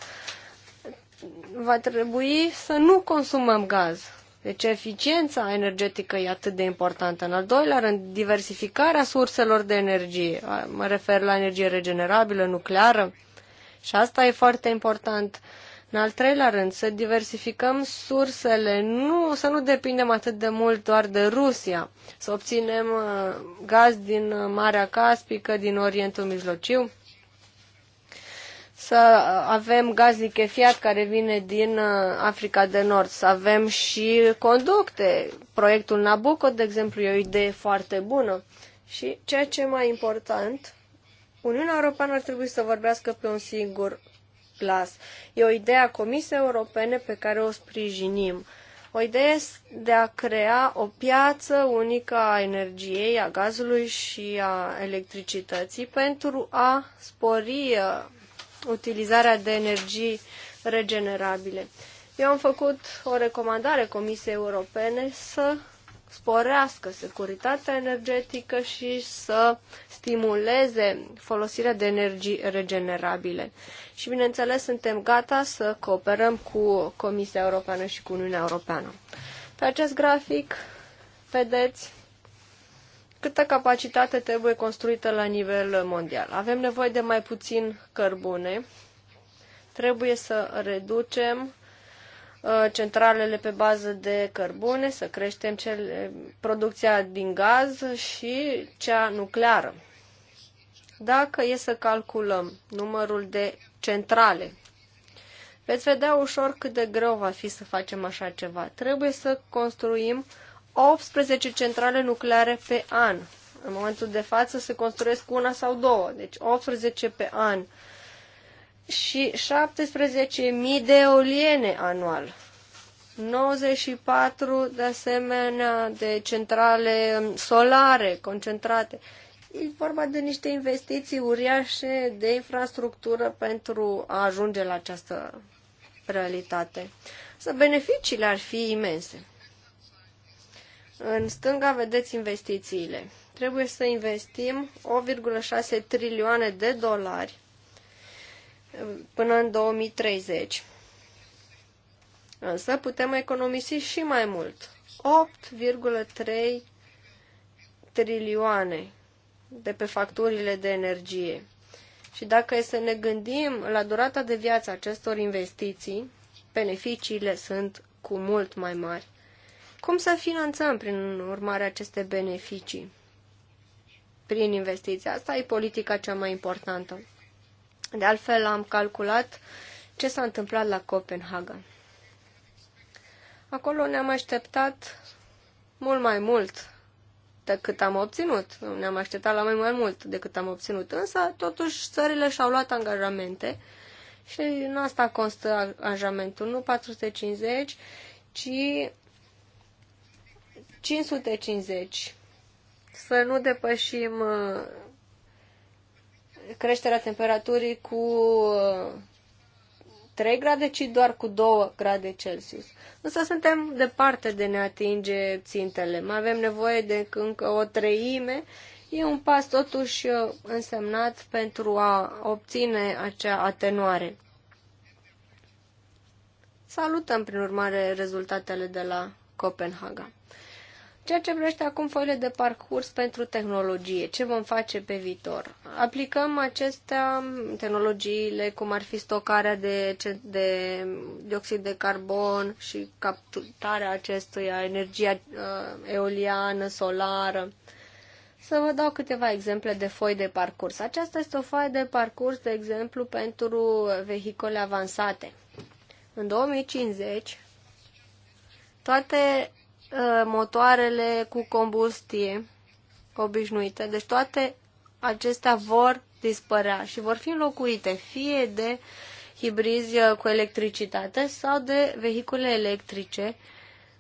va trebui să nu consumăm gaz. Deci eficiența energetică e atât de importantă. În al doilea rând, diversificarea surselor de energie. Mă refer la energie regenerabilă, nucleară. Și asta e foarte important uh, în al treilea rând, să diversificăm sursele, nu, să nu depindem atât de mult doar de Rusia, să obținem uh, gaz din Marea Caspică, din Orientul Mijlociu, să uh, avem gaz lichefiat care vine din uh, Africa de Nord, să avem și conducte. Proiectul Nabucco, de exemplu, e o idee foarte bună. Și ceea ce e mai important, Uniunea Europeană ar trebui să vorbească pe un singur Plus. E o idee a Comisiei Europene pe care o sprijinim. O idee de a crea o piață unică a energiei, a gazului și a electricității pentru a spori uh, utilizarea de energii regenerabile. Eu am făcut o recomandare Comisiei Europene să sporească securitatea energetică și să stimuleze folosirea de energii regenerabile. Și, bineînțeles, suntem gata să cooperăm cu Comisia Europeană și cu Uniunea Europeană. Pe acest grafic vedeți câtă capacitate trebuie construită la nivel mondial. Avem nevoie de mai puțin cărbune, trebuie să reducem Uh, centralele pe bază de cărbune, să creștem cele, producția din gaz și cea nucleară. Dacă e să calculăm numărul de centrale, veți vedea ușor cât de greu va fi să facem așa ceva. Trebuie să construim 18 centrale nucleare pe an. În momentul de față se construiesc una sau două, deci 18 pe an și 17.000 de eoliene anual. 94 de asemenea de centrale um, solare concentrate. E vorba de niște investiții uriașe de infrastructură pentru a ajunge la această realitate. Să beneficiile ar fi imense. În stânga vedeți investițiile. Trebuie să investim 1,6 trilioane de dolari până în 2030. Însă putem economisi și mai mult. 8,3 trilioane de pe facturile de energie. Și dacă e să ne gândim la durata de viață acestor investiții, beneficiile sunt cu mult mai mari. Cum să finanțăm, prin urmare, aceste beneficii? Prin investiții. Asta e politica cea mai importantă. De altfel, am calculat ce s-a întâmplat la Copenhaga. Acolo ne-am așteptat mult mai mult decât am obținut. Ne-am așteptat la mai, mai mult decât am obținut. Însă, totuși, țările și-au luat angajamente și în asta constă angajamentul, nu 450, ci 550. Să nu depășim uh, creșterea temperaturii cu 3 uh, grade, ci doar cu 2 grade Celsius. Însă suntem departe de ne atinge țintele. Mai avem nevoie de încă o treime. E un pas totuși uh, însemnat pentru a obține acea atenuare. Salutăm, prin urmare, rezultatele de la Copenhaga. Ceea ce privește acum foile de parcurs pentru tehnologie, ce vom face pe viitor? Aplicăm acestea tehnologiile cum ar fi stocarea de, de dioxid de carbon și captarea acestuia, energia uh, eoliană, solară. Să vă dau câteva exemple de foi de parcurs. Aceasta este o foaie de parcurs, de exemplu, pentru vehicole avansate. În 2050, toate Uh, motoarele cu combustie obișnuită. Deci toate acestea vor dispărea și vor fi înlocuite fie de hibrizi uh, cu electricitate sau de vehicule electrice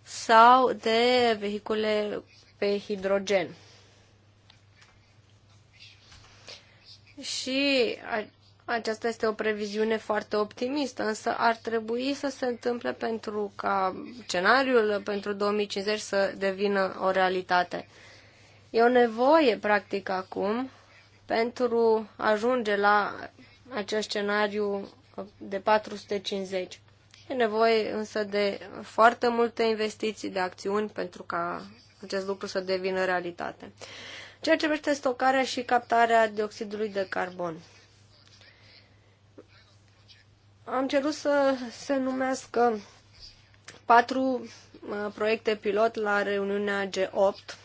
sau de vehicule pe hidrogen. Și aceasta este o previziune foarte optimistă, însă ar trebui să se întâmple pentru ca scenariul pentru 2050 să devină o realitate. E o nevoie, practic, acum pentru a ajunge la acest scenariu de 450. E nevoie însă de foarte multe investiții, de acțiuni pentru ca acest lucru să devină realitate. Ceea ce privește stocarea și captarea dioxidului de carbon. Am cerut să se numească patru proiecte pilot la reuniunea G8.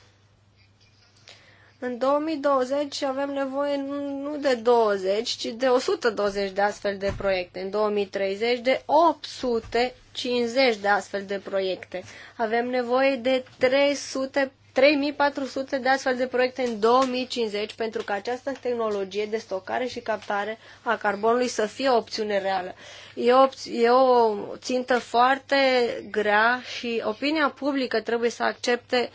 În 2020 avem nevoie nu de 20, ci de 120 de astfel de proiecte. În 2030 de 850 de astfel de proiecte. Avem nevoie de 300 3400 de astfel de proiecte în 2050 pentru ca această tehnologie de stocare și captare a carbonului să fie o opțiune reală. E o, e o țintă foarte grea și opinia publică trebuie să accepte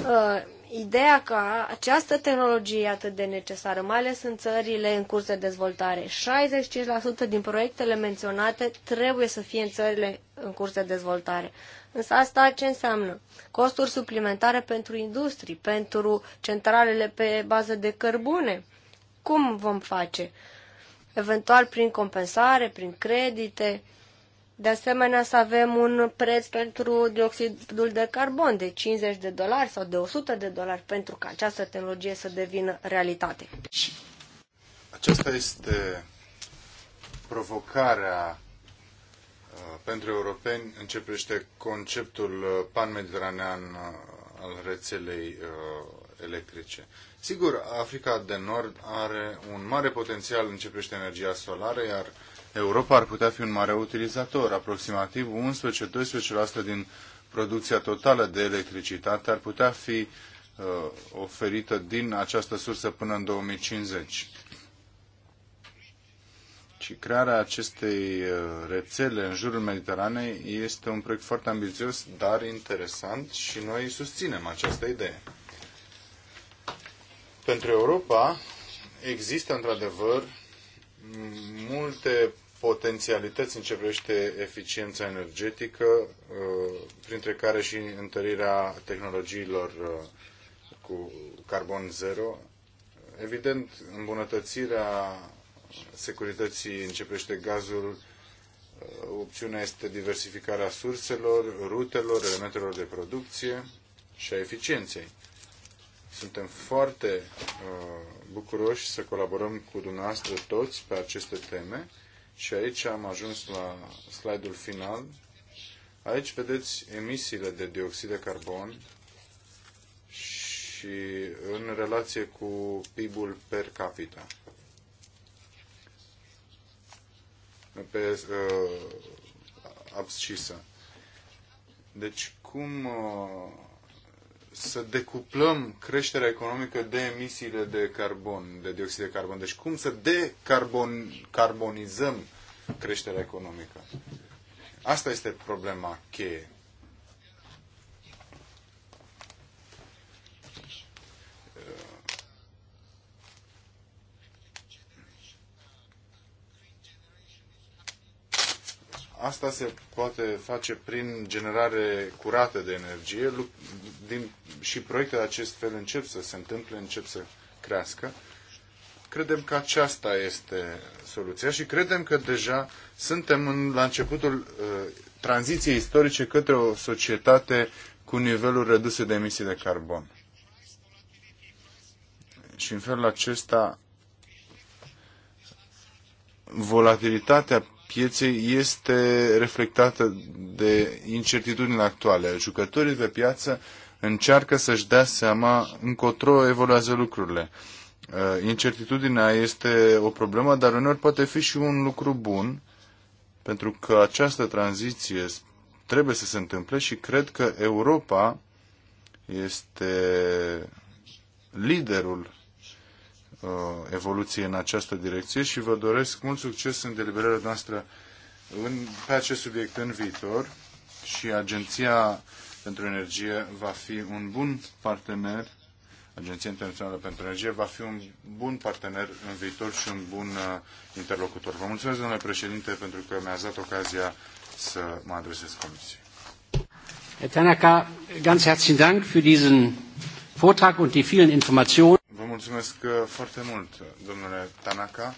uh, ideea că această tehnologie e atât de necesară, mai ales în țările în curs de dezvoltare. 65% din proiectele menționate trebuie să fie în țările în curs de dezvoltare. Însă asta ce înseamnă? Costuri suplimentare pentru industrii, pentru centralele pe bază de cărbune. Cum vom face? Eventual prin compensare, prin credite, de asemenea, să avem un preț pentru dioxidul de carbon de 50 de dolari sau de 100 de dolari pentru ca această tehnologie să devină realitate. Aceasta este provocarea uh, pentru europeni începește conceptul uh, pan-mediteranean uh, al rețelei electrice. Sigur, Africa de Nord are un mare potențial începește energia solară, iar uh, Europa ar putea fi un mare utilizator. Aproximativ 11-12% din producția totală de electricitate ar putea fi uh, oferită din această sursă până în 2050. Și crearea acestei uh, rețele în jurul Mediteranei este un proiect foarte ambițios, dar interesant și noi susținem această idee. Pentru Europa există într-adevăr multe potențialități în ce privește eficiența energetică, uh, printre care și întărirea tehnologiilor uh, cu carbon zero. Evident, îmbunătățirea securității în ce privește gazul, uh, opțiunea este diversificarea surselor, rutelor, elementelor de producție și a eficienței. Suntem foarte uh, bucuroși să colaborăm cu dumneavoastră toți pe aceste teme și aici am ajuns la slide-ul final. Aici vedeți emisiile de dioxid de carbon și în relație cu PIB-ul per capita. Pe uh, abscisă. Deci cum uh, să decuplăm creșterea economică de emisiile de carbon, de dioxid de carbon. Deci cum să decarbonizăm creșterea economică? Asta este problema cheie. Asta se poate face prin generare curată de energie din, și proiecte de acest fel încep să se întâmple, încep să crească. Credem că aceasta este soluția și credem că deja suntem în, la începutul uh, tranziției istorice către o societate cu niveluri reduse de emisii de carbon. Și în felul acesta volatilitatea pieței este reflectată de incertitudinile actuale. Jucătorii de piață încearcă să-și dea seama încotro evoluează lucrurile. Uh, incertitudinea este o problemă, dar uneori poate fi și un lucru bun, pentru că această tranziție trebuie să se întâmple și cred că Europa este liderul Uh, evoluție în această direcție și vă doresc mult succes în deliberarea noastră în, pe acest subiect în viitor și Agenția pentru Energie va fi un bun partener, Agenția Internațională pentru Energie va fi un bun partener în viitor și un bun uh, interlocutor. Vă mulțumesc, domnule președinte, pentru că mi-ați dat ocazia să mă adresez comisiei. Herr Tanaka, ganz herzlichen Dank für diesen Vortrag und die vielen Informationen mulțumesc uh, foarte mult, domnule Tanaka,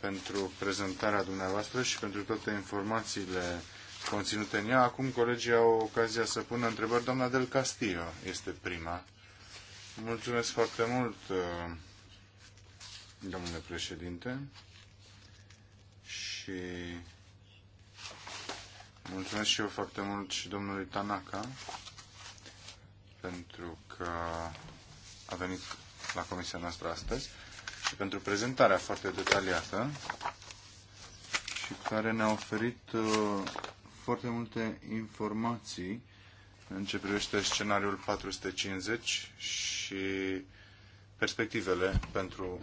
pentru prezentarea dumneavoastră și pentru toate informațiile conținute în ea. Acum colegii au ocazia să pună întrebări. Doamna Del Castillo este prima. Mulțumesc foarte mult, uh, domnule președinte, și mulțumesc și eu foarte mult și domnului Tanaka pentru că a venit la comisia noastră astăzi și pentru prezentarea foarte detaliată și care ne-a oferit uh, foarte multe informații în ce privește scenariul 450 și perspectivele pentru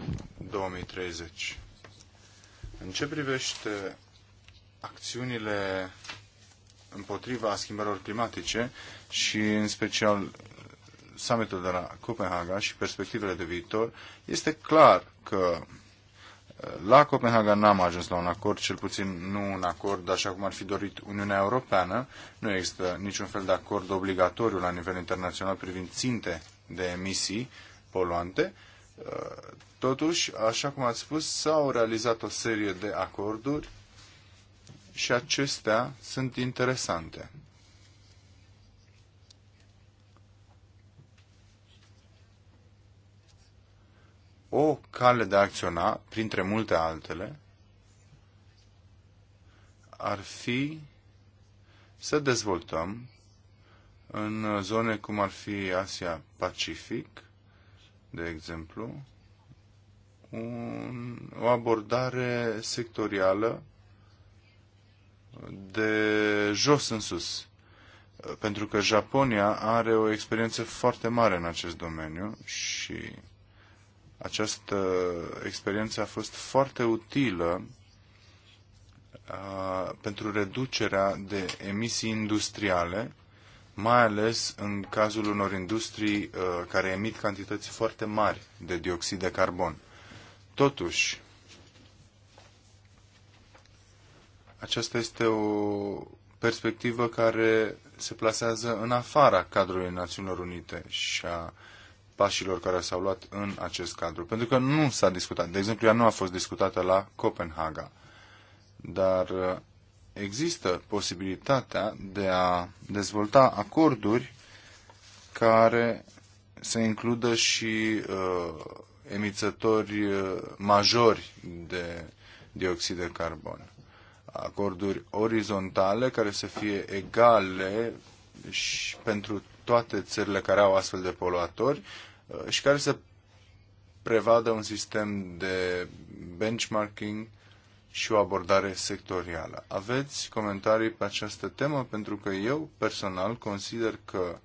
2030. În ce privește acțiunile împotriva schimbărilor climatice și în special summitul de la Copenhaga și perspectivele de viitor, este clar că uh, la Copenhaga n-am ajuns la un acord, cel puțin nu un acord așa cum ar fi dorit Uniunea Europeană. Nu există niciun fel de acord obligatoriu la nivel internațional privind ținte de emisii poluante. Uh, totuși, așa cum ați spus, s-au realizat o serie de acorduri și acestea sunt interesante. o cale de a acționa, printre multe altele, ar fi să dezvoltăm în zone cum ar fi Asia Pacific, de exemplu, un, o abordare sectorială de jos în sus. Pentru că Japonia are o experiență foarte mare în acest domeniu și această experiență a fost foarte utilă pentru reducerea de emisii industriale, mai ales în cazul unor industrii care emit cantități foarte mari de dioxid de carbon. Totuși, aceasta este o perspectivă care se plasează în afara cadrului Națiunilor Unite și a pașilor care s-au luat în acest cadru. Pentru că nu s-a discutat. De exemplu, ea nu a fost discutată la Copenhaga. Dar uh, există posibilitatea de a dezvolta acorduri care să includă și uh, emițători uh, majori de dioxid de carbon. Acorduri orizontale care să fie egale și pentru toate țările care au astfel de poluatori uh, și care să prevadă un sistem de benchmarking și o abordare sectorială. Aveți comentarii pe această temă? Pentru că eu personal consider că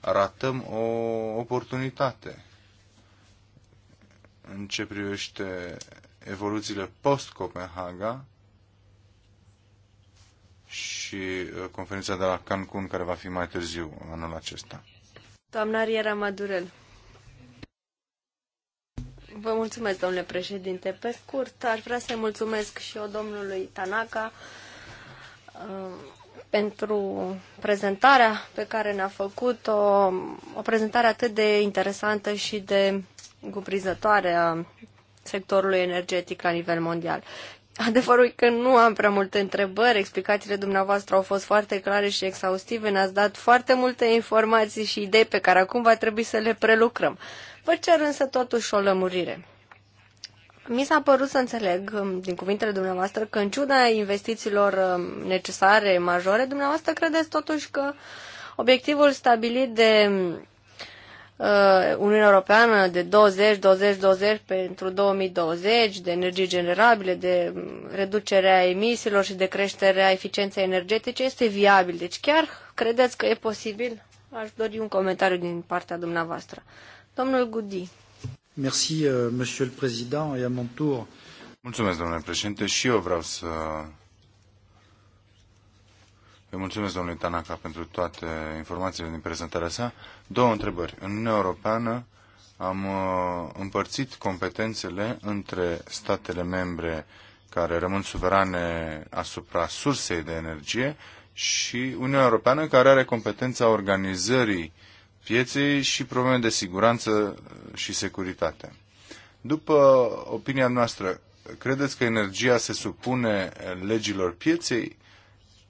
ratăm o oportunitate în ce privește evoluțiile post-Copenhaga și uh, conferința de la Cancun, care va fi mai târziu anul acesta. Doamna Riera Madurel. Vă mulțumesc, domnule președinte. Pe scurt, aș vrea să-i mulțumesc și eu domnului Tanaka uh, pentru prezentarea pe care ne-a făcut-o, o prezentare atât de interesantă și de cuprinzătoare a sectorului energetic la nivel mondial. Adevărul că nu am prea multe întrebări, explicațiile dumneavoastră au fost foarte clare și exhaustive, ne-ați dat foarte multe informații și idei pe care acum va trebui să le prelucrăm. Vă cer însă totuși o lămurire. Mi s-a părut să înțeleg um, din cuvintele dumneavoastră că în ciuda investițiilor um, necesare, majore, dumneavoastră credeți totuși că obiectivul stabilit de um, Uh, Uniunea Europeană de 20-20-20 pentru 2020, de energii generabile, de reducerea emisiilor și de creșterea eficienței energetice este viabil. Deci chiar credeți că e posibil? Aș dori un comentariu din partea dumneavoastră. Domnul Gudi. Merci, uh, monsieur le président, et à mon tour. Mulțumesc, domnule președinte, și eu vreau să îi mulțumesc domnului Tanaka pentru toate informațiile din prezentarea sa. Două întrebări. În Uniunea Europeană am uh, împărțit competențele între statele membre care rămân suverane asupra sursei de energie și Uniunea Europeană care are competența organizării pieței și probleme de siguranță uh, și securitate. După opinia noastră, credeți că energia se supune legilor pieței?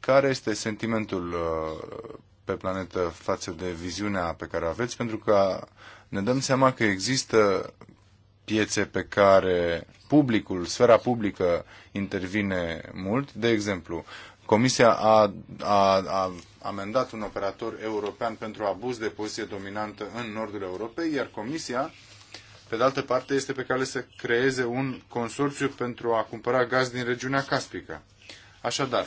Care este sentimentul uh, pe planetă față de viziunea pe care o aveți, pentru că ne dăm seama că există piețe pe care publicul, sfera publică intervine mult. De exemplu, Comisia a, a, a amendat un operator european pentru abuz de poziție dominantă în nordul Europei, iar Comisia, pe de altă parte, este pe cale să creeze un consorțiu pentru a cumpăra gaz din regiunea Caspică. Așadar,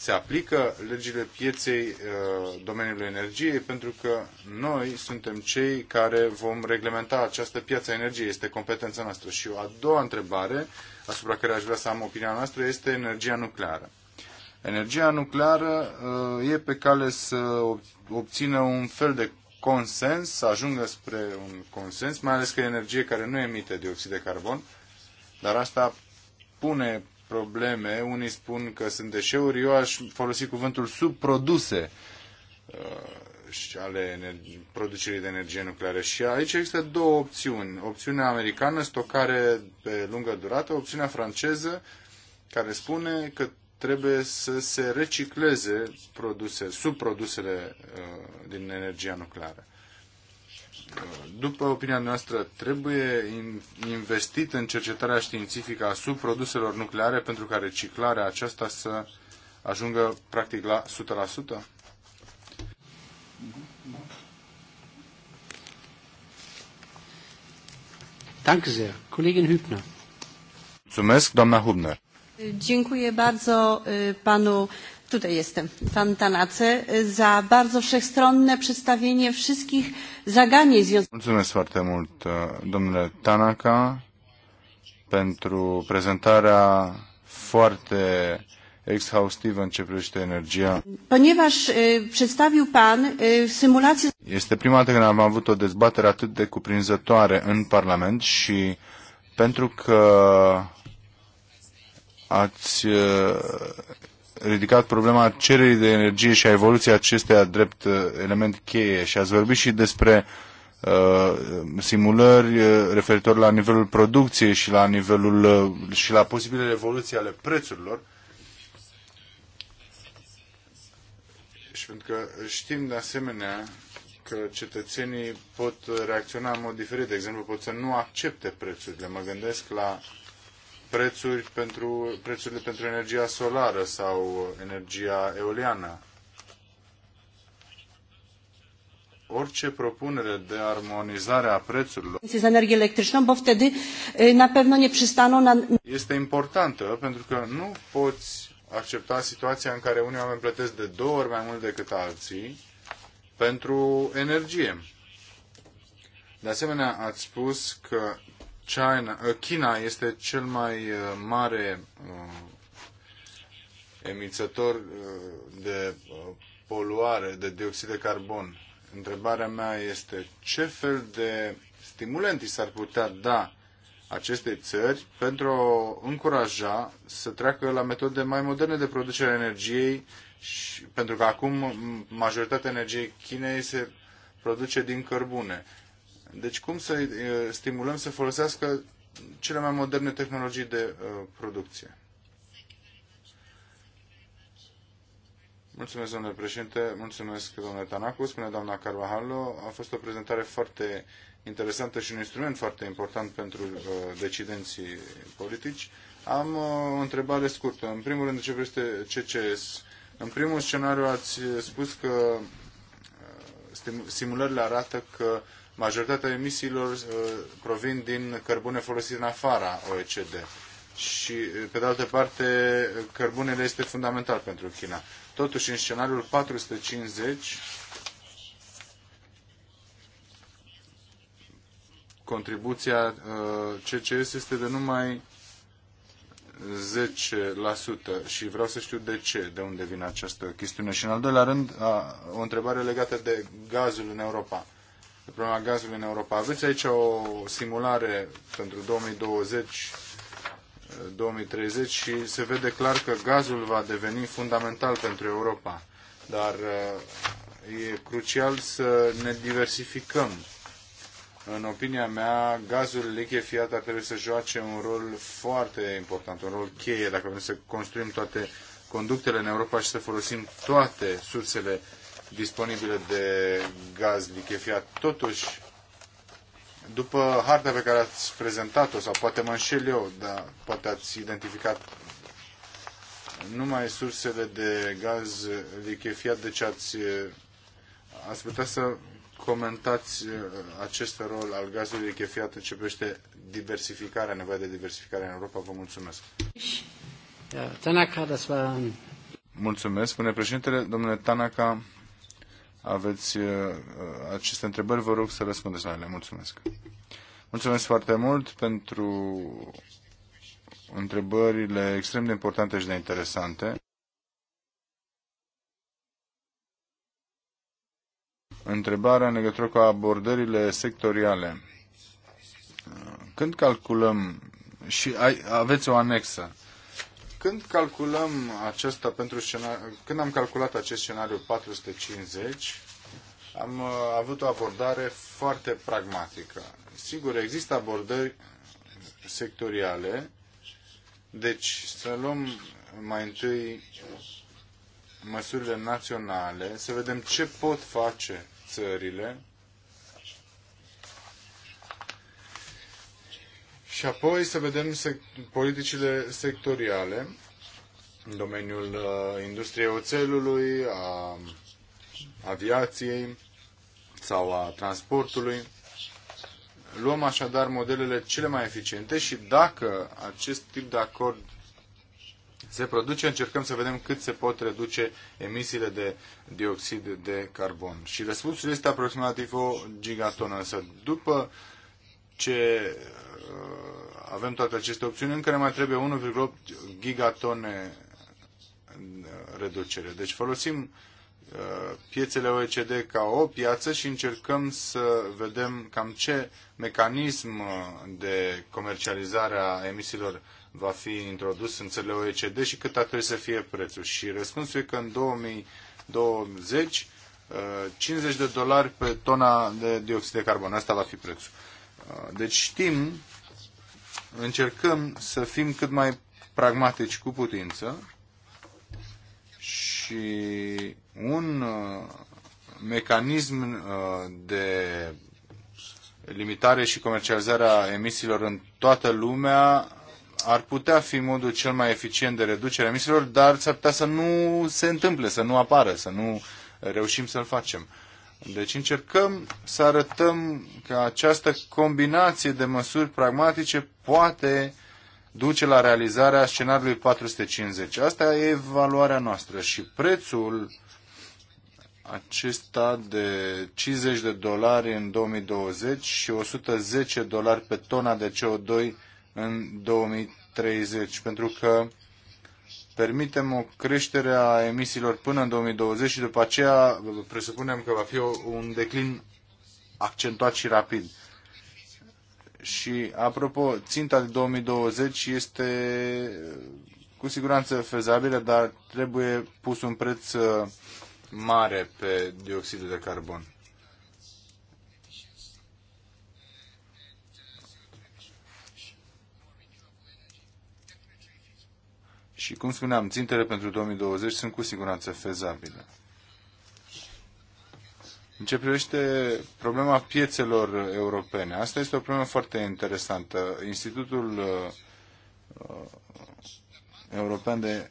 se aplică legile pieței uh, domeniului energiei pentru că noi suntem cei care vom reglementa această piață a energiei, este competența noastră. Și o a doua întrebare asupra care aș vrea să am opinia noastră este energia nucleară. Energia nucleară uh, e pe cale să obțină un fel de consens, să ajungă spre un consens, mai ales că e energie care nu emite dioxid de carbon, dar asta pune probleme. Unii spun că sunt deșeuri. Eu aș folosi cuvântul subproduse uh, ale producerii de energie nucleară. Și aici există două opțiuni. Opțiunea americană, stocare pe lungă durată, opțiunea franceză, care spune că trebuie să se recicleze produse, subprodusele uh, din energia nucleară după opinia noastră, trebuie investit în cercetarea științifică a subproduselor nucleare pentru ca reciclarea aceasta să ajungă practic la 100%? Danke sehr. Kollegin Hübner. Mulțumesc, doamna Hübner. Dziękuję bardzo panu Tutaj jestem, pan Tanace, za bardzo wszechstronne przedstawienie wszystkich zagadnień związanych. Mulțumesc foarte mult, domnule Tanaka, pentru prezentarea foarte exhaustivă în ce privește energia. Ponieważ przedstawił pan symulację... Este prima dată când am avut o dezbatere atât de cuprinzătoare în Parlament și pentru că ați ridicat problema cererii de energie și a evoluției acesteia drept uh, element cheie și ați vorbit și despre uh, simulări uh, referitor la nivelul producției și la nivelul uh, și la posibile evoluții ale prețurilor. Și pentru că știm de asemenea că cetățenii pot reacționa în mod diferit. De exemplu, pot să nu accepte prețurile. Mă gândesc la prețuri pentru, prețurile pentru energia solară sau energia eoliană. Orice propunere de armonizare a prețurilor este importantă pentru că nu poți accepta situația în care unii oameni plătesc de două ori mai mult decât alții pentru energie. De asemenea, ați spus că China, uh, China este cel mai uh, mare uh, emițător de poluare, de dioxid de carbon. Întrebarea mea este ce fel de stimulente s-ar putea da acestei țări pentru a încuraja să treacă la metode mai moderne de producere a energiei, și, pentru că acum majoritatea energiei Chinei se produce din cărbune. Deci cum să uh, stimulăm să folosească cele mai moderne tehnologii de uh, producție? Mulțumesc, domnule președinte, mulțumesc, domnule Tanacu, spune doamna Carvajalo. A fost o prezentare foarte interesantă și un instrument foarte important pentru uh, decidenții politici. Am uh, o întrebare scurtă. În primul rând, ce ce CCS? În primul scenariu ați spus că uh, simulările arată că majoritatea emisiilor uh, provin din cărbune folosit în afara OECD. Și, uh, pe de altă parte, cărbunele este fundamental pentru China. Totuși, în scenariul 450, contribuția uh, CCS este de numai 10% și vreau să știu de ce, de unde vine această chestiune. Și în al doilea rând, o întrebare legată de gazul în Europa de problema gazului în Europa. Aveți aici o simulare pentru 2020 2030 și se vede clar că gazul va deveni fundamental pentru Europa. Dar uh, e crucial să ne diversificăm. În opinia mea, gazul lichefiat ar trebui să joace un rol foarte important, un rol cheie, dacă vrem să construim toate conductele în Europa și să folosim toate sursele disponibile de gaz lichefiat. Totuși, după harta pe care ați prezentat-o, sau poate mă înșel eu, dar poate ați identificat numai sursele de gaz lichefiat, deci ați, ați putea să comentați uh, acest rol al gazului lichefiat în ce privește diversificarea, nevoia de diversificare în Europa. Vă mulțumesc. Mulțumesc, spune președintele. Domnule Tanaka, aveți uh, uh, aceste întrebări, vă rog să răspundeți la ele. Mulțumesc. Mulțumesc foarte mult pentru întrebările extrem de importante și de interesante. Întrebarea în legătură cu abordările sectoriale. Când calculăm și aveți o anexă când calculăm acesta pentru scenariu, când am calculat acest scenariu 450, am uh, avut o abordare foarte pragmatică. Sigur, există abordări sectoriale, deci să luăm mai întâi măsurile naționale, să vedem ce pot face țările Și apoi să vedem sec- politicile sectoriale în domeniul uh, industriei oțelului, a aviației sau a transportului. Luăm așadar modelele cele mai eficiente și dacă acest tip de acord se produce, încercăm să vedem cât se pot reduce emisiile de dioxid de carbon. Și răspunsul este aproximativ o gigatonă, însă după ce Uh, avem toate aceste opțiuni, încă ne mai trebuie 1,8 gigatone reducere. Deci folosim uh, piețele OECD ca o piață și încercăm să vedem cam ce mecanism uh, de comercializare a emisiilor va fi introdus în țările OECD și cât ar trebui să fie prețul. Și răspunsul e că în 2020 50 de dolari pe tona de dioxid de carbon. Asta va fi prețul. Deci știm încercăm să fim cât mai pragmatici cu putință și un uh, mecanism uh, de limitare și comercializare a emisiilor în toată lumea ar putea fi modul cel mai eficient de reducere a emisiilor, dar s-ar putea să nu se întâmple, să nu apară, să nu reușim să-l facem. Deci încercăm să arătăm că această combinație de măsuri pragmatice poate duce la realizarea scenariului 450. Asta e evaluarea noastră și prețul acesta de 50 de dolari în 2020 și 110 dolari pe tona de CO2 în 2030, pentru că permitem o creștere a emisiilor până în 2020 și după aceea presupunem că va fi un declin accentuat și rapid. Și, apropo, ținta de 2020 este cu siguranță fezabilă, dar trebuie pus un preț uh, mare pe dioxidul de carbon. Și cum spuneam, țintele pentru 2020 sunt cu siguranță fezabile. În ce privește problema piețelor europene, asta este o problemă foarte interesantă. Institutul uh, uh, European de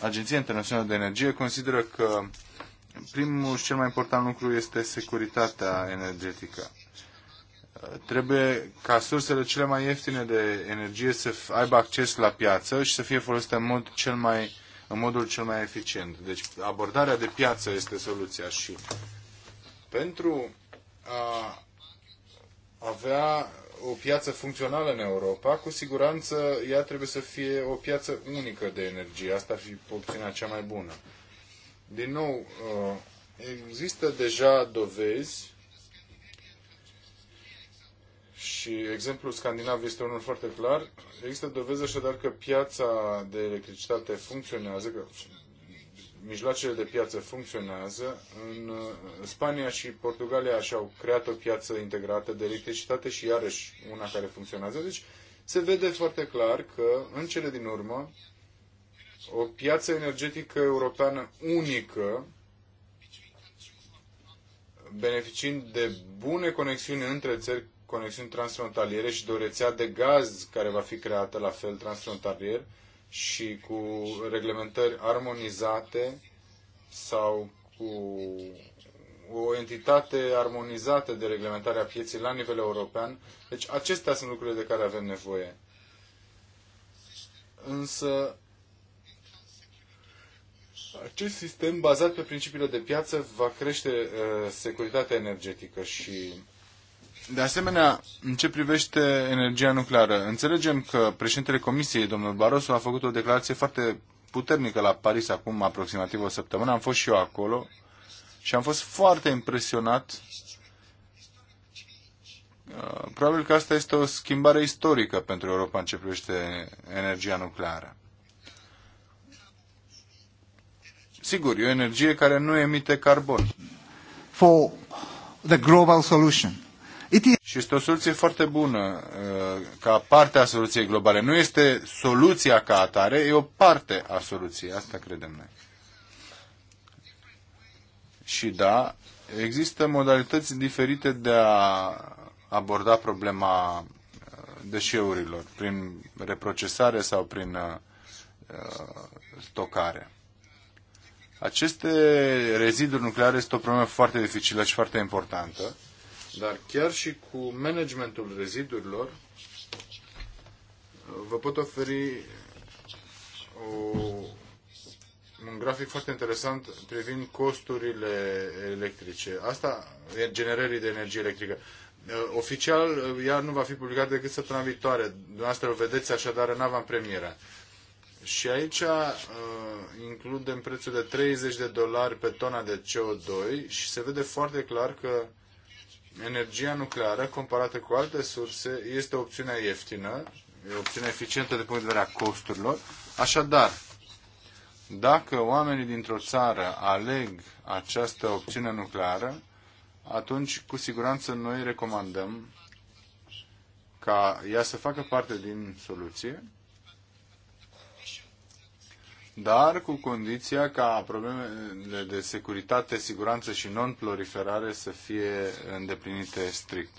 Agenția Internațională de Energie consideră că primul și cel mai important lucru este securitatea energetică trebuie ca sursele cele mai ieftine de energie să aibă acces la piață și să fie folosite în, mod cel mai, în modul cel mai eficient. Deci abordarea de piață este soluția și pentru a avea o piață funcțională în Europa, cu siguranță ea trebuie să fie o piață unică de energie. Asta ar fi opțiunea cea mai bună. Din nou, uh, există deja dovezi și exemplul scandinav este unul foarte clar. Există dovezi așadar că piața de electricitate funcționează, că mijloacele de piață funcționează. În uh, Spania și Portugalia și-au creat o piață integrată de electricitate și iarăși una care funcționează. Deci se vede foarte clar că în cele din urmă o piață energetică europeană unică beneficiind de bune conexiuni între țări conexiuni transfrontaliere și de o rețea de gaz care va fi creată la fel transfrontalier și cu reglementări armonizate sau cu o entitate armonizată de reglementare a pieței la nivel european. Deci acestea sunt lucrurile de care avem nevoie. Însă acest sistem bazat pe principiile de piață va crește uh, securitatea energetică și de asemenea, în ce privește energia nucleară, înțelegem că președintele Comisiei, domnul Barroso, a făcut o declarație foarte puternică la Paris acum aproximativ o săptămână. Am fost și eu acolo și am fost foarte impresionat. Uh, probabil că asta este o schimbare istorică pentru Europa în ce privește energia nucleară. Sigur, e o energie care nu emite carbon. For the global solution. Și este o soluție foarte bună uh, ca parte a soluției globale. Nu este soluția ca atare, e o parte a soluției. Asta credem noi. Și da, există modalități diferite de a aborda problema uh, deșeurilor, prin reprocesare sau prin uh, stocare. Aceste reziduri nucleare este o problemă foarte dificilă și foarte importantă dar chiar și cu managementul rezidurilor, vă pot oferi o, un grafic foarte interesant privind costurile electrice. Asta e generării de energie electrică. Uh, oficial, uh, ea nu va fi publicată decât săptămâna viitoare. Dumneavoastră o vedeți așadar în avantpremieră. Și aici uh, includem prețul de 30 de dolari pe tona de CO2 și se vede foarte clar că energia nucleară, comparată cu alte surse, este o opțiune ieftină, e o opțiune eficientă de punct de vedere a costurilor. Așadar, dacă oamenii dintr-o țară aleg această opțiune nucleară, atunci cu siguranță noi recomandăm ca ea să facă parte din soluție dar cu condiția ca problemele de securitate, siguranță și non-proliferare să fie îndeplinite strict.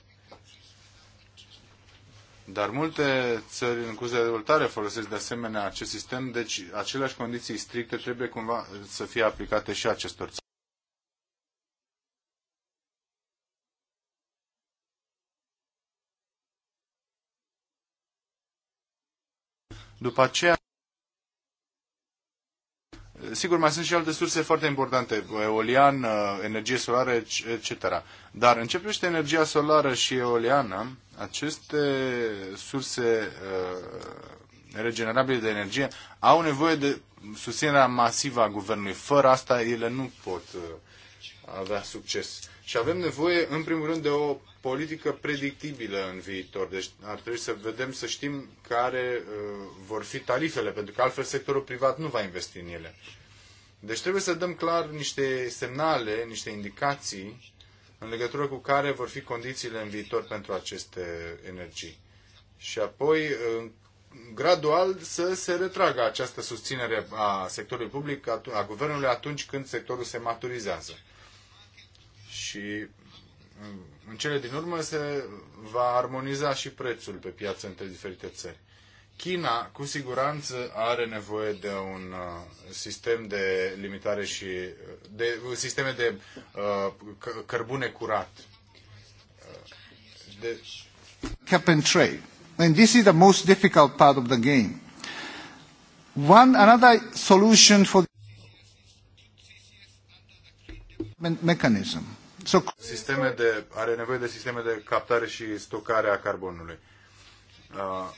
Dar multe țări în curs de dezvoltare folosesc de asemenea acest sistem, deci aceleași condiții stricte trebuie cumva să fie aplicate și acestor țări. După aceea, sigur, mai sunt și alte surse foarte importante, eolian, uh, energie solară, etc. Dar în ce privește energia solară și eoliană, aceste surse uh, regenerabile de energie au nevoie de susținerea masivă a guvernului. Fără asta ele nu pot uh, avea succes. Și avem nevoie, în primul rând, de o politică predictibilă în viitor. Deci ar trebui să vedem, să știm care uh, vor fi tarifele, pentru că altfel sectorul privat nu va investi în ele. Deci trebuie să dăm clar niște semnale, niște indicații în legătură cu care vor fi condițiile în viitor pentru aceste energii. Și apoi, gradual, să se retragă această susținere a sectorului public, a guvernului, atunci când sectorul se maturizează. Și mm, în cele din urmă se va armoniza și prețul pe piață între diferite țări. China cu siguranță are nevoie de un uh, sistem de limitare și uh, de uh, sisteme de uh, cărbune curat. De... Cap and trade. And this is the most difficult part of the game. One another solution for the mechanism. So... Sisteme de, are nevoie de sisteme de captare și stocare a carbonului. Uh,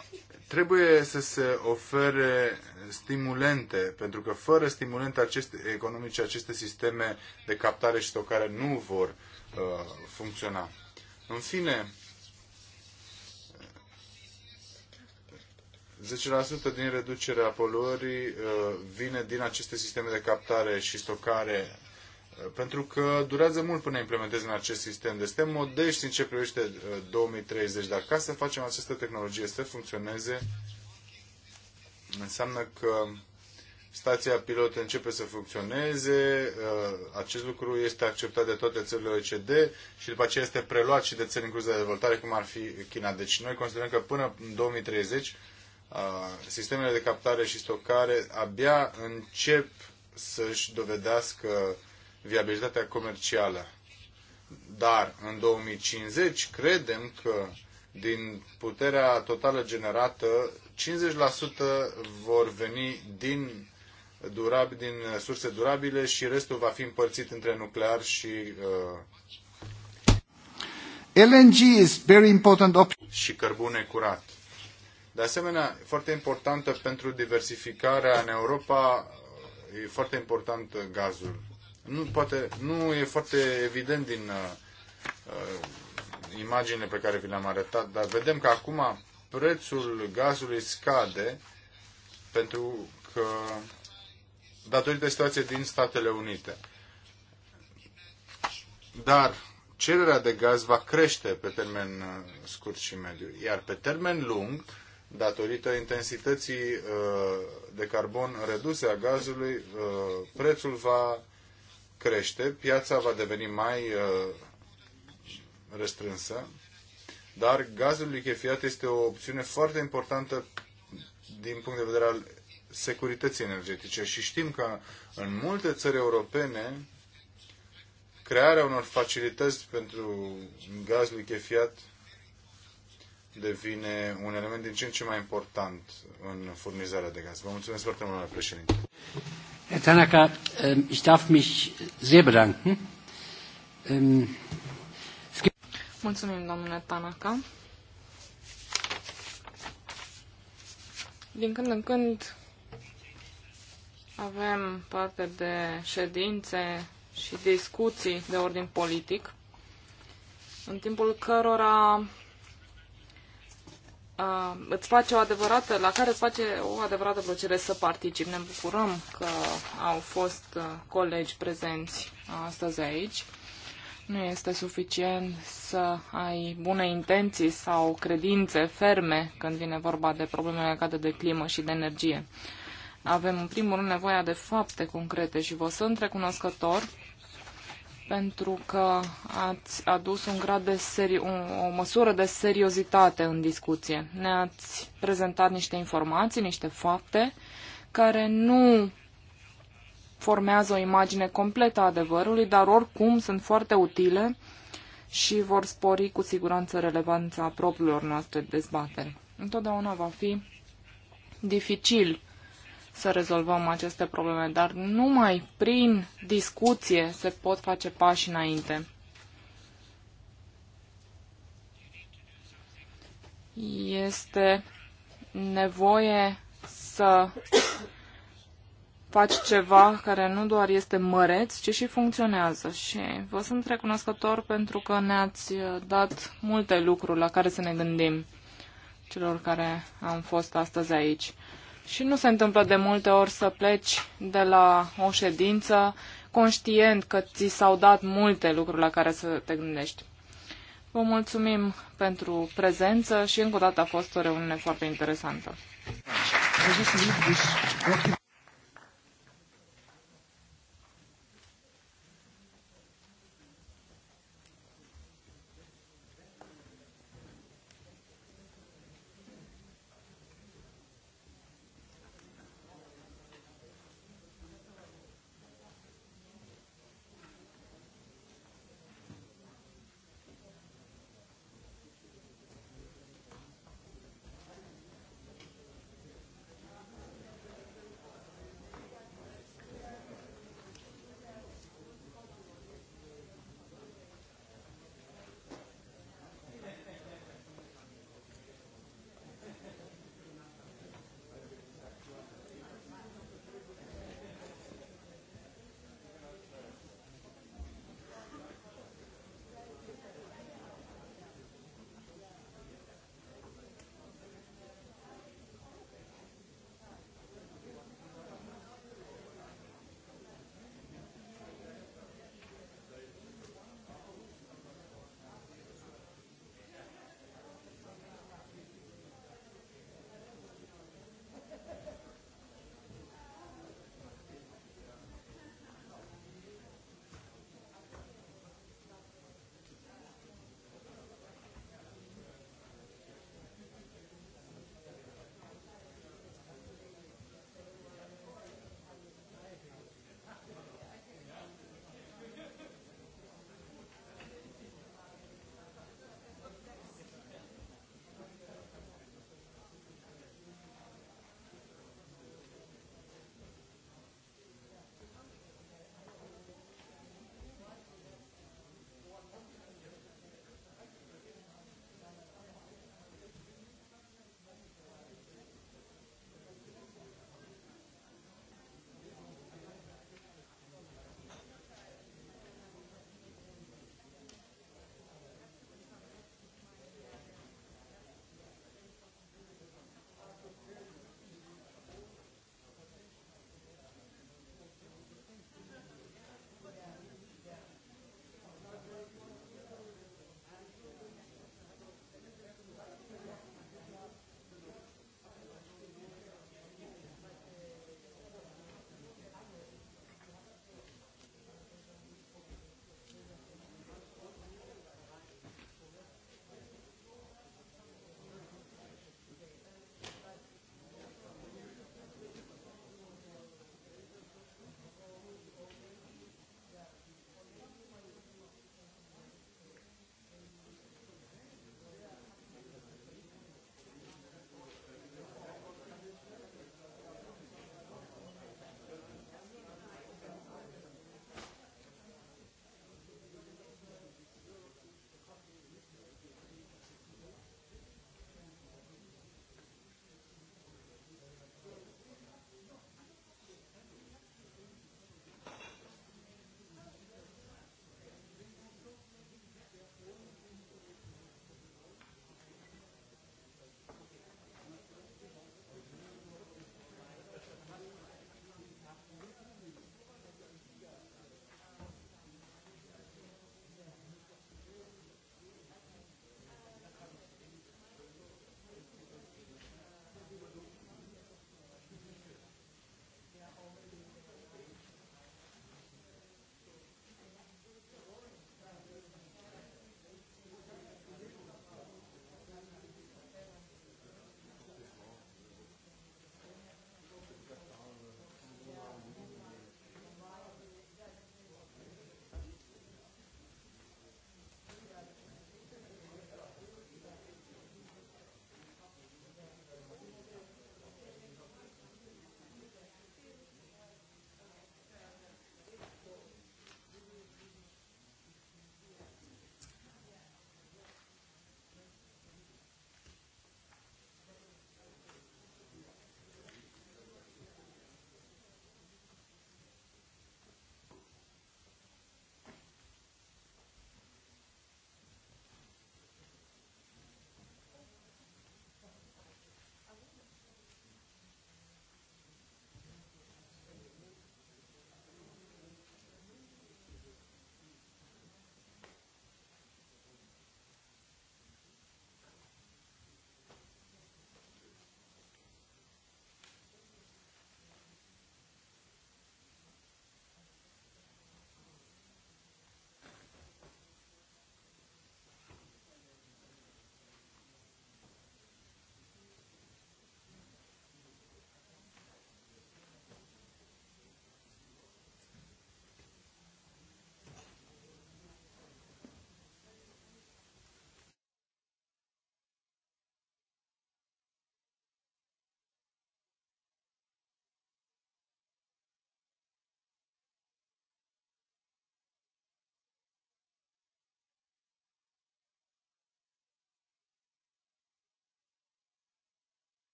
Trebuie să se ofere stimulente, pentru că fără stimulente aceste, economice, aceste sisteme de captare și stocare nu vor uh, funcționa. În fine, 10% din reducerea poluării uh, vine din aceste sisteme de captare și stocare pentru că durează mult până implementezi în acest sistem. Deci suntem modești în ce privește 2030, uh, dar ca să facem această tehnologie să funcționeze, înseamnă că stația pilot începe să funcționeze, uh, acest lucru este acceptat de toate țările OECD și după aceea este preluat și de țări în curs de dezvoltare, cum ar fi China. Deci noi considerăm că până în 2030 uh, sistemele de captare și stocare abia încep să-și dovedească viabilitatea comercială. Dar în 2050 credem că din puterea totală generată, 50% vor veni din, durab, din surse durabile și restul va fi împărțit între nuclear și uh, LNG is very important option. și cărbune curat. De asemenea, foarte importantă pentru diversificarea în Europa, e foarte important gazul nu, poate, nu e foarte evident din uh, uh, imaginile pe care vi le-am arătat, dar vedem că acum prețul gazului scade pentru că datorită situației din Statele Unite. Dar cererea de gaz va crește pe termen uh, scurt și mediu, iar pe termen lung, datorită intensității uh, de carbon reduse a gazului, prețul va crește, piața va deveni mai uh, restrânsă, dar gazul lichefiat este o opțiune foarte importantă din punct de vedere al securității energetice și știm că în multe țări europene crearea unor facilități pentru gaz lichefiat devine un element din ce în ce mai important în furnizarea de gaz. Vă mulțumesc foarte mult, domnule președinte. Herr Tanaka, ähm, ich darf mich sehr bedanken. Ähm, es gibt Mulțumim, domnule Tanaka. Din când în când avem parte de ședințe și discuții de ordin politic, în timpul cărora uh, îți face o adevărată, la care îți face o adevărată plăcere să participi. Ne bucurăm că au fost uh, colegi prezenți uh, astăzi aici. Nu este suficient să ai bune intenții sau credințe ferme când vine vorba de probleme legate de climă și de energie. Avem, în primul rând, nevoia de fapte concrete și vă sunt recunoscător pentru că ați adus un grad de seri- o, o măsură de seriozitate în discuție. Ne-ați prezentat niște informații, niște fapte care nu formează o imagine completă a adevărului, dar oricum sunt foarte utile și vor spori cu siguranță relevanța propriilor noastre dezbateri. Întotdeauna va fi dificil să rezolvăm aceste probleme, dar numai prin discuție se pot face pași înainte. Este nevoie să faci ceva care nu doar este măreț, ci și funcționează. Și vă sunt recunoscător pentru că ne-ați dat multe lucruri la care să ne gândim celor care am fost astăzi aici. Și nu se întâmplă de multe ori să pleci de la o ședință conștient că ți s-au dat multe lucruri la care să te gândești. Vă mulțumim pentru prezență și încă o dată a fost o reuniune foarte interesantă.